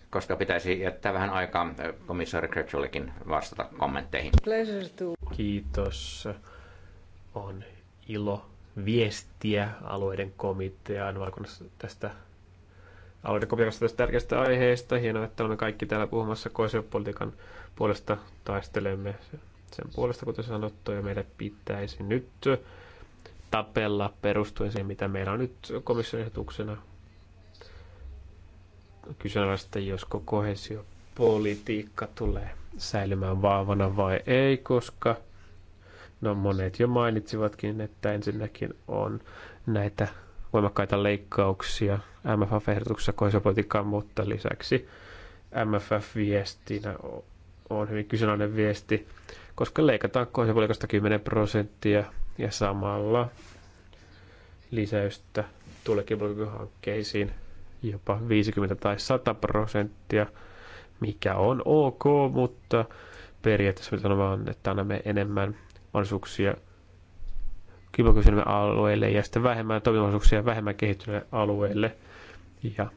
koska pitäisi jättää vähän aikaa komissaari Kretschullekin vastata kommentteihin. Kiitos. On ilo viestiä alueiden komiteaan valkoisesta tästä alueiden komiteasta tästä tärkeästä aiheesta. Hienoa, että olemme kaikki täällä puhumassa koisiopolitiikan puolesta taistelemme sen puolesta, kuten sanottu, ja meidän pitäisi nyt tapella perustuen siihen, mitä meillä on nyt komission ehdotuksena. Kyseenalaista, josko kohesiopolitiikka tulee säilymään vaavana vai ei, koska no monet jo mainitsivatkin, että ensinnäkin on näitä voimakkaita leikkauksia MFF-ehdotuksessa kohesiopolitiikkaan, mutta lisäksi MFF-viestinä on hyvin kyseenalainen viesti koska leikataan kohjapuolikosta 10 prosenttia ja samalla lisäystä tulee kilpailukykyhankkeisiin jopa 50 tai 100 prosenttia, mikä on ok, mutta periaatteessa on vaan, että annamme enemmän mahdollisuuksia kilpailukykyisille alueille ja sitten vähemmän toimintamahdollisuuksia vähemmän kehittyneille alueille. Ja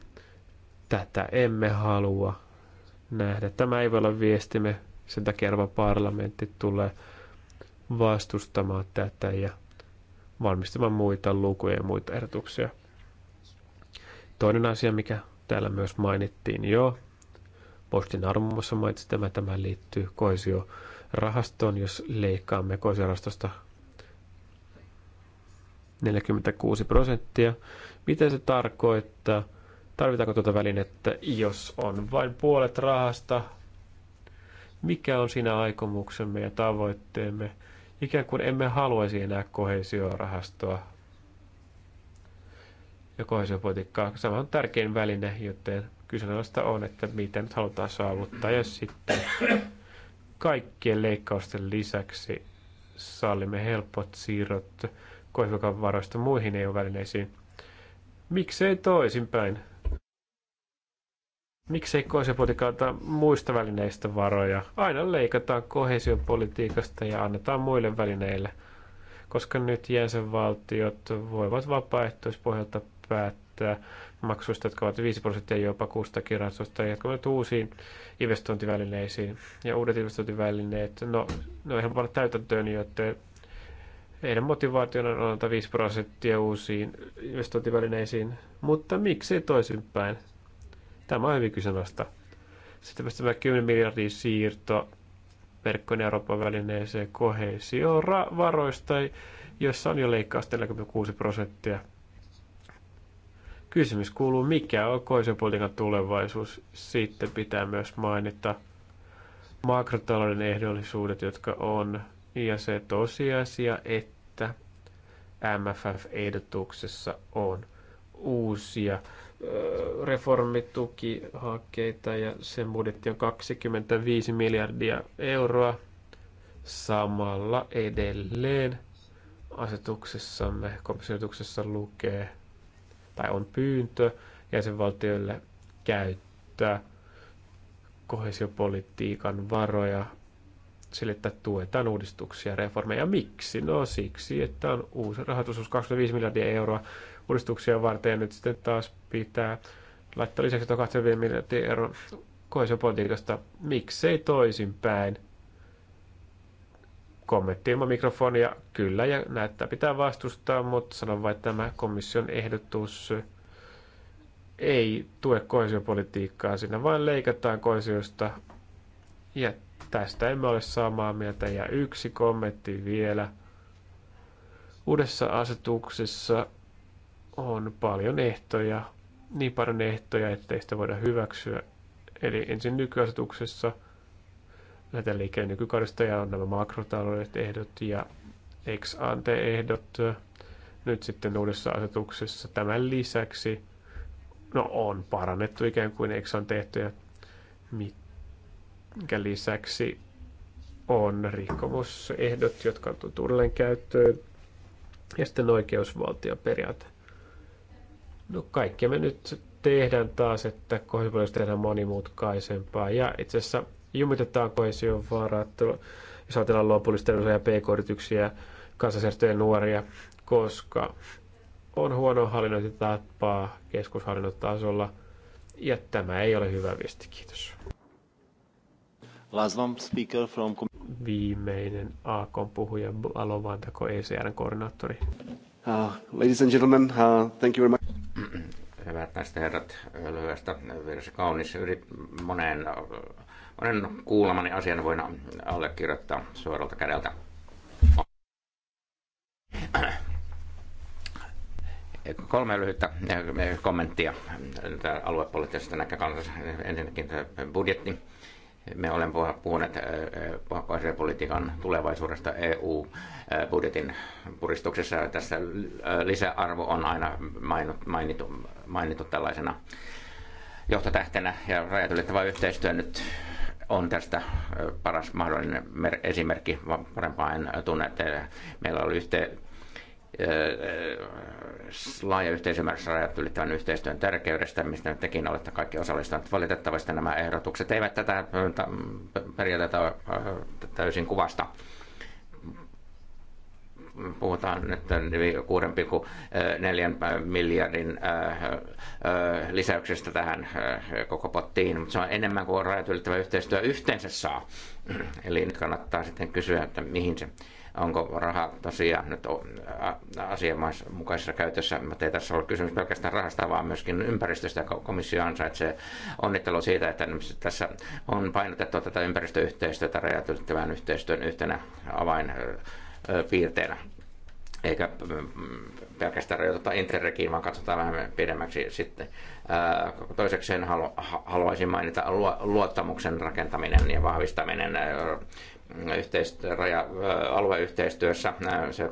tätä emme halua nähdä. Tämä ei voi olla viestimme sen takia Euroopan parlamentti tulee vastustamaan tätä ja valmistamaan muita lukuja ja muita ehdotuksia. Toinen asia, mikä täällä myös mainittiin jo, Postin arvomassa mainitsi tämä, tämä liittyy koisiorahastoon, jos leikkaamme koisiorahastosta 46 prosenttia. Mitä se tarkoittaa? Tarvitaanko tuota välinettä, jos on vain puolet rahasta mikä on siinä aikomuksemme ja tavoitteemme. Ikään kuin emme haluaisi enää kohesiorahastoa ja kohesiopolitiikkaa. Sama on tärkein väline, joten kyseenalaista on, että mitä nyt halutaan saavuttaa. Jos sitten kaikkien leikkausten lisäksi sallimme helpot siirrot kohesiokan varoista muihin EU-välineisiin, miksei toisinpäin? Miksei kohesiopolitiikalta muista välineistä varoja? Aina leikataan kohesiopolitiikasta ja annetaan muille välineille, koska nyt jäsenvaltiot voivat vapaaehtoispohjalta päättää maksuista, jotka ovat 5 prosenttia jopa kustakin rahastosta, jotka ovat uusiin investointivälineisiin. Ja uudet investointivälineet, no ne on ihan paljon täytäntöön, joten heidän motivaationa on antaa 5 prosenttia uusiin investointivälineisiin, mutta miksi toisinpäin? Tämä on hyvin kyseenalaista. Sitten tämä 10 miljardin siirto verkkojen Euroopan välineeseen kohesiovaroista, jossa on jo leikkaus 46 prosenttia. Kysymys kuuluu, mikä on kohesiopolitiikan tulevaisuus? Sitten pitää myös mainita makrotalouden ehdollisuudet, jotka on, ja se tosiasia, että MFF-ehdotuksessa on uusia reformitukihakkeita ja sen budjetti on 25 miljardia euroa. Samalla edelleen asetuksessamme, komissioituksessa lukee tai on pyyntö jäsenvaltioille käyttää kohesiopolitiikan varoja sille, että tuetaan uudistuksia ja reformeja. Miksi? No siksi, että on uusi rahoitusuus 25 miljardia euroa uudistuksia varten ja nyt sitten taas pitää laittaa lisäksi 25 miljardin eron kohesiopolitiikasta. Miksei toisinpäin? Kommentti ilman mikrofonia, kyllä, ja näyttää pitää vastustaa, mutta sanon vain, että tämä komission ehdotus ei tue kohesiopolitiikkaa, siinä vain leikataan kohesiosta. Ja tästä emme ole samaa mieltä. Ja yksi kommentti vielä. Uudessa asetuksessa on paljon ehtoja niin paljon ehtoja, ettei sitä voida hyväksyä. Eli ensin nykyasetuksessa lähdetään liikkeelle nykykaudesta ja on nämä makrotaloudet ehdot ja ex ante ehdot nyt sitten uudessa asetuksessa. Tämän lisäksi no, on parannettu ikään kuin ex ante ehtoja, minkä lisäksi on rikkomusehdot, jotka on tullut uudelleen käyttöön ja sitten oikeusvaltioperiaate No kaikkea me nyt tehdään taas, että kohdistuspolitiikasta tehdään monimutkaisempaa ja itse asiassa jumitetaan kohesion varat, jos ajatellaan lopullista ja pk-yrityksiä, kansansäästöjen nuoria, koska on huono hallinnointitapaa tasolla. ja tämä ei ole hyvä viesti. Kiitos. Last speaker from... Viimeinen AKon puhuja, Alo Vantako, e koordinaattori. Uh, ladies and gentlemen, uh, thank you very much. Hyvät näistä herrat, lyhyestä virsi kaunis. Yli moneen, monen kuulemani asian voin allekirjoittaa suoralta kädeltä. Kolme lyhyttä eh, kommenttia aluepoliittisesta näkökannasta. Ensinnäkin budjetti me olemme puhuneet äh, äh, pakkoasepolitiikan tulevaisuudesta EU-budjetin äh, puristuksessa. Tässä lisäarvo on aina mainittu, mainittu tällaisena johtotähtenä ja rajat ylittävä yhteistyö nyt on tästä paras mahdollinen esimerkki, parempaa en tunne. Meillä oli yhteen laaja yhteisymmärrys rajat ylittävän yhteistyön tärkeydestä, mistä tekin olette kaikki osallistuneet. Valitettavasti nämä ehdotukset eivät tätä periaatetta täysin kuvasta. Puhutaan nyt 6,4 miljardin lisäyksestä tähän koko pottiin, mutta se on enemmän kuin rajat ylittävä yhteistyö yhteensä saa. Eli nyt kannattaa sitten kysyä, että mihin se onko raha tosiaan nyt asianmukaisessa käytössä, mutta ei tässä ole kysymys pelkästään rahasta, vaan myöskin ympäristöstä. Komissio ansaitsee onnittelu siitä, että tässä on painotettu tätä ympäristöyhteistyötä rajatyttävän yhteistyön yhtenä avainpiirteenä eikä pelkästään rajoituta Interregiin, vaan katsotaan vähän pidemmäksi sitten. Toisekseen haluaisin mainita luottamuksen rakentaminen ja vahvistaminen raja alueyhteistyössä. Se,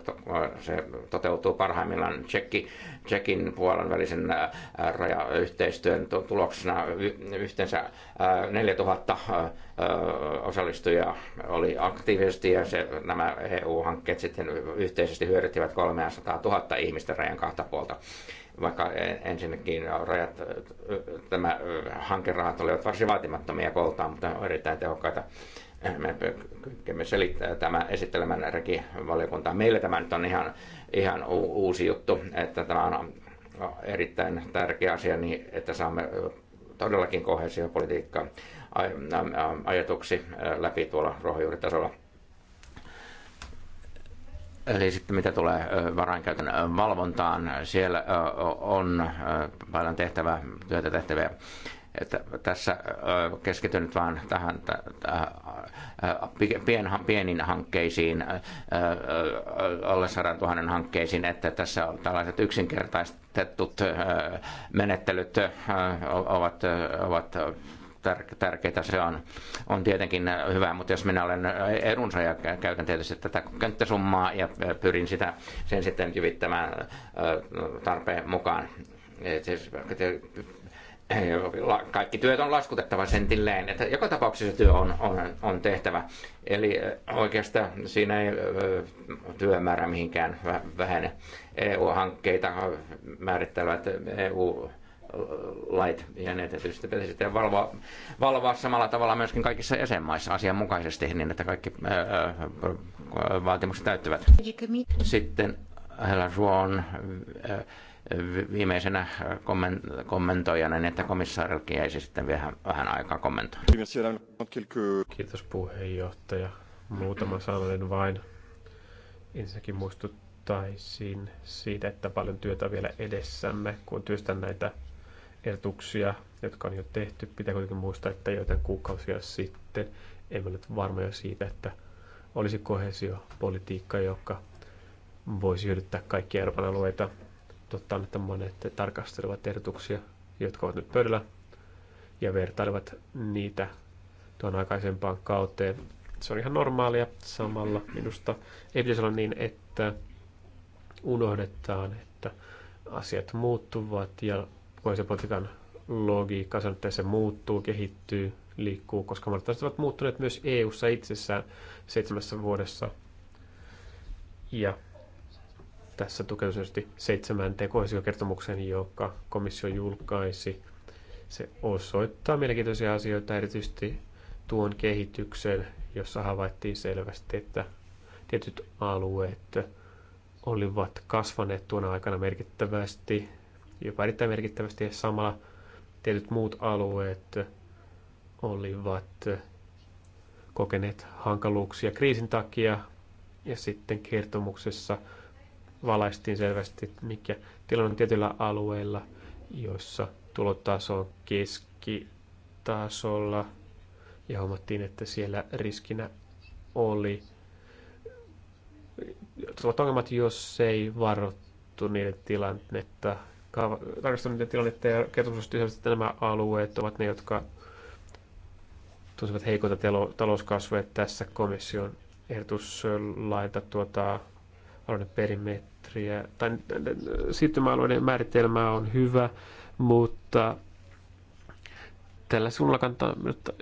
se toteutuu parhaimmillaan Tsekki, Tsekin puolen välisen rajayhteistyön tuloksena. Yhteensä 4000 osallistujaa oli aktiivisesti ja se, nämä EU-hankkeet sitten yhteisesti hyödyttivät 300 000 ihmistä rajan kahta puolta vaikka e-, ensinnäkin rajat, tämä hankerahat olivat varsin vaatimattomia koltaan, mutta erittäin tehokkaita me kytkemme selittää tämä esittelemän rekivaliokunta. Meille tämä nyt on ihan, ihan uusi juttu, että tämä on erittäin tärkeä asia, niin että saamme todellakin kohesiopolitiikkaa ajatuksi läpi tuolla ruohonjuuritasolla. Eli sitten mitä tulee varainkäytön valvontaan, siellä on paljon tehtävää, työtä tehtäviä että tässä keskityn nyt vaan tähän, t- pien, pienin hankkeisiin, alle 100 000 hankkeisiin, että tässä on tällaiset yksinkertaistetut menettelyt ovat, ovat tärkeitä se on, on tietenkin hyvä, mutta jos minä olen edunsaaja, käytän tietysti tätä könttäsummaa ja pyrin sitä, sen sitten jyvittämään tarpeen mukaan. Et siis, kaikki työt on laskutettava sentilleen, että joka tapauksessa työ on, on, on tehtävä. Eli oikeastaan siinä ei työmäärä mihinkään vähene. EU-hankkeita määrittävät EU lait ja ne tietysti pitäisi sitten valvoa, valvoa samalla tavalla myöskin kaikissa jäsenmaissa asianmukaisesti niin, että kaikki ää, vaatimukset täyttyvät. Sitten Hela Suon ää, viimeisenä äh, kommentoijana, niin että komissaarillakin jäisi sitten vähän, vähän aikaa kommentoida. Kiitos puheenjohtaja. Muutama sananen vain. Ensinnäkin muistuttaisin siitä, että paljon työtä vielä edessämme, kun työstän näitä ehdotuksia, jotka on jo tehty. Pitää kuitenkin muistaa, että joitain kuukausia sitten emme ole varmoja siitä, että olisi kohesiopolitiikka, joka voisi hyödyttää kaikkia Euroopan alueita Totta on, että monet tarkastelevat ehdotuksia, jotka ovat nyt pöydällä, ja vertailevat niitä tuon aikaisempaan kauteen. Se on ihan normaalia samalla minusta. Ei pitäisi olla niin, että unohdetaan, että asiat muuttuvat ja se politiikan logiikka sanoo, että se muuttuu, kehittyy, liikkuu, koska markkinat ovat muuttuneet myös EU-ssa itsessään seitsemässä vuodessa. Ja tässä tukeutuisesti seitsemänteen kohesiokertomukseen, joka komissio julkaisi. Se osoittaa mielenkiintoisia asioita, erityisesti tuon kehityksen, jossa havaittiin selvästi, että tietyt alueet olivat kasvaneet tuona aikana merkittävästi, jopa erittäin merkittävästi, ja samalla tietyt muut alueet olivat kokeneet hankaluuksia kriisin takia, ja sitten kertomuksessa valaistiin selvästi, mikä tilanne on tietyillä alueilla, joissa tulotaso on keskitasolla. Ja huomattiin, että siellä riskinä oli tulot ongelmat, jos ei varottu niiden tilannetta, tarkastan niiden tilannetta ja kertomus selvästi, että nämä alueet ovat ne, jotka tunsivat heikoita talouskasvoja Tässä komission ehdotus tuota alueiden perimet vihreä, tai siirtymäalueiden määritelmä on hyvä, mutta tällä sinulla kannattaa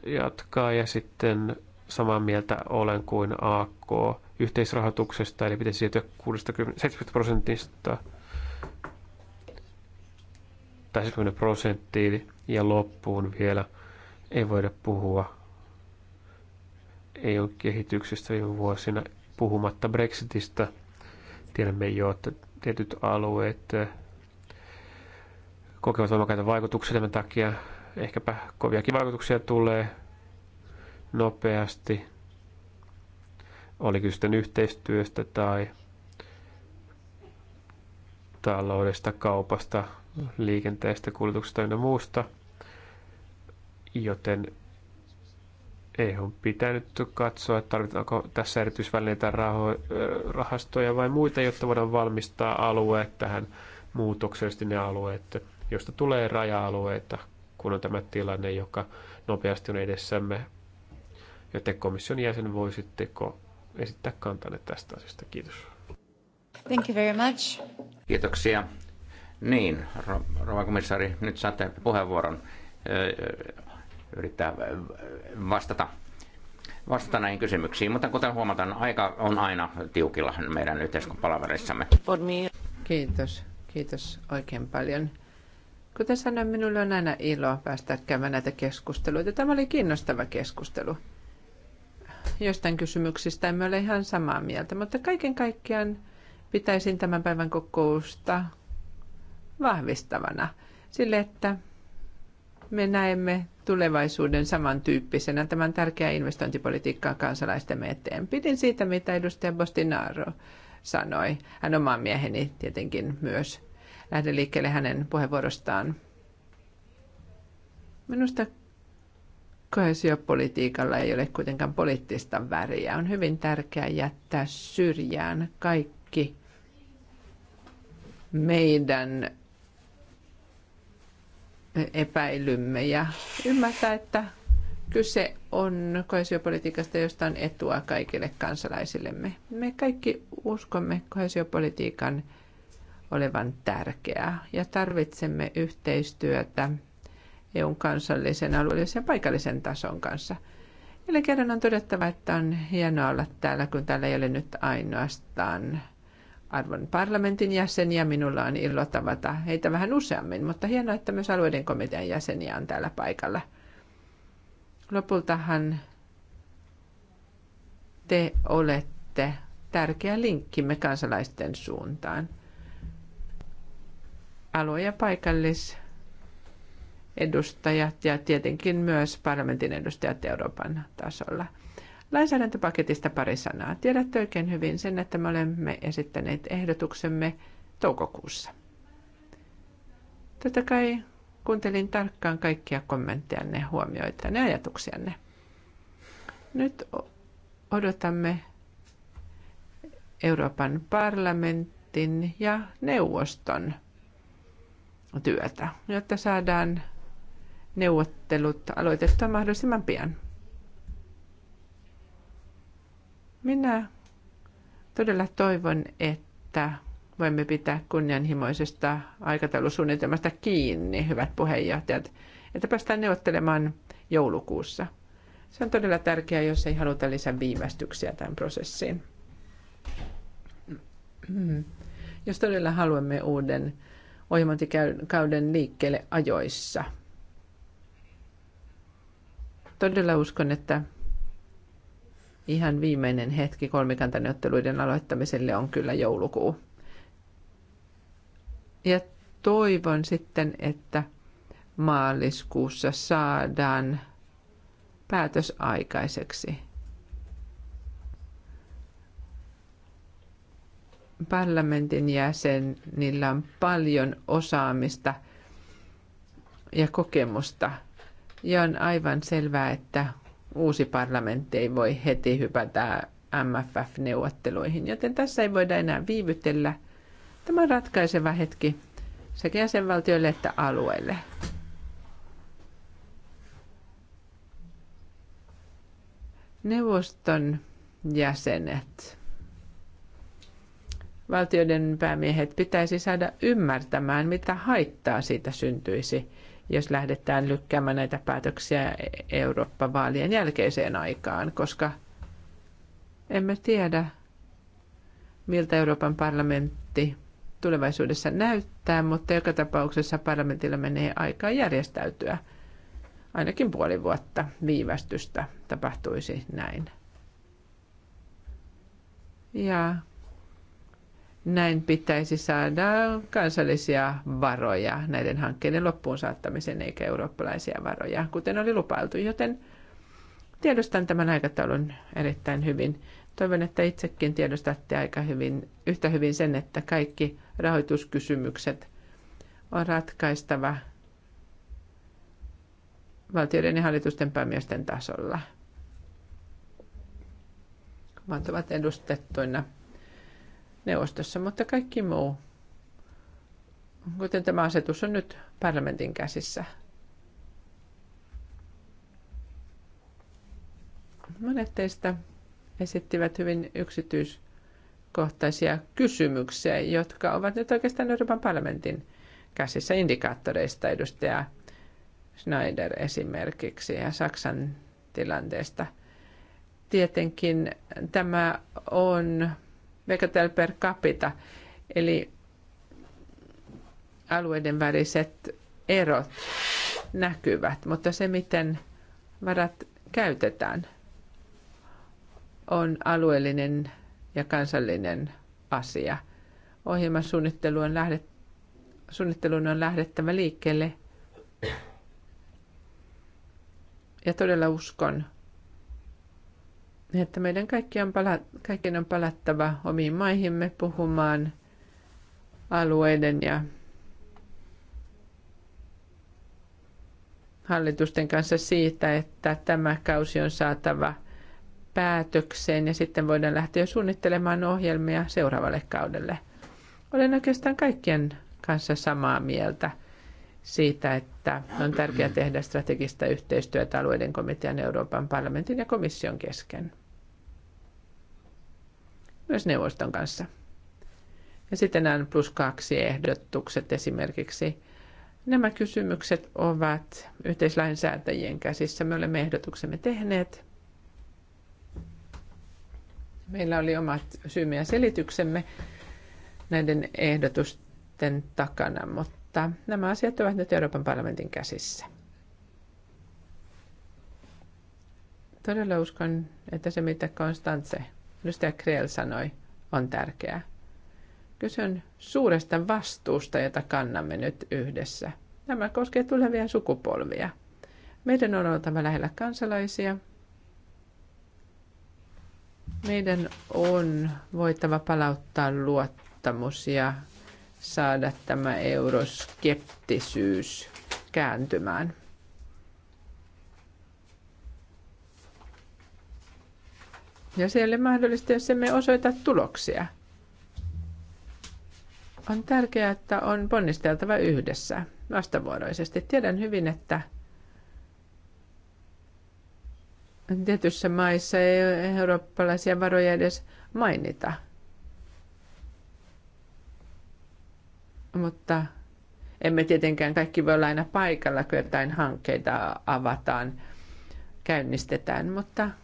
jatkaa ja sitten samaa mieltä olen kuin AK yhteisrahoituksesta, eli pitäisi siirtyä 60-70 prosentista tai 70 prosenttiin ja loppuun vielä ei voida puhua ei ole kehityksestä viime vuosina puhumatta Brexitistä – Tiedämme jo, että tietyt alueet kokevat voimakkaita vaikutuksia tämän takia. Ehkäpä koviakin vaikutuksia tulee nopeasti. Oli kyse sitten yhteistyöstä tai taloudesta, kaupasta, liikenteestä, kuljetuksesta ja muusta. Joten ei, ole pitänyt katsoa, että tarvitaanko tässä erityisvälineitä raho- rahastoja vai muita, jotta voidaan valmistaa alueet tähän muutoksellisesti ne alueet, josta tulee raja-alueita, kun on tämä tilanne, joka nopeasti on edessämme. Joten komission jäsen voisitteko esittää kantanne tästä asiasta. Kiitos. Thank you very much. Kiitoksia. Niin, rouva komissaari, nyt saatte puheenvuoron yrittää äh, vastata vastata näihin kysymyksiin, mutta kuten huomataan, aika on aina tiukilla meidän yhteiskuntapalaverissamme. Kiitos, kiitos oikein paljon. Kuten sanoin, minulle on aina ilo päästä käymään näitä keskusteluita. Tämä oli kiinnostava keskustelu. Jostain kysymyksistä emme ole ihan samaa mieltä, mutta kaiken kaikkiaan pitäisin tämän päivän kokousta vahvistavana sille, että me näemme tulevaisuuden samantyyppisenä. tämän tärkeän tärkeää investointipolitiikkaa kansalaistemme eteen. Pidin siitä, mitä edustaja Bostinaro sanoi. Hän oma mieheni tietenkin myös. Lähden liikkeelle hänen puheenvuorostaan. Minusta koesiopolitiikalla ei ole kuitenkaan poliittista väriä. On hyvin tärkeää jättää syrjään kaikki meidän epäilymme ja ymmärtää, että kyse on koesiopolitiikasta, josta on etua kaikille kansalaisillemme. Me kaikki uskomme koesiopolitiikan olevan tärkeää ja tarvitsemme yhteistyötä EUn kansallisen, alueellisen ja paikallisen tason kanssa. Eli kerran on todettava, että on hienoa olla täällä, kun täällä ei ole nyt ainoastaan arvon parlamentin jäseniä. Minulla on ilo tavata heitä vähän useammin, mutta hienoa, että myös alueiden komitean jäseniä on täällä paikalla. Lopultahan te olette tärkeä linkkimme kansalaisten suuntaan. Alue- ja paikallisedustajat ja tietenkin myös parlamentin edustajat Euroopan tasolla – Lainsäädäntöpaketista pari sanaa. Tiedätte oikein hyvin sen, että me olemme esittäneet ehdotuksemme toukokuussa. Totta kai kuuntelin tarkkaan kaikkia kommenttejanne, huomioitanne ja ajatuksianne. Nyt odotamme Euroopan parlamentin ja neuvoston työtä, jotta saadaan neuvottelut aloitettua mahdollisimman pian. Minä todella toivon, että voimme pitää kunnianhimoisesta aikataulusuunnitelmasta kiinni, hyvät puheenjohtajat, että päästään neuvottelemaan joulukuussa. Se on todella tärkeää, jos ei haluta lisää viivästyksiä tämän prosessiin. Jos todella haluamme uuden ohjelmointikauden liikkeelle ajoissa. Todella uskon, että ihan viimeinen hetki kolmikantaneotteluiden aloittamiselle on kyllä joulukuu. Ja toivon sitten, että maaliskuussa saadaan päätös aikaiseksi. Parlamentin jäsenillä on paljon osaamista ja kokemusta ja on aivan selvää, että uusi parlamentti ei voi heti hypätä MFF-neuvotteluihin, joten tässä ei voida enää viivytellä. Tämä on ratkaiseva hetki sekä jäsenvaltioille että alueille. Neuvoston jäsenet, valtioiden päämiehet pitäisi saada ymmärtämään, mitä haittaa siitä syntyisi – jos lähdetään lykkäämään näitä päätöksiä Eurooppa-vaalien jälkeiseen aikaan, koska emme tiedä, miltä Euroopan parlamentti tulevaisuudessa näyttää, mutta joka tapauksessa parlamentilla menee aikaa järjestäytyä. Ainakin puoli vuotta viivästystä tapahtuisi näin. Ja näin pitäisi saada kansallisia varoja näiden hankkeiden loppuun saattamiseen eikä eurooppalaisia varoja, kuten oli lupailtu. Joten tiedostan tämän aikataulun erittäin hyvin. Toivon, että itsekin tiedostatte aika hyvin, yhtä hyvin sen, että kaikki rahoituskysymykset on ratkaistava valtioiden ja hallitusten päämiesten tasolla. Maat ovat edustettuina neuvostossa, mutta kaikki muu, kuten tämä asetus on nyt parlamentin käsissä. Monet teistä esittivät hyvin yksityiskohtaisia kysymyksiä, jotka ovat nyt oikeastaan Euroopan parlamentin käsissä indikaattoreista. Edustaja Schneider esimerkiksi ja Saksan tilanteesta. Tietenkin tämä on Bekatel per capita, eli alueiden väliset erot näkyvät, mutta se miten varat käytetään on alueellinen ja kansallinen asia. Ohjelmasuunnittelu lähdet, suunnittelun on lähdettävä liikkeelle. Ja todella uskon, että meidän kaikkien, pala- kaikkien on palattava omiin maihimme puhumaan alueiden ja hallitusten kanssa siitä, että tämä kausi on saatava päätökseen ja sitten voidaan lähteä suunnittelemaan ohjelmia seuraavalle kaudelle. Olen oikeastaan kaikkien kanssa samaa mieltä siitä, että on tärkeää tehdä strategista yhteistyötä alueiden komitean Euroopan parlamentin ja komission kesken myös neuvoston kanssa. Ja sitten nämä plus kaksi ehdotukset esimerkiksi. Nämä kysymykset ovat yhteislainsäätäjien käsissä. Me olemme ehdotuksemme tehneet. Meillä oli omat syymme ja selityksemme näiden ehdotusten takana, mutta nämä asiat ovat nyt Euroopan parlamentin käsissä. Todella uskon, että se mitä Konstantse edustaja Kreel sanoi, on tärkeää. Kysyn suuresta vastuusta, jota kannamme nyt yhdessä. Tämä koskee tulevia sukupolvia. Meidän on oltava lähellä kansalaisia. Meidän on voitava palauttaa luottamus ja saada tämä euroskeptisyys kääntymään. Ja se ei ole mahdollista, jos emme osoita tuloksia. On tärkeää, että on ponnisteltava yhdessä vastavuoroisesti. Tiedän hyvin, että tietyissä maissa ei eurooppalaisia varoja edes mainita. Mutta emme tietenkään kaikki voi olla aina paikalla, kun jotain hankkeita avataan, käynnistetään, mutta –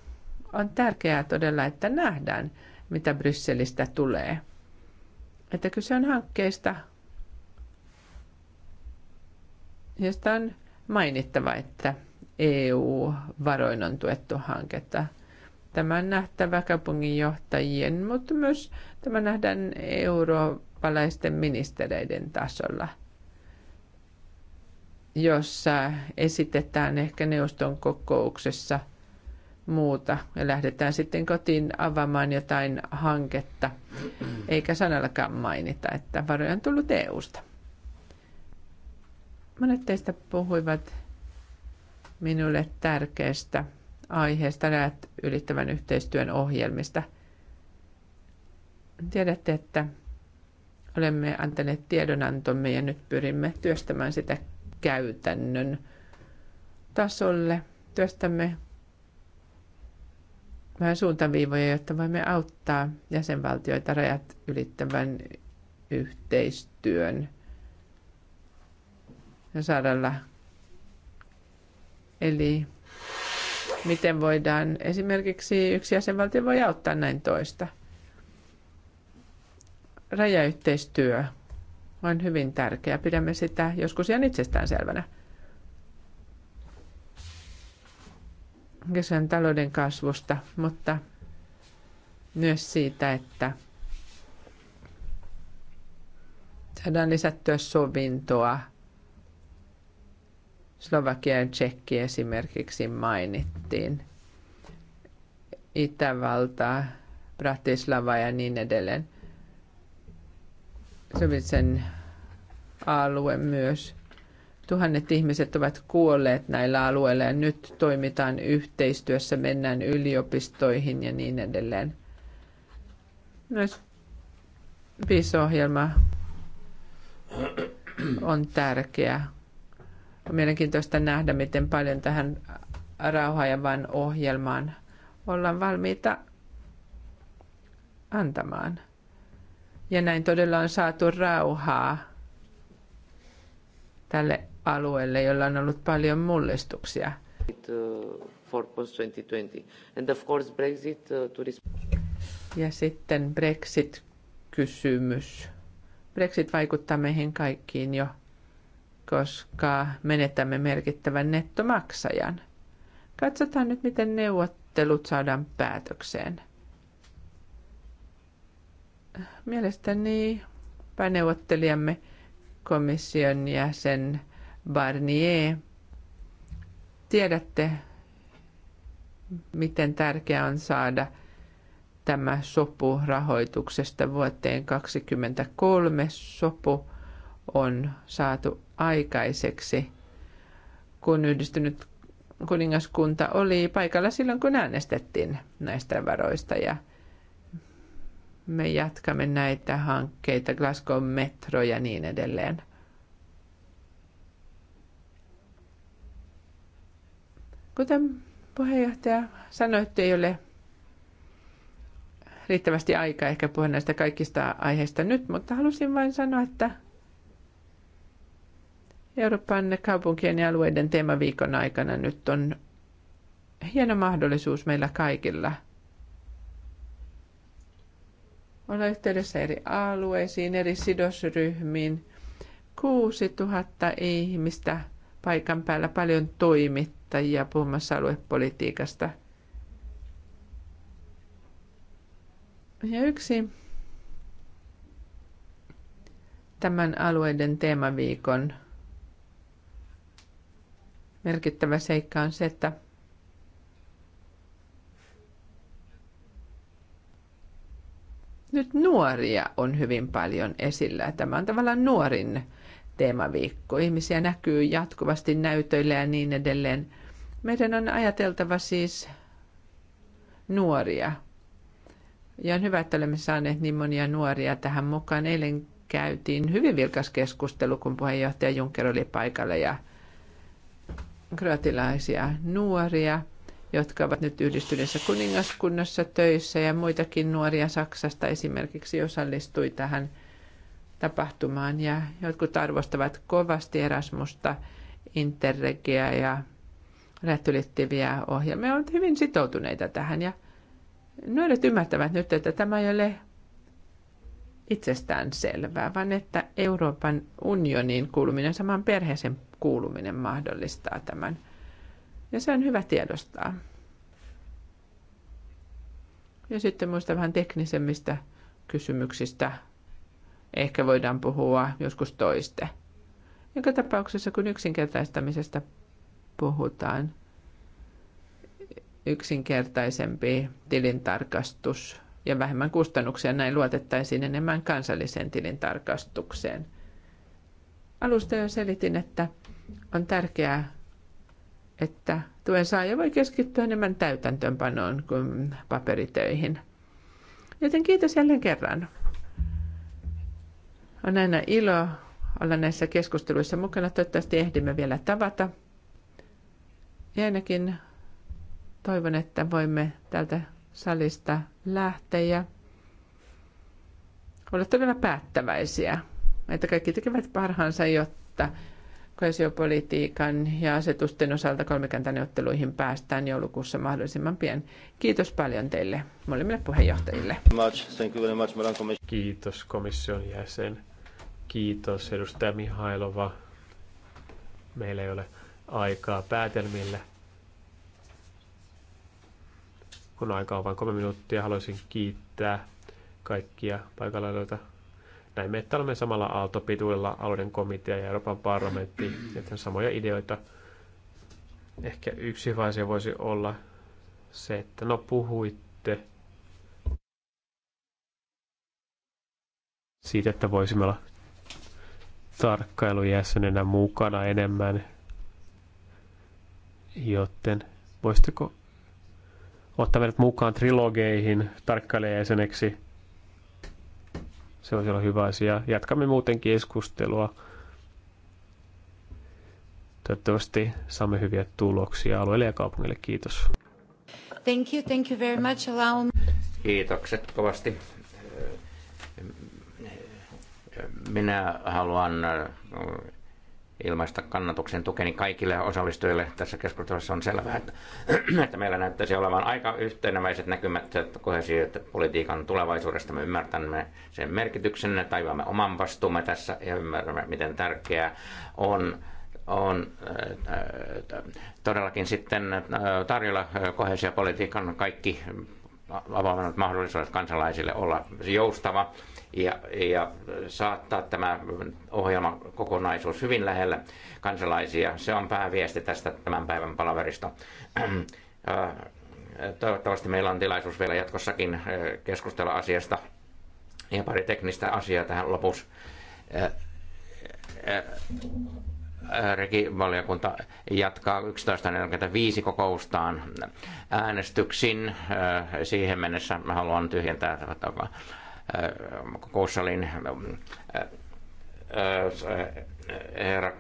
on tärkeää todella, että nähdään, mitä Brysselistä tulee. Että kyse on hankkeista, josta on mainittava, että EU-varoin on tuettu hanketta. Tämä on nähtävä kaupunginjohtajien, mutta myös tämä nähdään eurooppalaisten ministereiden tasolla, jossa esitetään ehkä neuvoston kokouksessa – muuta ja lähdetään sitten kotiin avaamaan jotain hanketta, eikä sanallakaan mainita, että varoja on tullut EUsta. Monet teistä puhuivat minulle tärkeästä aiheesta näet ylittävän yhteistyön ohjelmista. Tiedätte, että olemme antaneet tiedonantomme ja nyt pyrimme työstämään sitä käytännön tasolle. Työstämme vähän suuntaviivoja, jotta voimme auttaa jäsenvaltioita rajat ylittävän yhteistyön saralla. Eli miten voidaan, esimerkiksi yksi jäsenvaltio voi auttaa näin toista. Rajayhteistyö on hyvin tärkeä. Pidämme sitä joskus ihan itsestäänselvänä. kesän talouden kasvusta, mutta myös siitä, että saadaan lisättyä sovintoa. Slovakia ja Tsekki esimerkiksi mainittiin. Itävalta, Bratislava ja niin edelleen. Sovitsen alue myös Tuhannet ihmiset ovat kuolleet näillä alueilla ja nyt toimitaan yhteistyössä, mennään yliopistoihin ja niin edelleen. Myös PIS-ohjelma on tärkeä. On mielenkiintoista nähdä, miten paljon tähän rauhaajavan ohjelmaan ollaan valmiita antamaan. Ja näin todella on saatu rauhaa tälle alueelle, jolla on ollut paljon mullistuksia. For post 2020. Uh, ja sitten Brexit-kysymys. Brexit vaikuttaa meihin kaikkiin jo, koska menetämme merkittävän nettomaksajan. Katsotaan nyt, miten neuvottelut saadaan päätökseen. Mielestäni pääneuvottelijamme komission jäsen Barnier. Tiedätte, miten tärkeää on saada tämä sopu rahoituksesta vuoteen 2023. Sopu on saatu aikaiseksi, kun yhdistynyt kuningaskunta oli paikalla silloin, kun äänestettiin näistä varoista. Ja me jatkamme näitä hankkeita, Glasgow Metro ja niin edelleen. Kuten puheenjohtaja sanoi, että ei ole riittävästi aikaa ehkä puhua näistä kaikista aiheista nyt, mutta halusin vain sanoa, että Euroopan kaupunkien ja alueiden teemaviikon aikana nyt on hieno mahdollisuus meillä kaikilla olla yhteydessä eri alueisiin, eri sidosryhmiin. 6000 ihmistä paikan päällä paljon toimittaa johtajia puhumassa aluepolitiikasta. Ja yksi tämän alueiden teemaviikon merkittävä seikka on se, että nyt nuoria on hyvin paljon esillä. Tämä on tavallaan nuorin teemaviikko. Ihmisiä näkyy jatkuvasti näytöillä ja niin edelleen. Meidän on ajateltava siis nuoria. Ja on hyvä, että olemme saaneet niin monia nuoria tähän mukaan. Eilen käytiin hyvin vilkas keskustelu, kun puheenjohtaja Juncker oli paikalla ja kroatilaisia nuoria, jotka ovat nyt yhdistyneessä kuningaskunnassa töissä ja muitakin nuoria Saksasta esimerkiksi osallistui tähän – tapahtumaan ja jotkut arvostavat kovasti Erasmusta, Interregia ja rättylittäviä ohjelmia. Ovat hyvin sitoutuneita tähän ja nuoret ymmärtävät nyt, että tämä ei ole itsestään selvää, vaan että Euroopan unionin kuuluminen saman perheeseen kuuluminen mahdollistaa tämän. Ja se on hyvä tiedostaa. Ja sitten muista vähän teknisemmistä kysymyksistä Ehkä voidaan puhua joskus toiste. Joka tapauksessa, kun yksinkertaistamisesta puhutaan, yksinkertaisempi tilintarkastus ja vähemmän kustannuksia näin luotettaisiin enemmän kansalliseen tilintarkastukseen. Alusta jo selitin, että on tärkeää, että tuen saaja voi keskittyä enemmän täytäntöönpanoon kuin paperitöihin. Joten kiitos jälleen kerran. On aina ilo olla näissä keskusteluissa mukana. Toivottavasti ehdimme vielä tavata. Ja ainakin toivon, että voimme täältä salista lähteä ja olla todella päättäväisiä, että kaikki tekevät parhaansa, jotta koesiopolitiikan ja asetusten osalta kolmikantaneuvotteluihin päästään joulukuussa mahdollisimman pian. Kiitos paljon teille molemmille puheenjohtajille. Kiitos komission jäsen. Kiitos edustaja Mihailova. Meillä ei ole aikaa päätelmille. Kun aika on vain kolme minuuttia, haluaisin kiittää kaikkia paikalla Näin me, että olemme samalla aaltopituudella alueiden komitea ja Euroopan parlamentti, että on samoja ideoita. Ehkä yksi hyvä asia voisi olla se, että no puhuitte siitä, että voisimme olla tarkkailujäsenenä mukana enemmän. Joten voisitteko ottaa meidät mukaan trilogeihin tarkkailijajäseneksi? Se voisi olla hyvä asia. Jatkamme muuten keskustelua. Toivottavasti saamme hyviä tuloksia alueelle ja kaupungille. Kiitos. Thank you, thank you very much. Allow... Kiitokset kovasti minä haluan äh, ilmaista kannatuksen tukeni kaikille osallistujille. Tässä keskustelussa on selvää, että, että meillä näyttäisi olevan aika yhteneväiset näkymät politiikan tulevaisuudesta. Me ymmärtämme sen merkityksen, taivaamme oman vastuumme tässä ja ymmärrämme, miten tärkeää on on äh, äh, todellakin sitten tarjolla kohesiopolitiikan kaikki avaavat mahdollisuudet kansalaisille olla joustava ja, ja saattaa tämä ohjelman kokonaisuus hyvin lähellä kansalaisia. Se on pääviesti tästä tämän päivän palaverista. Toivottavasti meillä on tilaisuus vielä jatkossakin keskustella asiasta. Ja pari teknistä asiaa tähän lopuksi. Regivaliokunta jatkaa 11.45 kokoustaan äänestyksin. Siihen mennessä haluan tyhjentää kokoussalin äh, äh, äh, herra,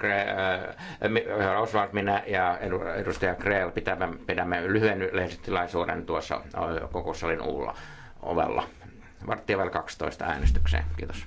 herra Oswald, minä ja edustaja Kreel pitämme, pidämme lyhyen lehdistilaisuuden tuossa kokoussalin uulla ovella. Varttia vielä 12 äänestykseen. Kiitos.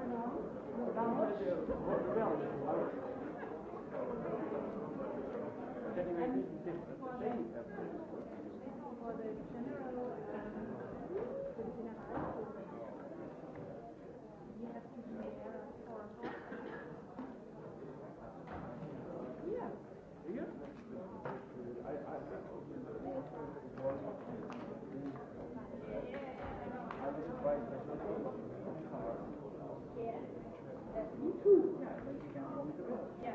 for the general Yeah.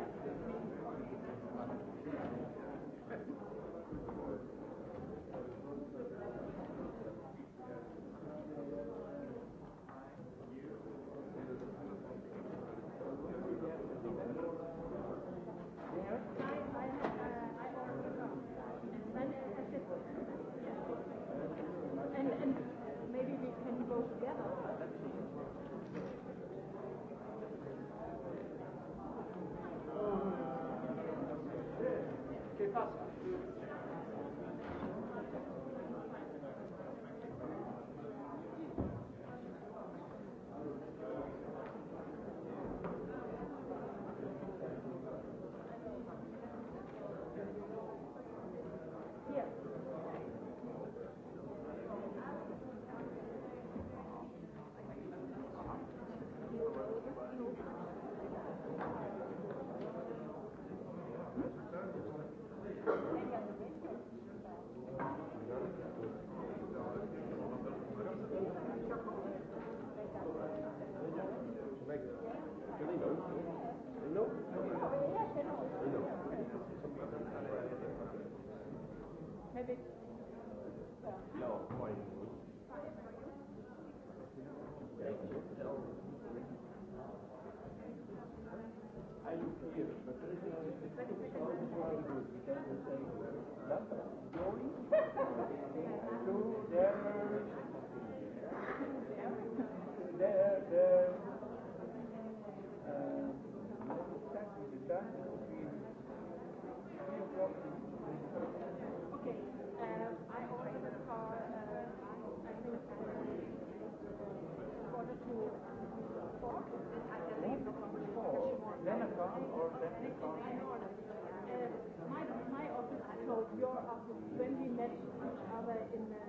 your Outlook, wenn die Menschen, aber in It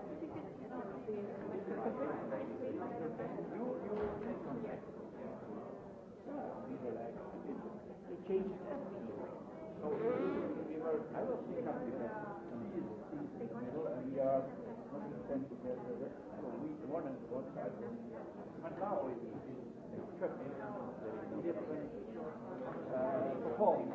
changes everything. So we were, I was that. is in the middle and we are not in the So we, one and one, but now it is different uh, performance.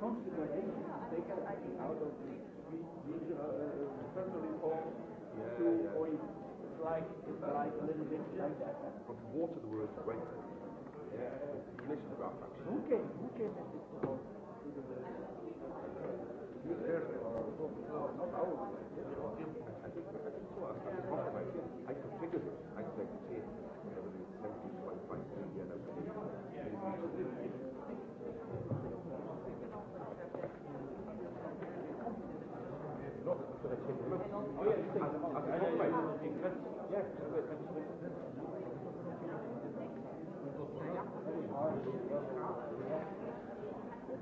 considerations taken out of these uh, personal reforms yeah, to yeah. or it's like it's like a little bit like that. From water the words to wake. Yeah. Relation about that. Who came who came at this to the I think so. I think I can figure this.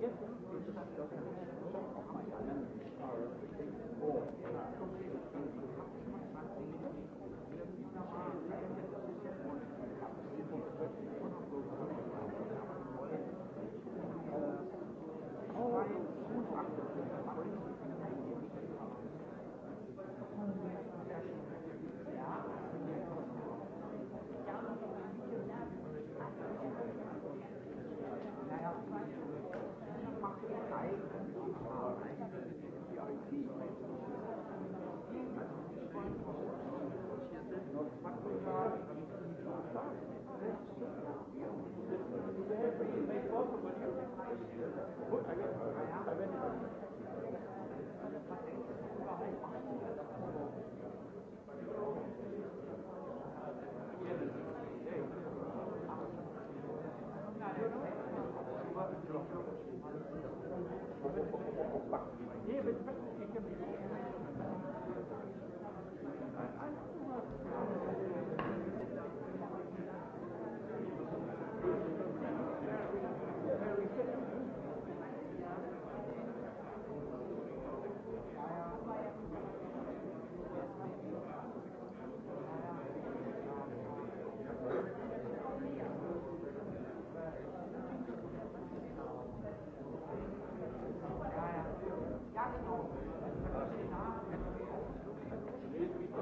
Yes.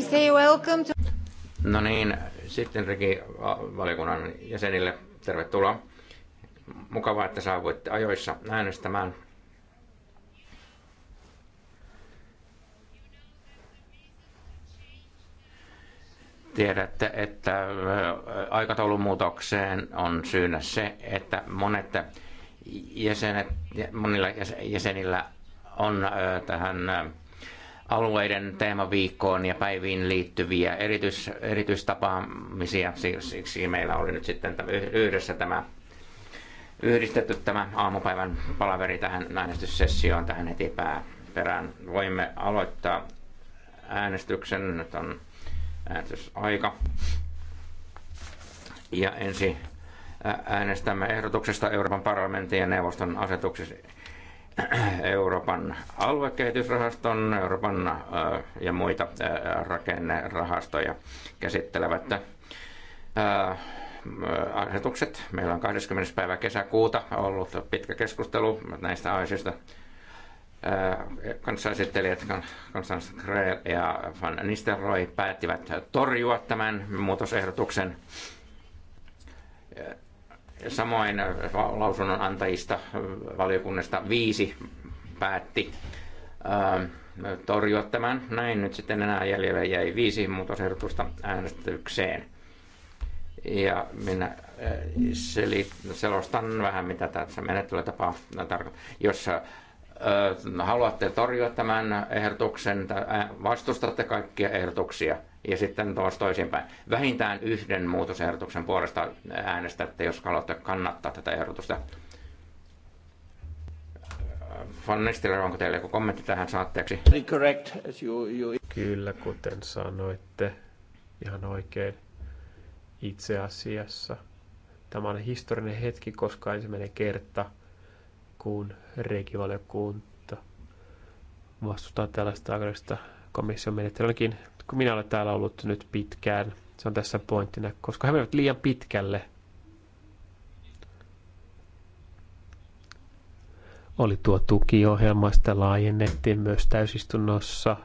I say welcome to... No niin, sitten Riki valiokunnan jäsenille tervetuloa. Mukavaa, että saavuitte ajoissa äänestämään. Tiedätte, että aikataulun muutokseen on syynä se, että monet jäsenet, monilla jäsenillä on tähän alueiden teemaviikkoon ja päiviin liittyviä erityis, erityistapaamisia. Siksi meillä oli nyt sitten yhdessä tämä yhdistetty tämä aamupäivän palaveri tähän äänestyssessioon tähän heti pää, perään. Voimme aloittaa äänestyksen. Nyt on äänestysaika. Ja ensin äänestämme ehdotuksesta Euroopan parlamentin ja neuvoston asetuksesta Euroopan aluekehitysrahaston, Euroopan äh, ja muita äh, rakennerahastoja käsittelevät äh, asetukset. Meillä on 20. päivä kesäkuuta ollut pitkä keskustelu näistä aiheista. Kansanesittelijät Konstans Kreel ja Van Nistelrooy päättivät torjua tämän muutosehdotuksen Samoin lausunnon antajista valiokunnasta viisi päätti ähm, torjua tämän. Näin nyt sitten enää jäljellä jäi viisi muutosehdotusta äänestykseen. Ja minä äh, selostan vähän, mitä tässä menettelytapa tarkoittaa. Jos äh, haluatte torjua tämän ehdotuksen, vastustatte kaikkia ehdotuksia – ja sitten taas toisinpäin. Vähintään yhden muutosehdotuksen puolesta äänestätte, jos haluatte kannattaa tätä ehdotusta. Van Nistelrooy, onko teillä joku kommentti tähän saatteeksi? Correct, as you, you... Kyllä, kuten sanoitte, ihan oikein. Itse asiassa tämä on historiallinen hetki, koska ensimmäinen kerta, kun reikivaliokunta vastustaa tällaista aggressiivista komission menettelyäkin kun minä olen täällä ollut nyt pitkään. Se on tässä pointtina, koska he menevät liian pitkälle. Oli tuo tukiohjelma, sitä laajennettiin myös täysistunnossa,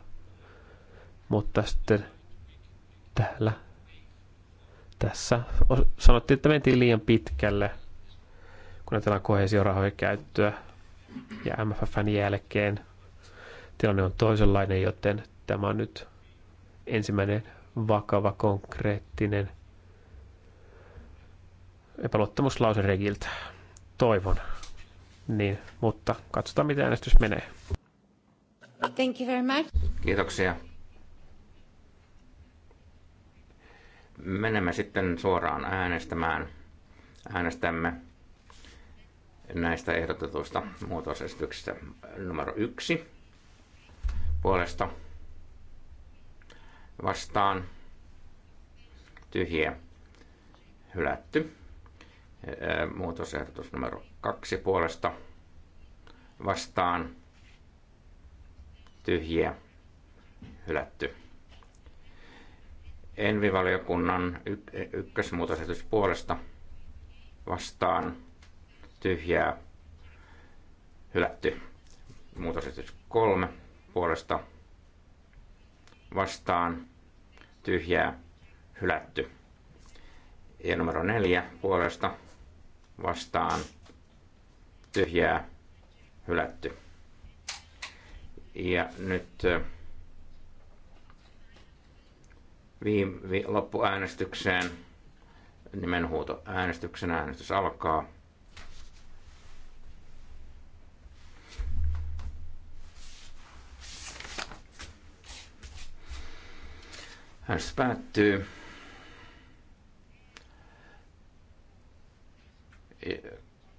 mutta sitten täällä tässä sanottiin, että mentiin liian pitkälle, kun ajatellaan kohesiorahojen käyttöä ja MFFn jälkeen. Tilanne on toisenlainen, joten tämä on nyt ensimmäinen vakava, konkreettinen epäluottamuslause Regiltä. Toivon. Niin, mutta katsotaan, miten äänestys menee. Thank you very much. Kiitoksia. Menemme sitten suoraan äänestämään. Äänestämme näistä ehdotetuista muutosesityksistä numero yksi puolesta vastaan tyhjiä hylätty. Muutosehdotus numero kaksi puolesta vastaan tyhjiä hylätty. Envivaliokunnan y- ykkösmuutosehdotus puolesta vastaan tyhjää hylätty. Muutosehdotus kolme puolesta vastaan tyhjää hylätty. Ja numero neljä puolesta vastaan tyhjää hylätty. Ja nyt viime, vi, loppuäänestykseen nimenhuuto äänestyksen äänestys alkaa. Äänestys päättyy.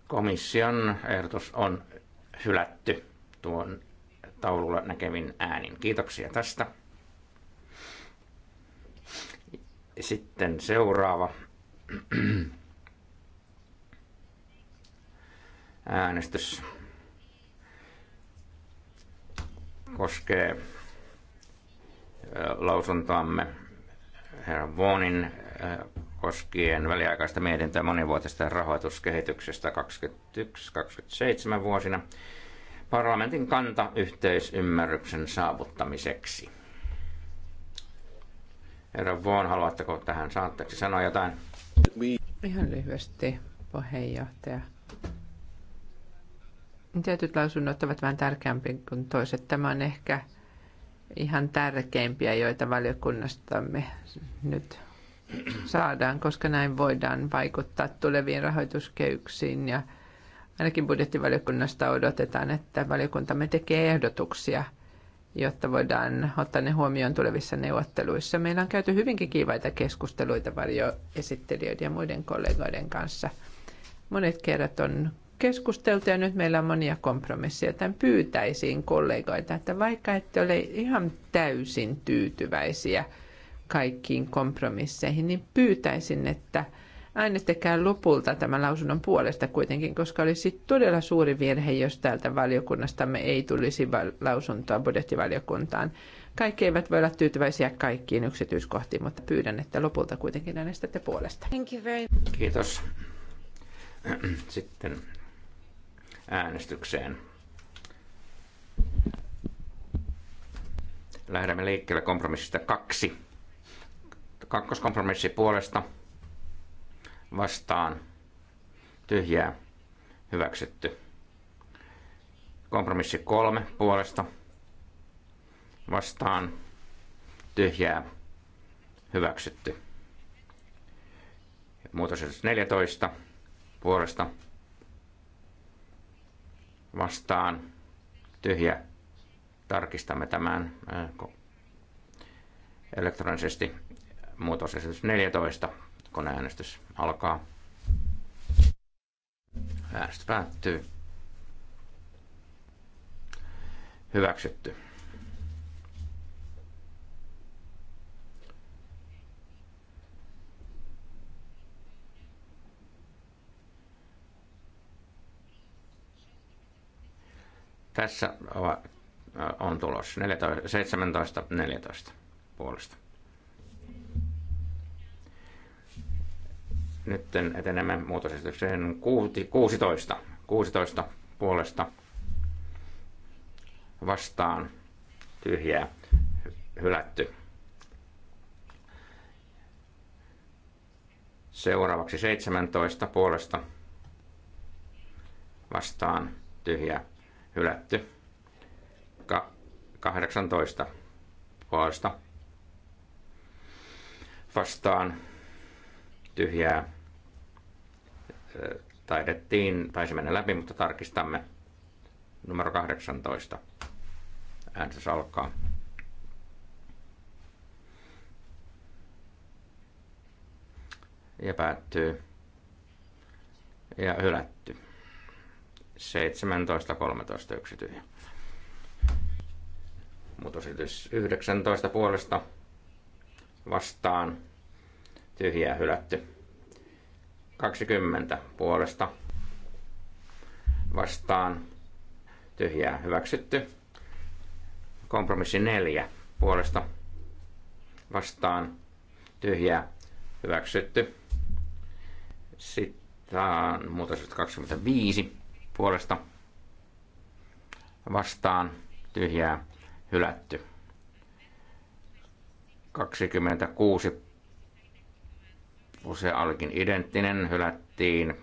Komission ehdotus on hylätty tuon taululla näkevin äänin. Kiitoksia tästä. Sitten seuraava äänestys koskee lausuntoamme herra Vuonin koskien väliaikaista mietintää monivuotista rahoituskehityksestä 2021-2027 vuosina parlamentin kanta yhteisymmärryksen saavuttamiseksi. Herra Vuon, haluatteko tähän saatteeksi sanoa jotain? Ihan lyhyesti, puheenjohtaja. Tietyt lausunnot ovat vähän tärkeämpi kuin toiset. Tämä on ehkä ihan tärkeimpiä, joita valiokunnastamme nyt saadaan, koska näin voidaan vaikuttaa tuleviin rahoituskeyksiin ja ainakin budjettivaliokunnasta odotetaan, että valiokuntamme tekee ehdotuksia, jotta voidaan ottaa ne huomioon tulevissa neuvotteluissa. Meillä on käyty hyvinkin kiivaita keskusteluita varjoesittelijöiden ja muiden kollegoiden kanssa. Monet kerrat on keskusteltu ja nyt meillä on monia kompromisseja. Tämän pyytäisiin kollegoita, että vaikka ette ole ihan täysin tyytyväisiä kaikkiin kompromisseihin, niin pyytäisin, että äänestäkää lopulta tämän lausunnon puolesta kuitenkin, koska olisi todella suuri virhe, jos täältä valiokunnastamme ei tulisi lausuntoa budjettivaliokuntaan. Kaikki eivät voi olla tyytyväisiä kaikkiin yksityiskohtiin, mutta pyydän, että lopulta kuitenkin äänestätte puolesta. Thank you very... Kiitos. Sitten äänestykseen. Lähdemme liikkeelle kompromissista kaksi. Kakkoskompromissi puolesta vastaan tyhjää hyväksytty. Kompromissi kolme puolesta vastaan tyhjää hyväksytty. Muutosesitys 14 puolesta vastaan tyhjä. Tarkistamme tämän äh, elektronisesti. Muutosesitys 14. äänestys alkaa. Äänestys päättyy. Hyväksytty. Tässä on tulos 14, 17, 14 puolesta. Nyt etenemme muutosesitykseen 16. 16 puolesta vastaan tyhjää hylätty. Seuraavaksi 17 puolesta vastaan tyhjää hylätty. Ka- 18 puolesta vastaan tyhjää. Taidettiin, taisi mennä läpi, mutta tarkistamme. Numero 18. Äänestys alkaa. Ja päättyy. Ja hylätty. 17.13 yksi tyhjä. Muutosesitys 19 puolesta vastaan tyhjää hylätty. 20 puolesta vastaan tyhjää hyväksytty. Kompromissi 4 puolesta vastaan tyhjää hyväksytty. Sitten muutos 25 puolesta vastaan tyhjää hylätty. 26 se olikin identtinen, hylättiin.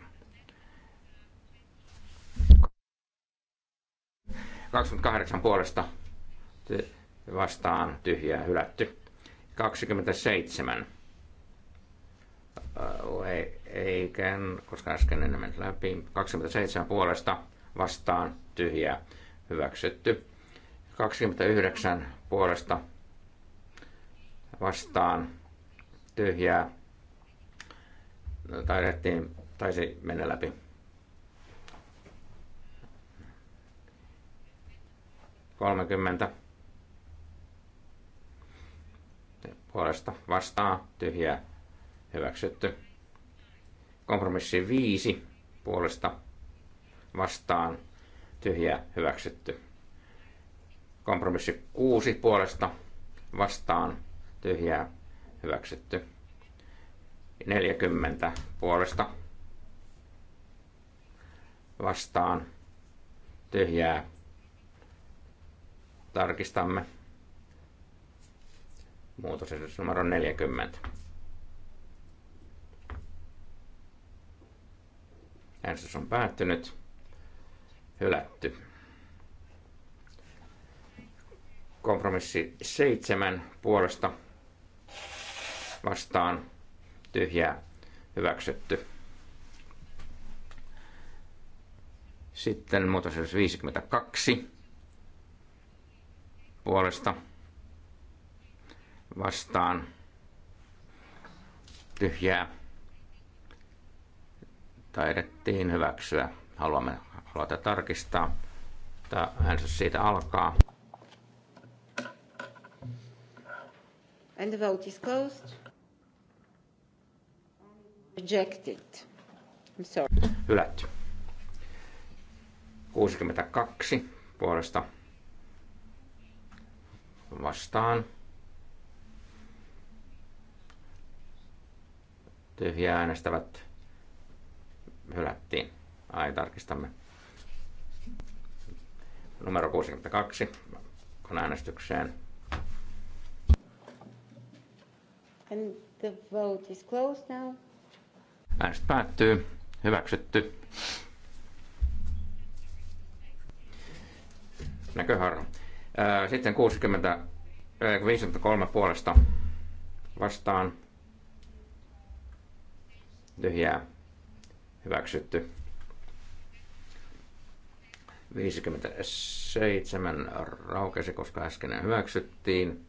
28 puolesta vastaan tyhjää hylätty. 27 Äh, ei, koska äsken enemmän läpi. 27 puolesta vastaan tyhjää hyväksytty. 29 puolesta vastaan tyhjää taidettiin, taisi mennä läpi. Kolmekymmentä puolesta vastaan tyhjää hyväksytty. Kompromissi 5 puolesta vastaan tyhjä hyväksytty. Kompromissi 6 puolesta vastaan tyhjää hyväksytty. 40 puolesta vastaan tyhjää tarkistamme muutosesitys numero 40. Äänestys on päättynyt. Hylätty. Kompromissi seitsemän puolesta vastaan tyhjää hyväksytty. Sitten muutos 52 puolesta vastaan tyhjää Taidettiin hyväksyä. Haluamme haluta tarkistaa. Tämä äänestys siitä alkaa. And the vote is closed. Rejected. I'm sorry. Hylätty. 62 puolesta vastaan. Tyhjää äänestävät hylättiin. Ai, tarkistamme. Numero 62 kun äänestykseen. And the vote is closed now. Äänestys päättyy. Hyväksytty. Näköharra. Sitten 60, 53 puolesta vastaan. Tyhjää hyväksytty. 57 raukesi, koska äsken hyväksyttiin.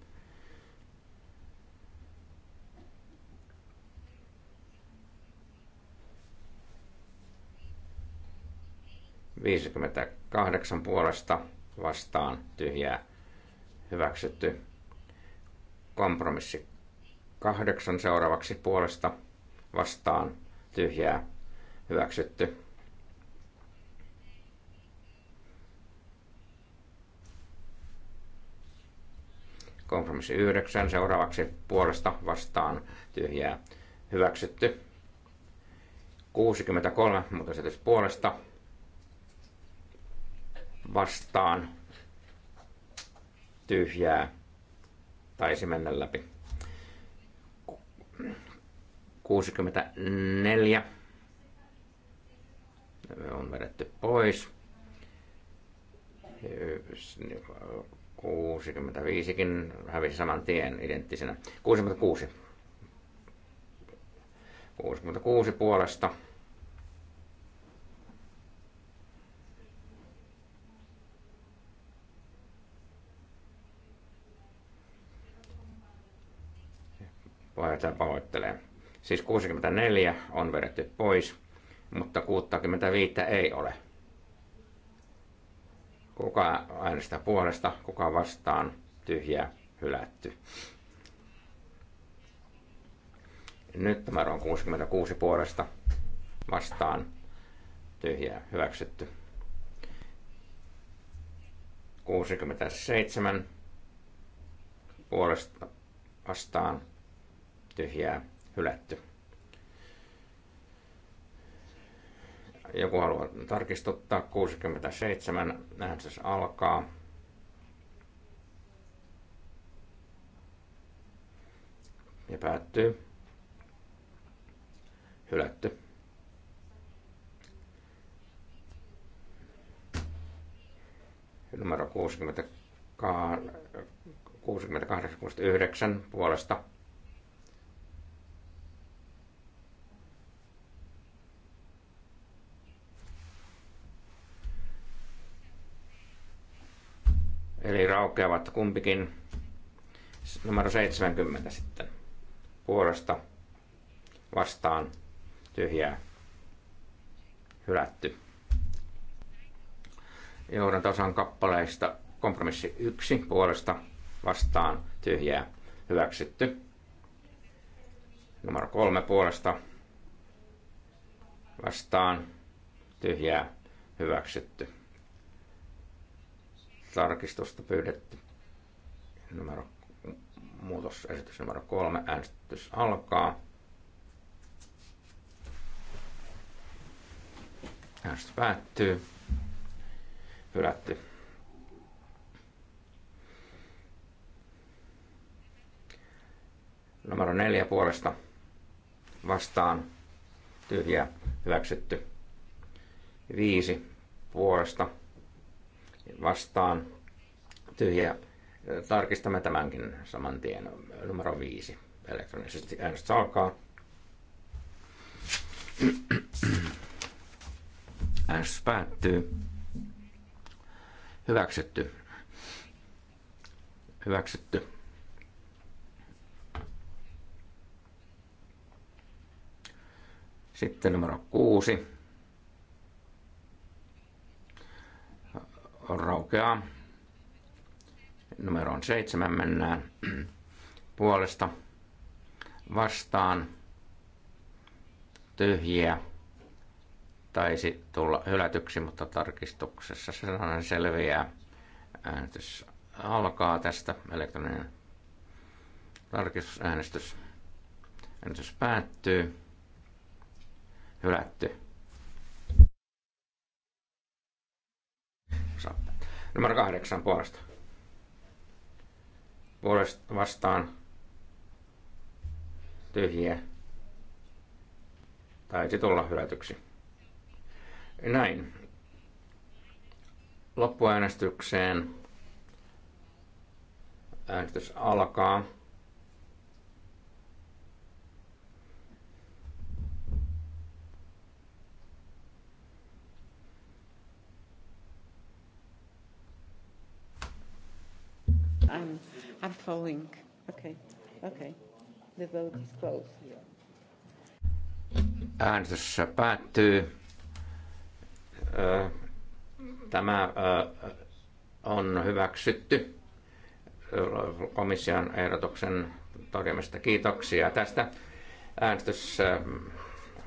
Viisikymmentä kahdeksan puolesta vastaan tyhjää hyväksytty. Kompromissi kahdeksan seuraavaksi puolesta vastaan tyhjää hyväksytty. Kompromissi 9 seuraavaksi puolesta vastaan tyhjää hyväksytty. 63 muutosesitys puolesta vastaan tyhjää taisi mennä läpi. 64 on vedetty pois. 65kin hävisi saman tien identtisenä. 66. 66 puolesta. Pohjoittaja pahoittelee. Siis 64 on vedetty pois mutta 65 ei ole. Kuka äänestää puolesta, kuka vastaan, tyhjä, hylätty. Nyt numero on 66 puolesta, vastaan, tyhjä, hyväksytty. 67 puolesta vastaan tyhjää hylätty. Joku haluaa tarkistuttaa. 67. se alkaa. Ja päättyy. Hylätty. Numero 68, 69 puolesta Eli raukeavat kumpikin. Numero 70 sitten. vuorosta vastaan tyhjää hylätty. Johdan tasan kappaleista kompromissi 1 puolesta vastaan tyhjää hyväksytty. Numero 3 puolesta vastaan tyhjää hyväksytty tarkistusta pyydetty. Numero, muutosesitys numero kolme, äänestys alkaa. Äänestys päättyy. Hylätty. Numero neljä puolesta vastaan tyhjä hyväksytty. Viisi puolesta vastaan tyhjä. Tarkistamme tämänkin saman tien. Numero 5. Elektronisesti äänestys alkaa. Äänestys päättyy. Hyväksytty. Hyväksytty. Sitten numero 6. raukeaa. Numeroon seitsemän mennään puolesta vastaan tyhjiä taisi tulla hylätyksi, mutta tarkistuksessa se selviää. Äänestys alkaa tästä, elektroninen tarkistusäänestys. Äänestys päättyy. Hylätty. kahdeksan. Numero kahdeksan puolesta. Puolesta vastaan. Tyhjiä. Taisi tulla hylätyksi. Näin. Loppuäänestykseen. Äänestys alkaa. are following. Okay. Okay. The vote is closed. Äänestys päättyy. Tämä on hyväksytty komission ehdotuksen todemmista kiitoksia tästä. Äänestys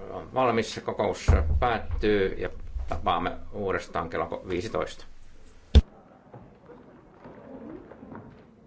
on valmis, kokous päättyy ja tapaamme uudestaan kello 15.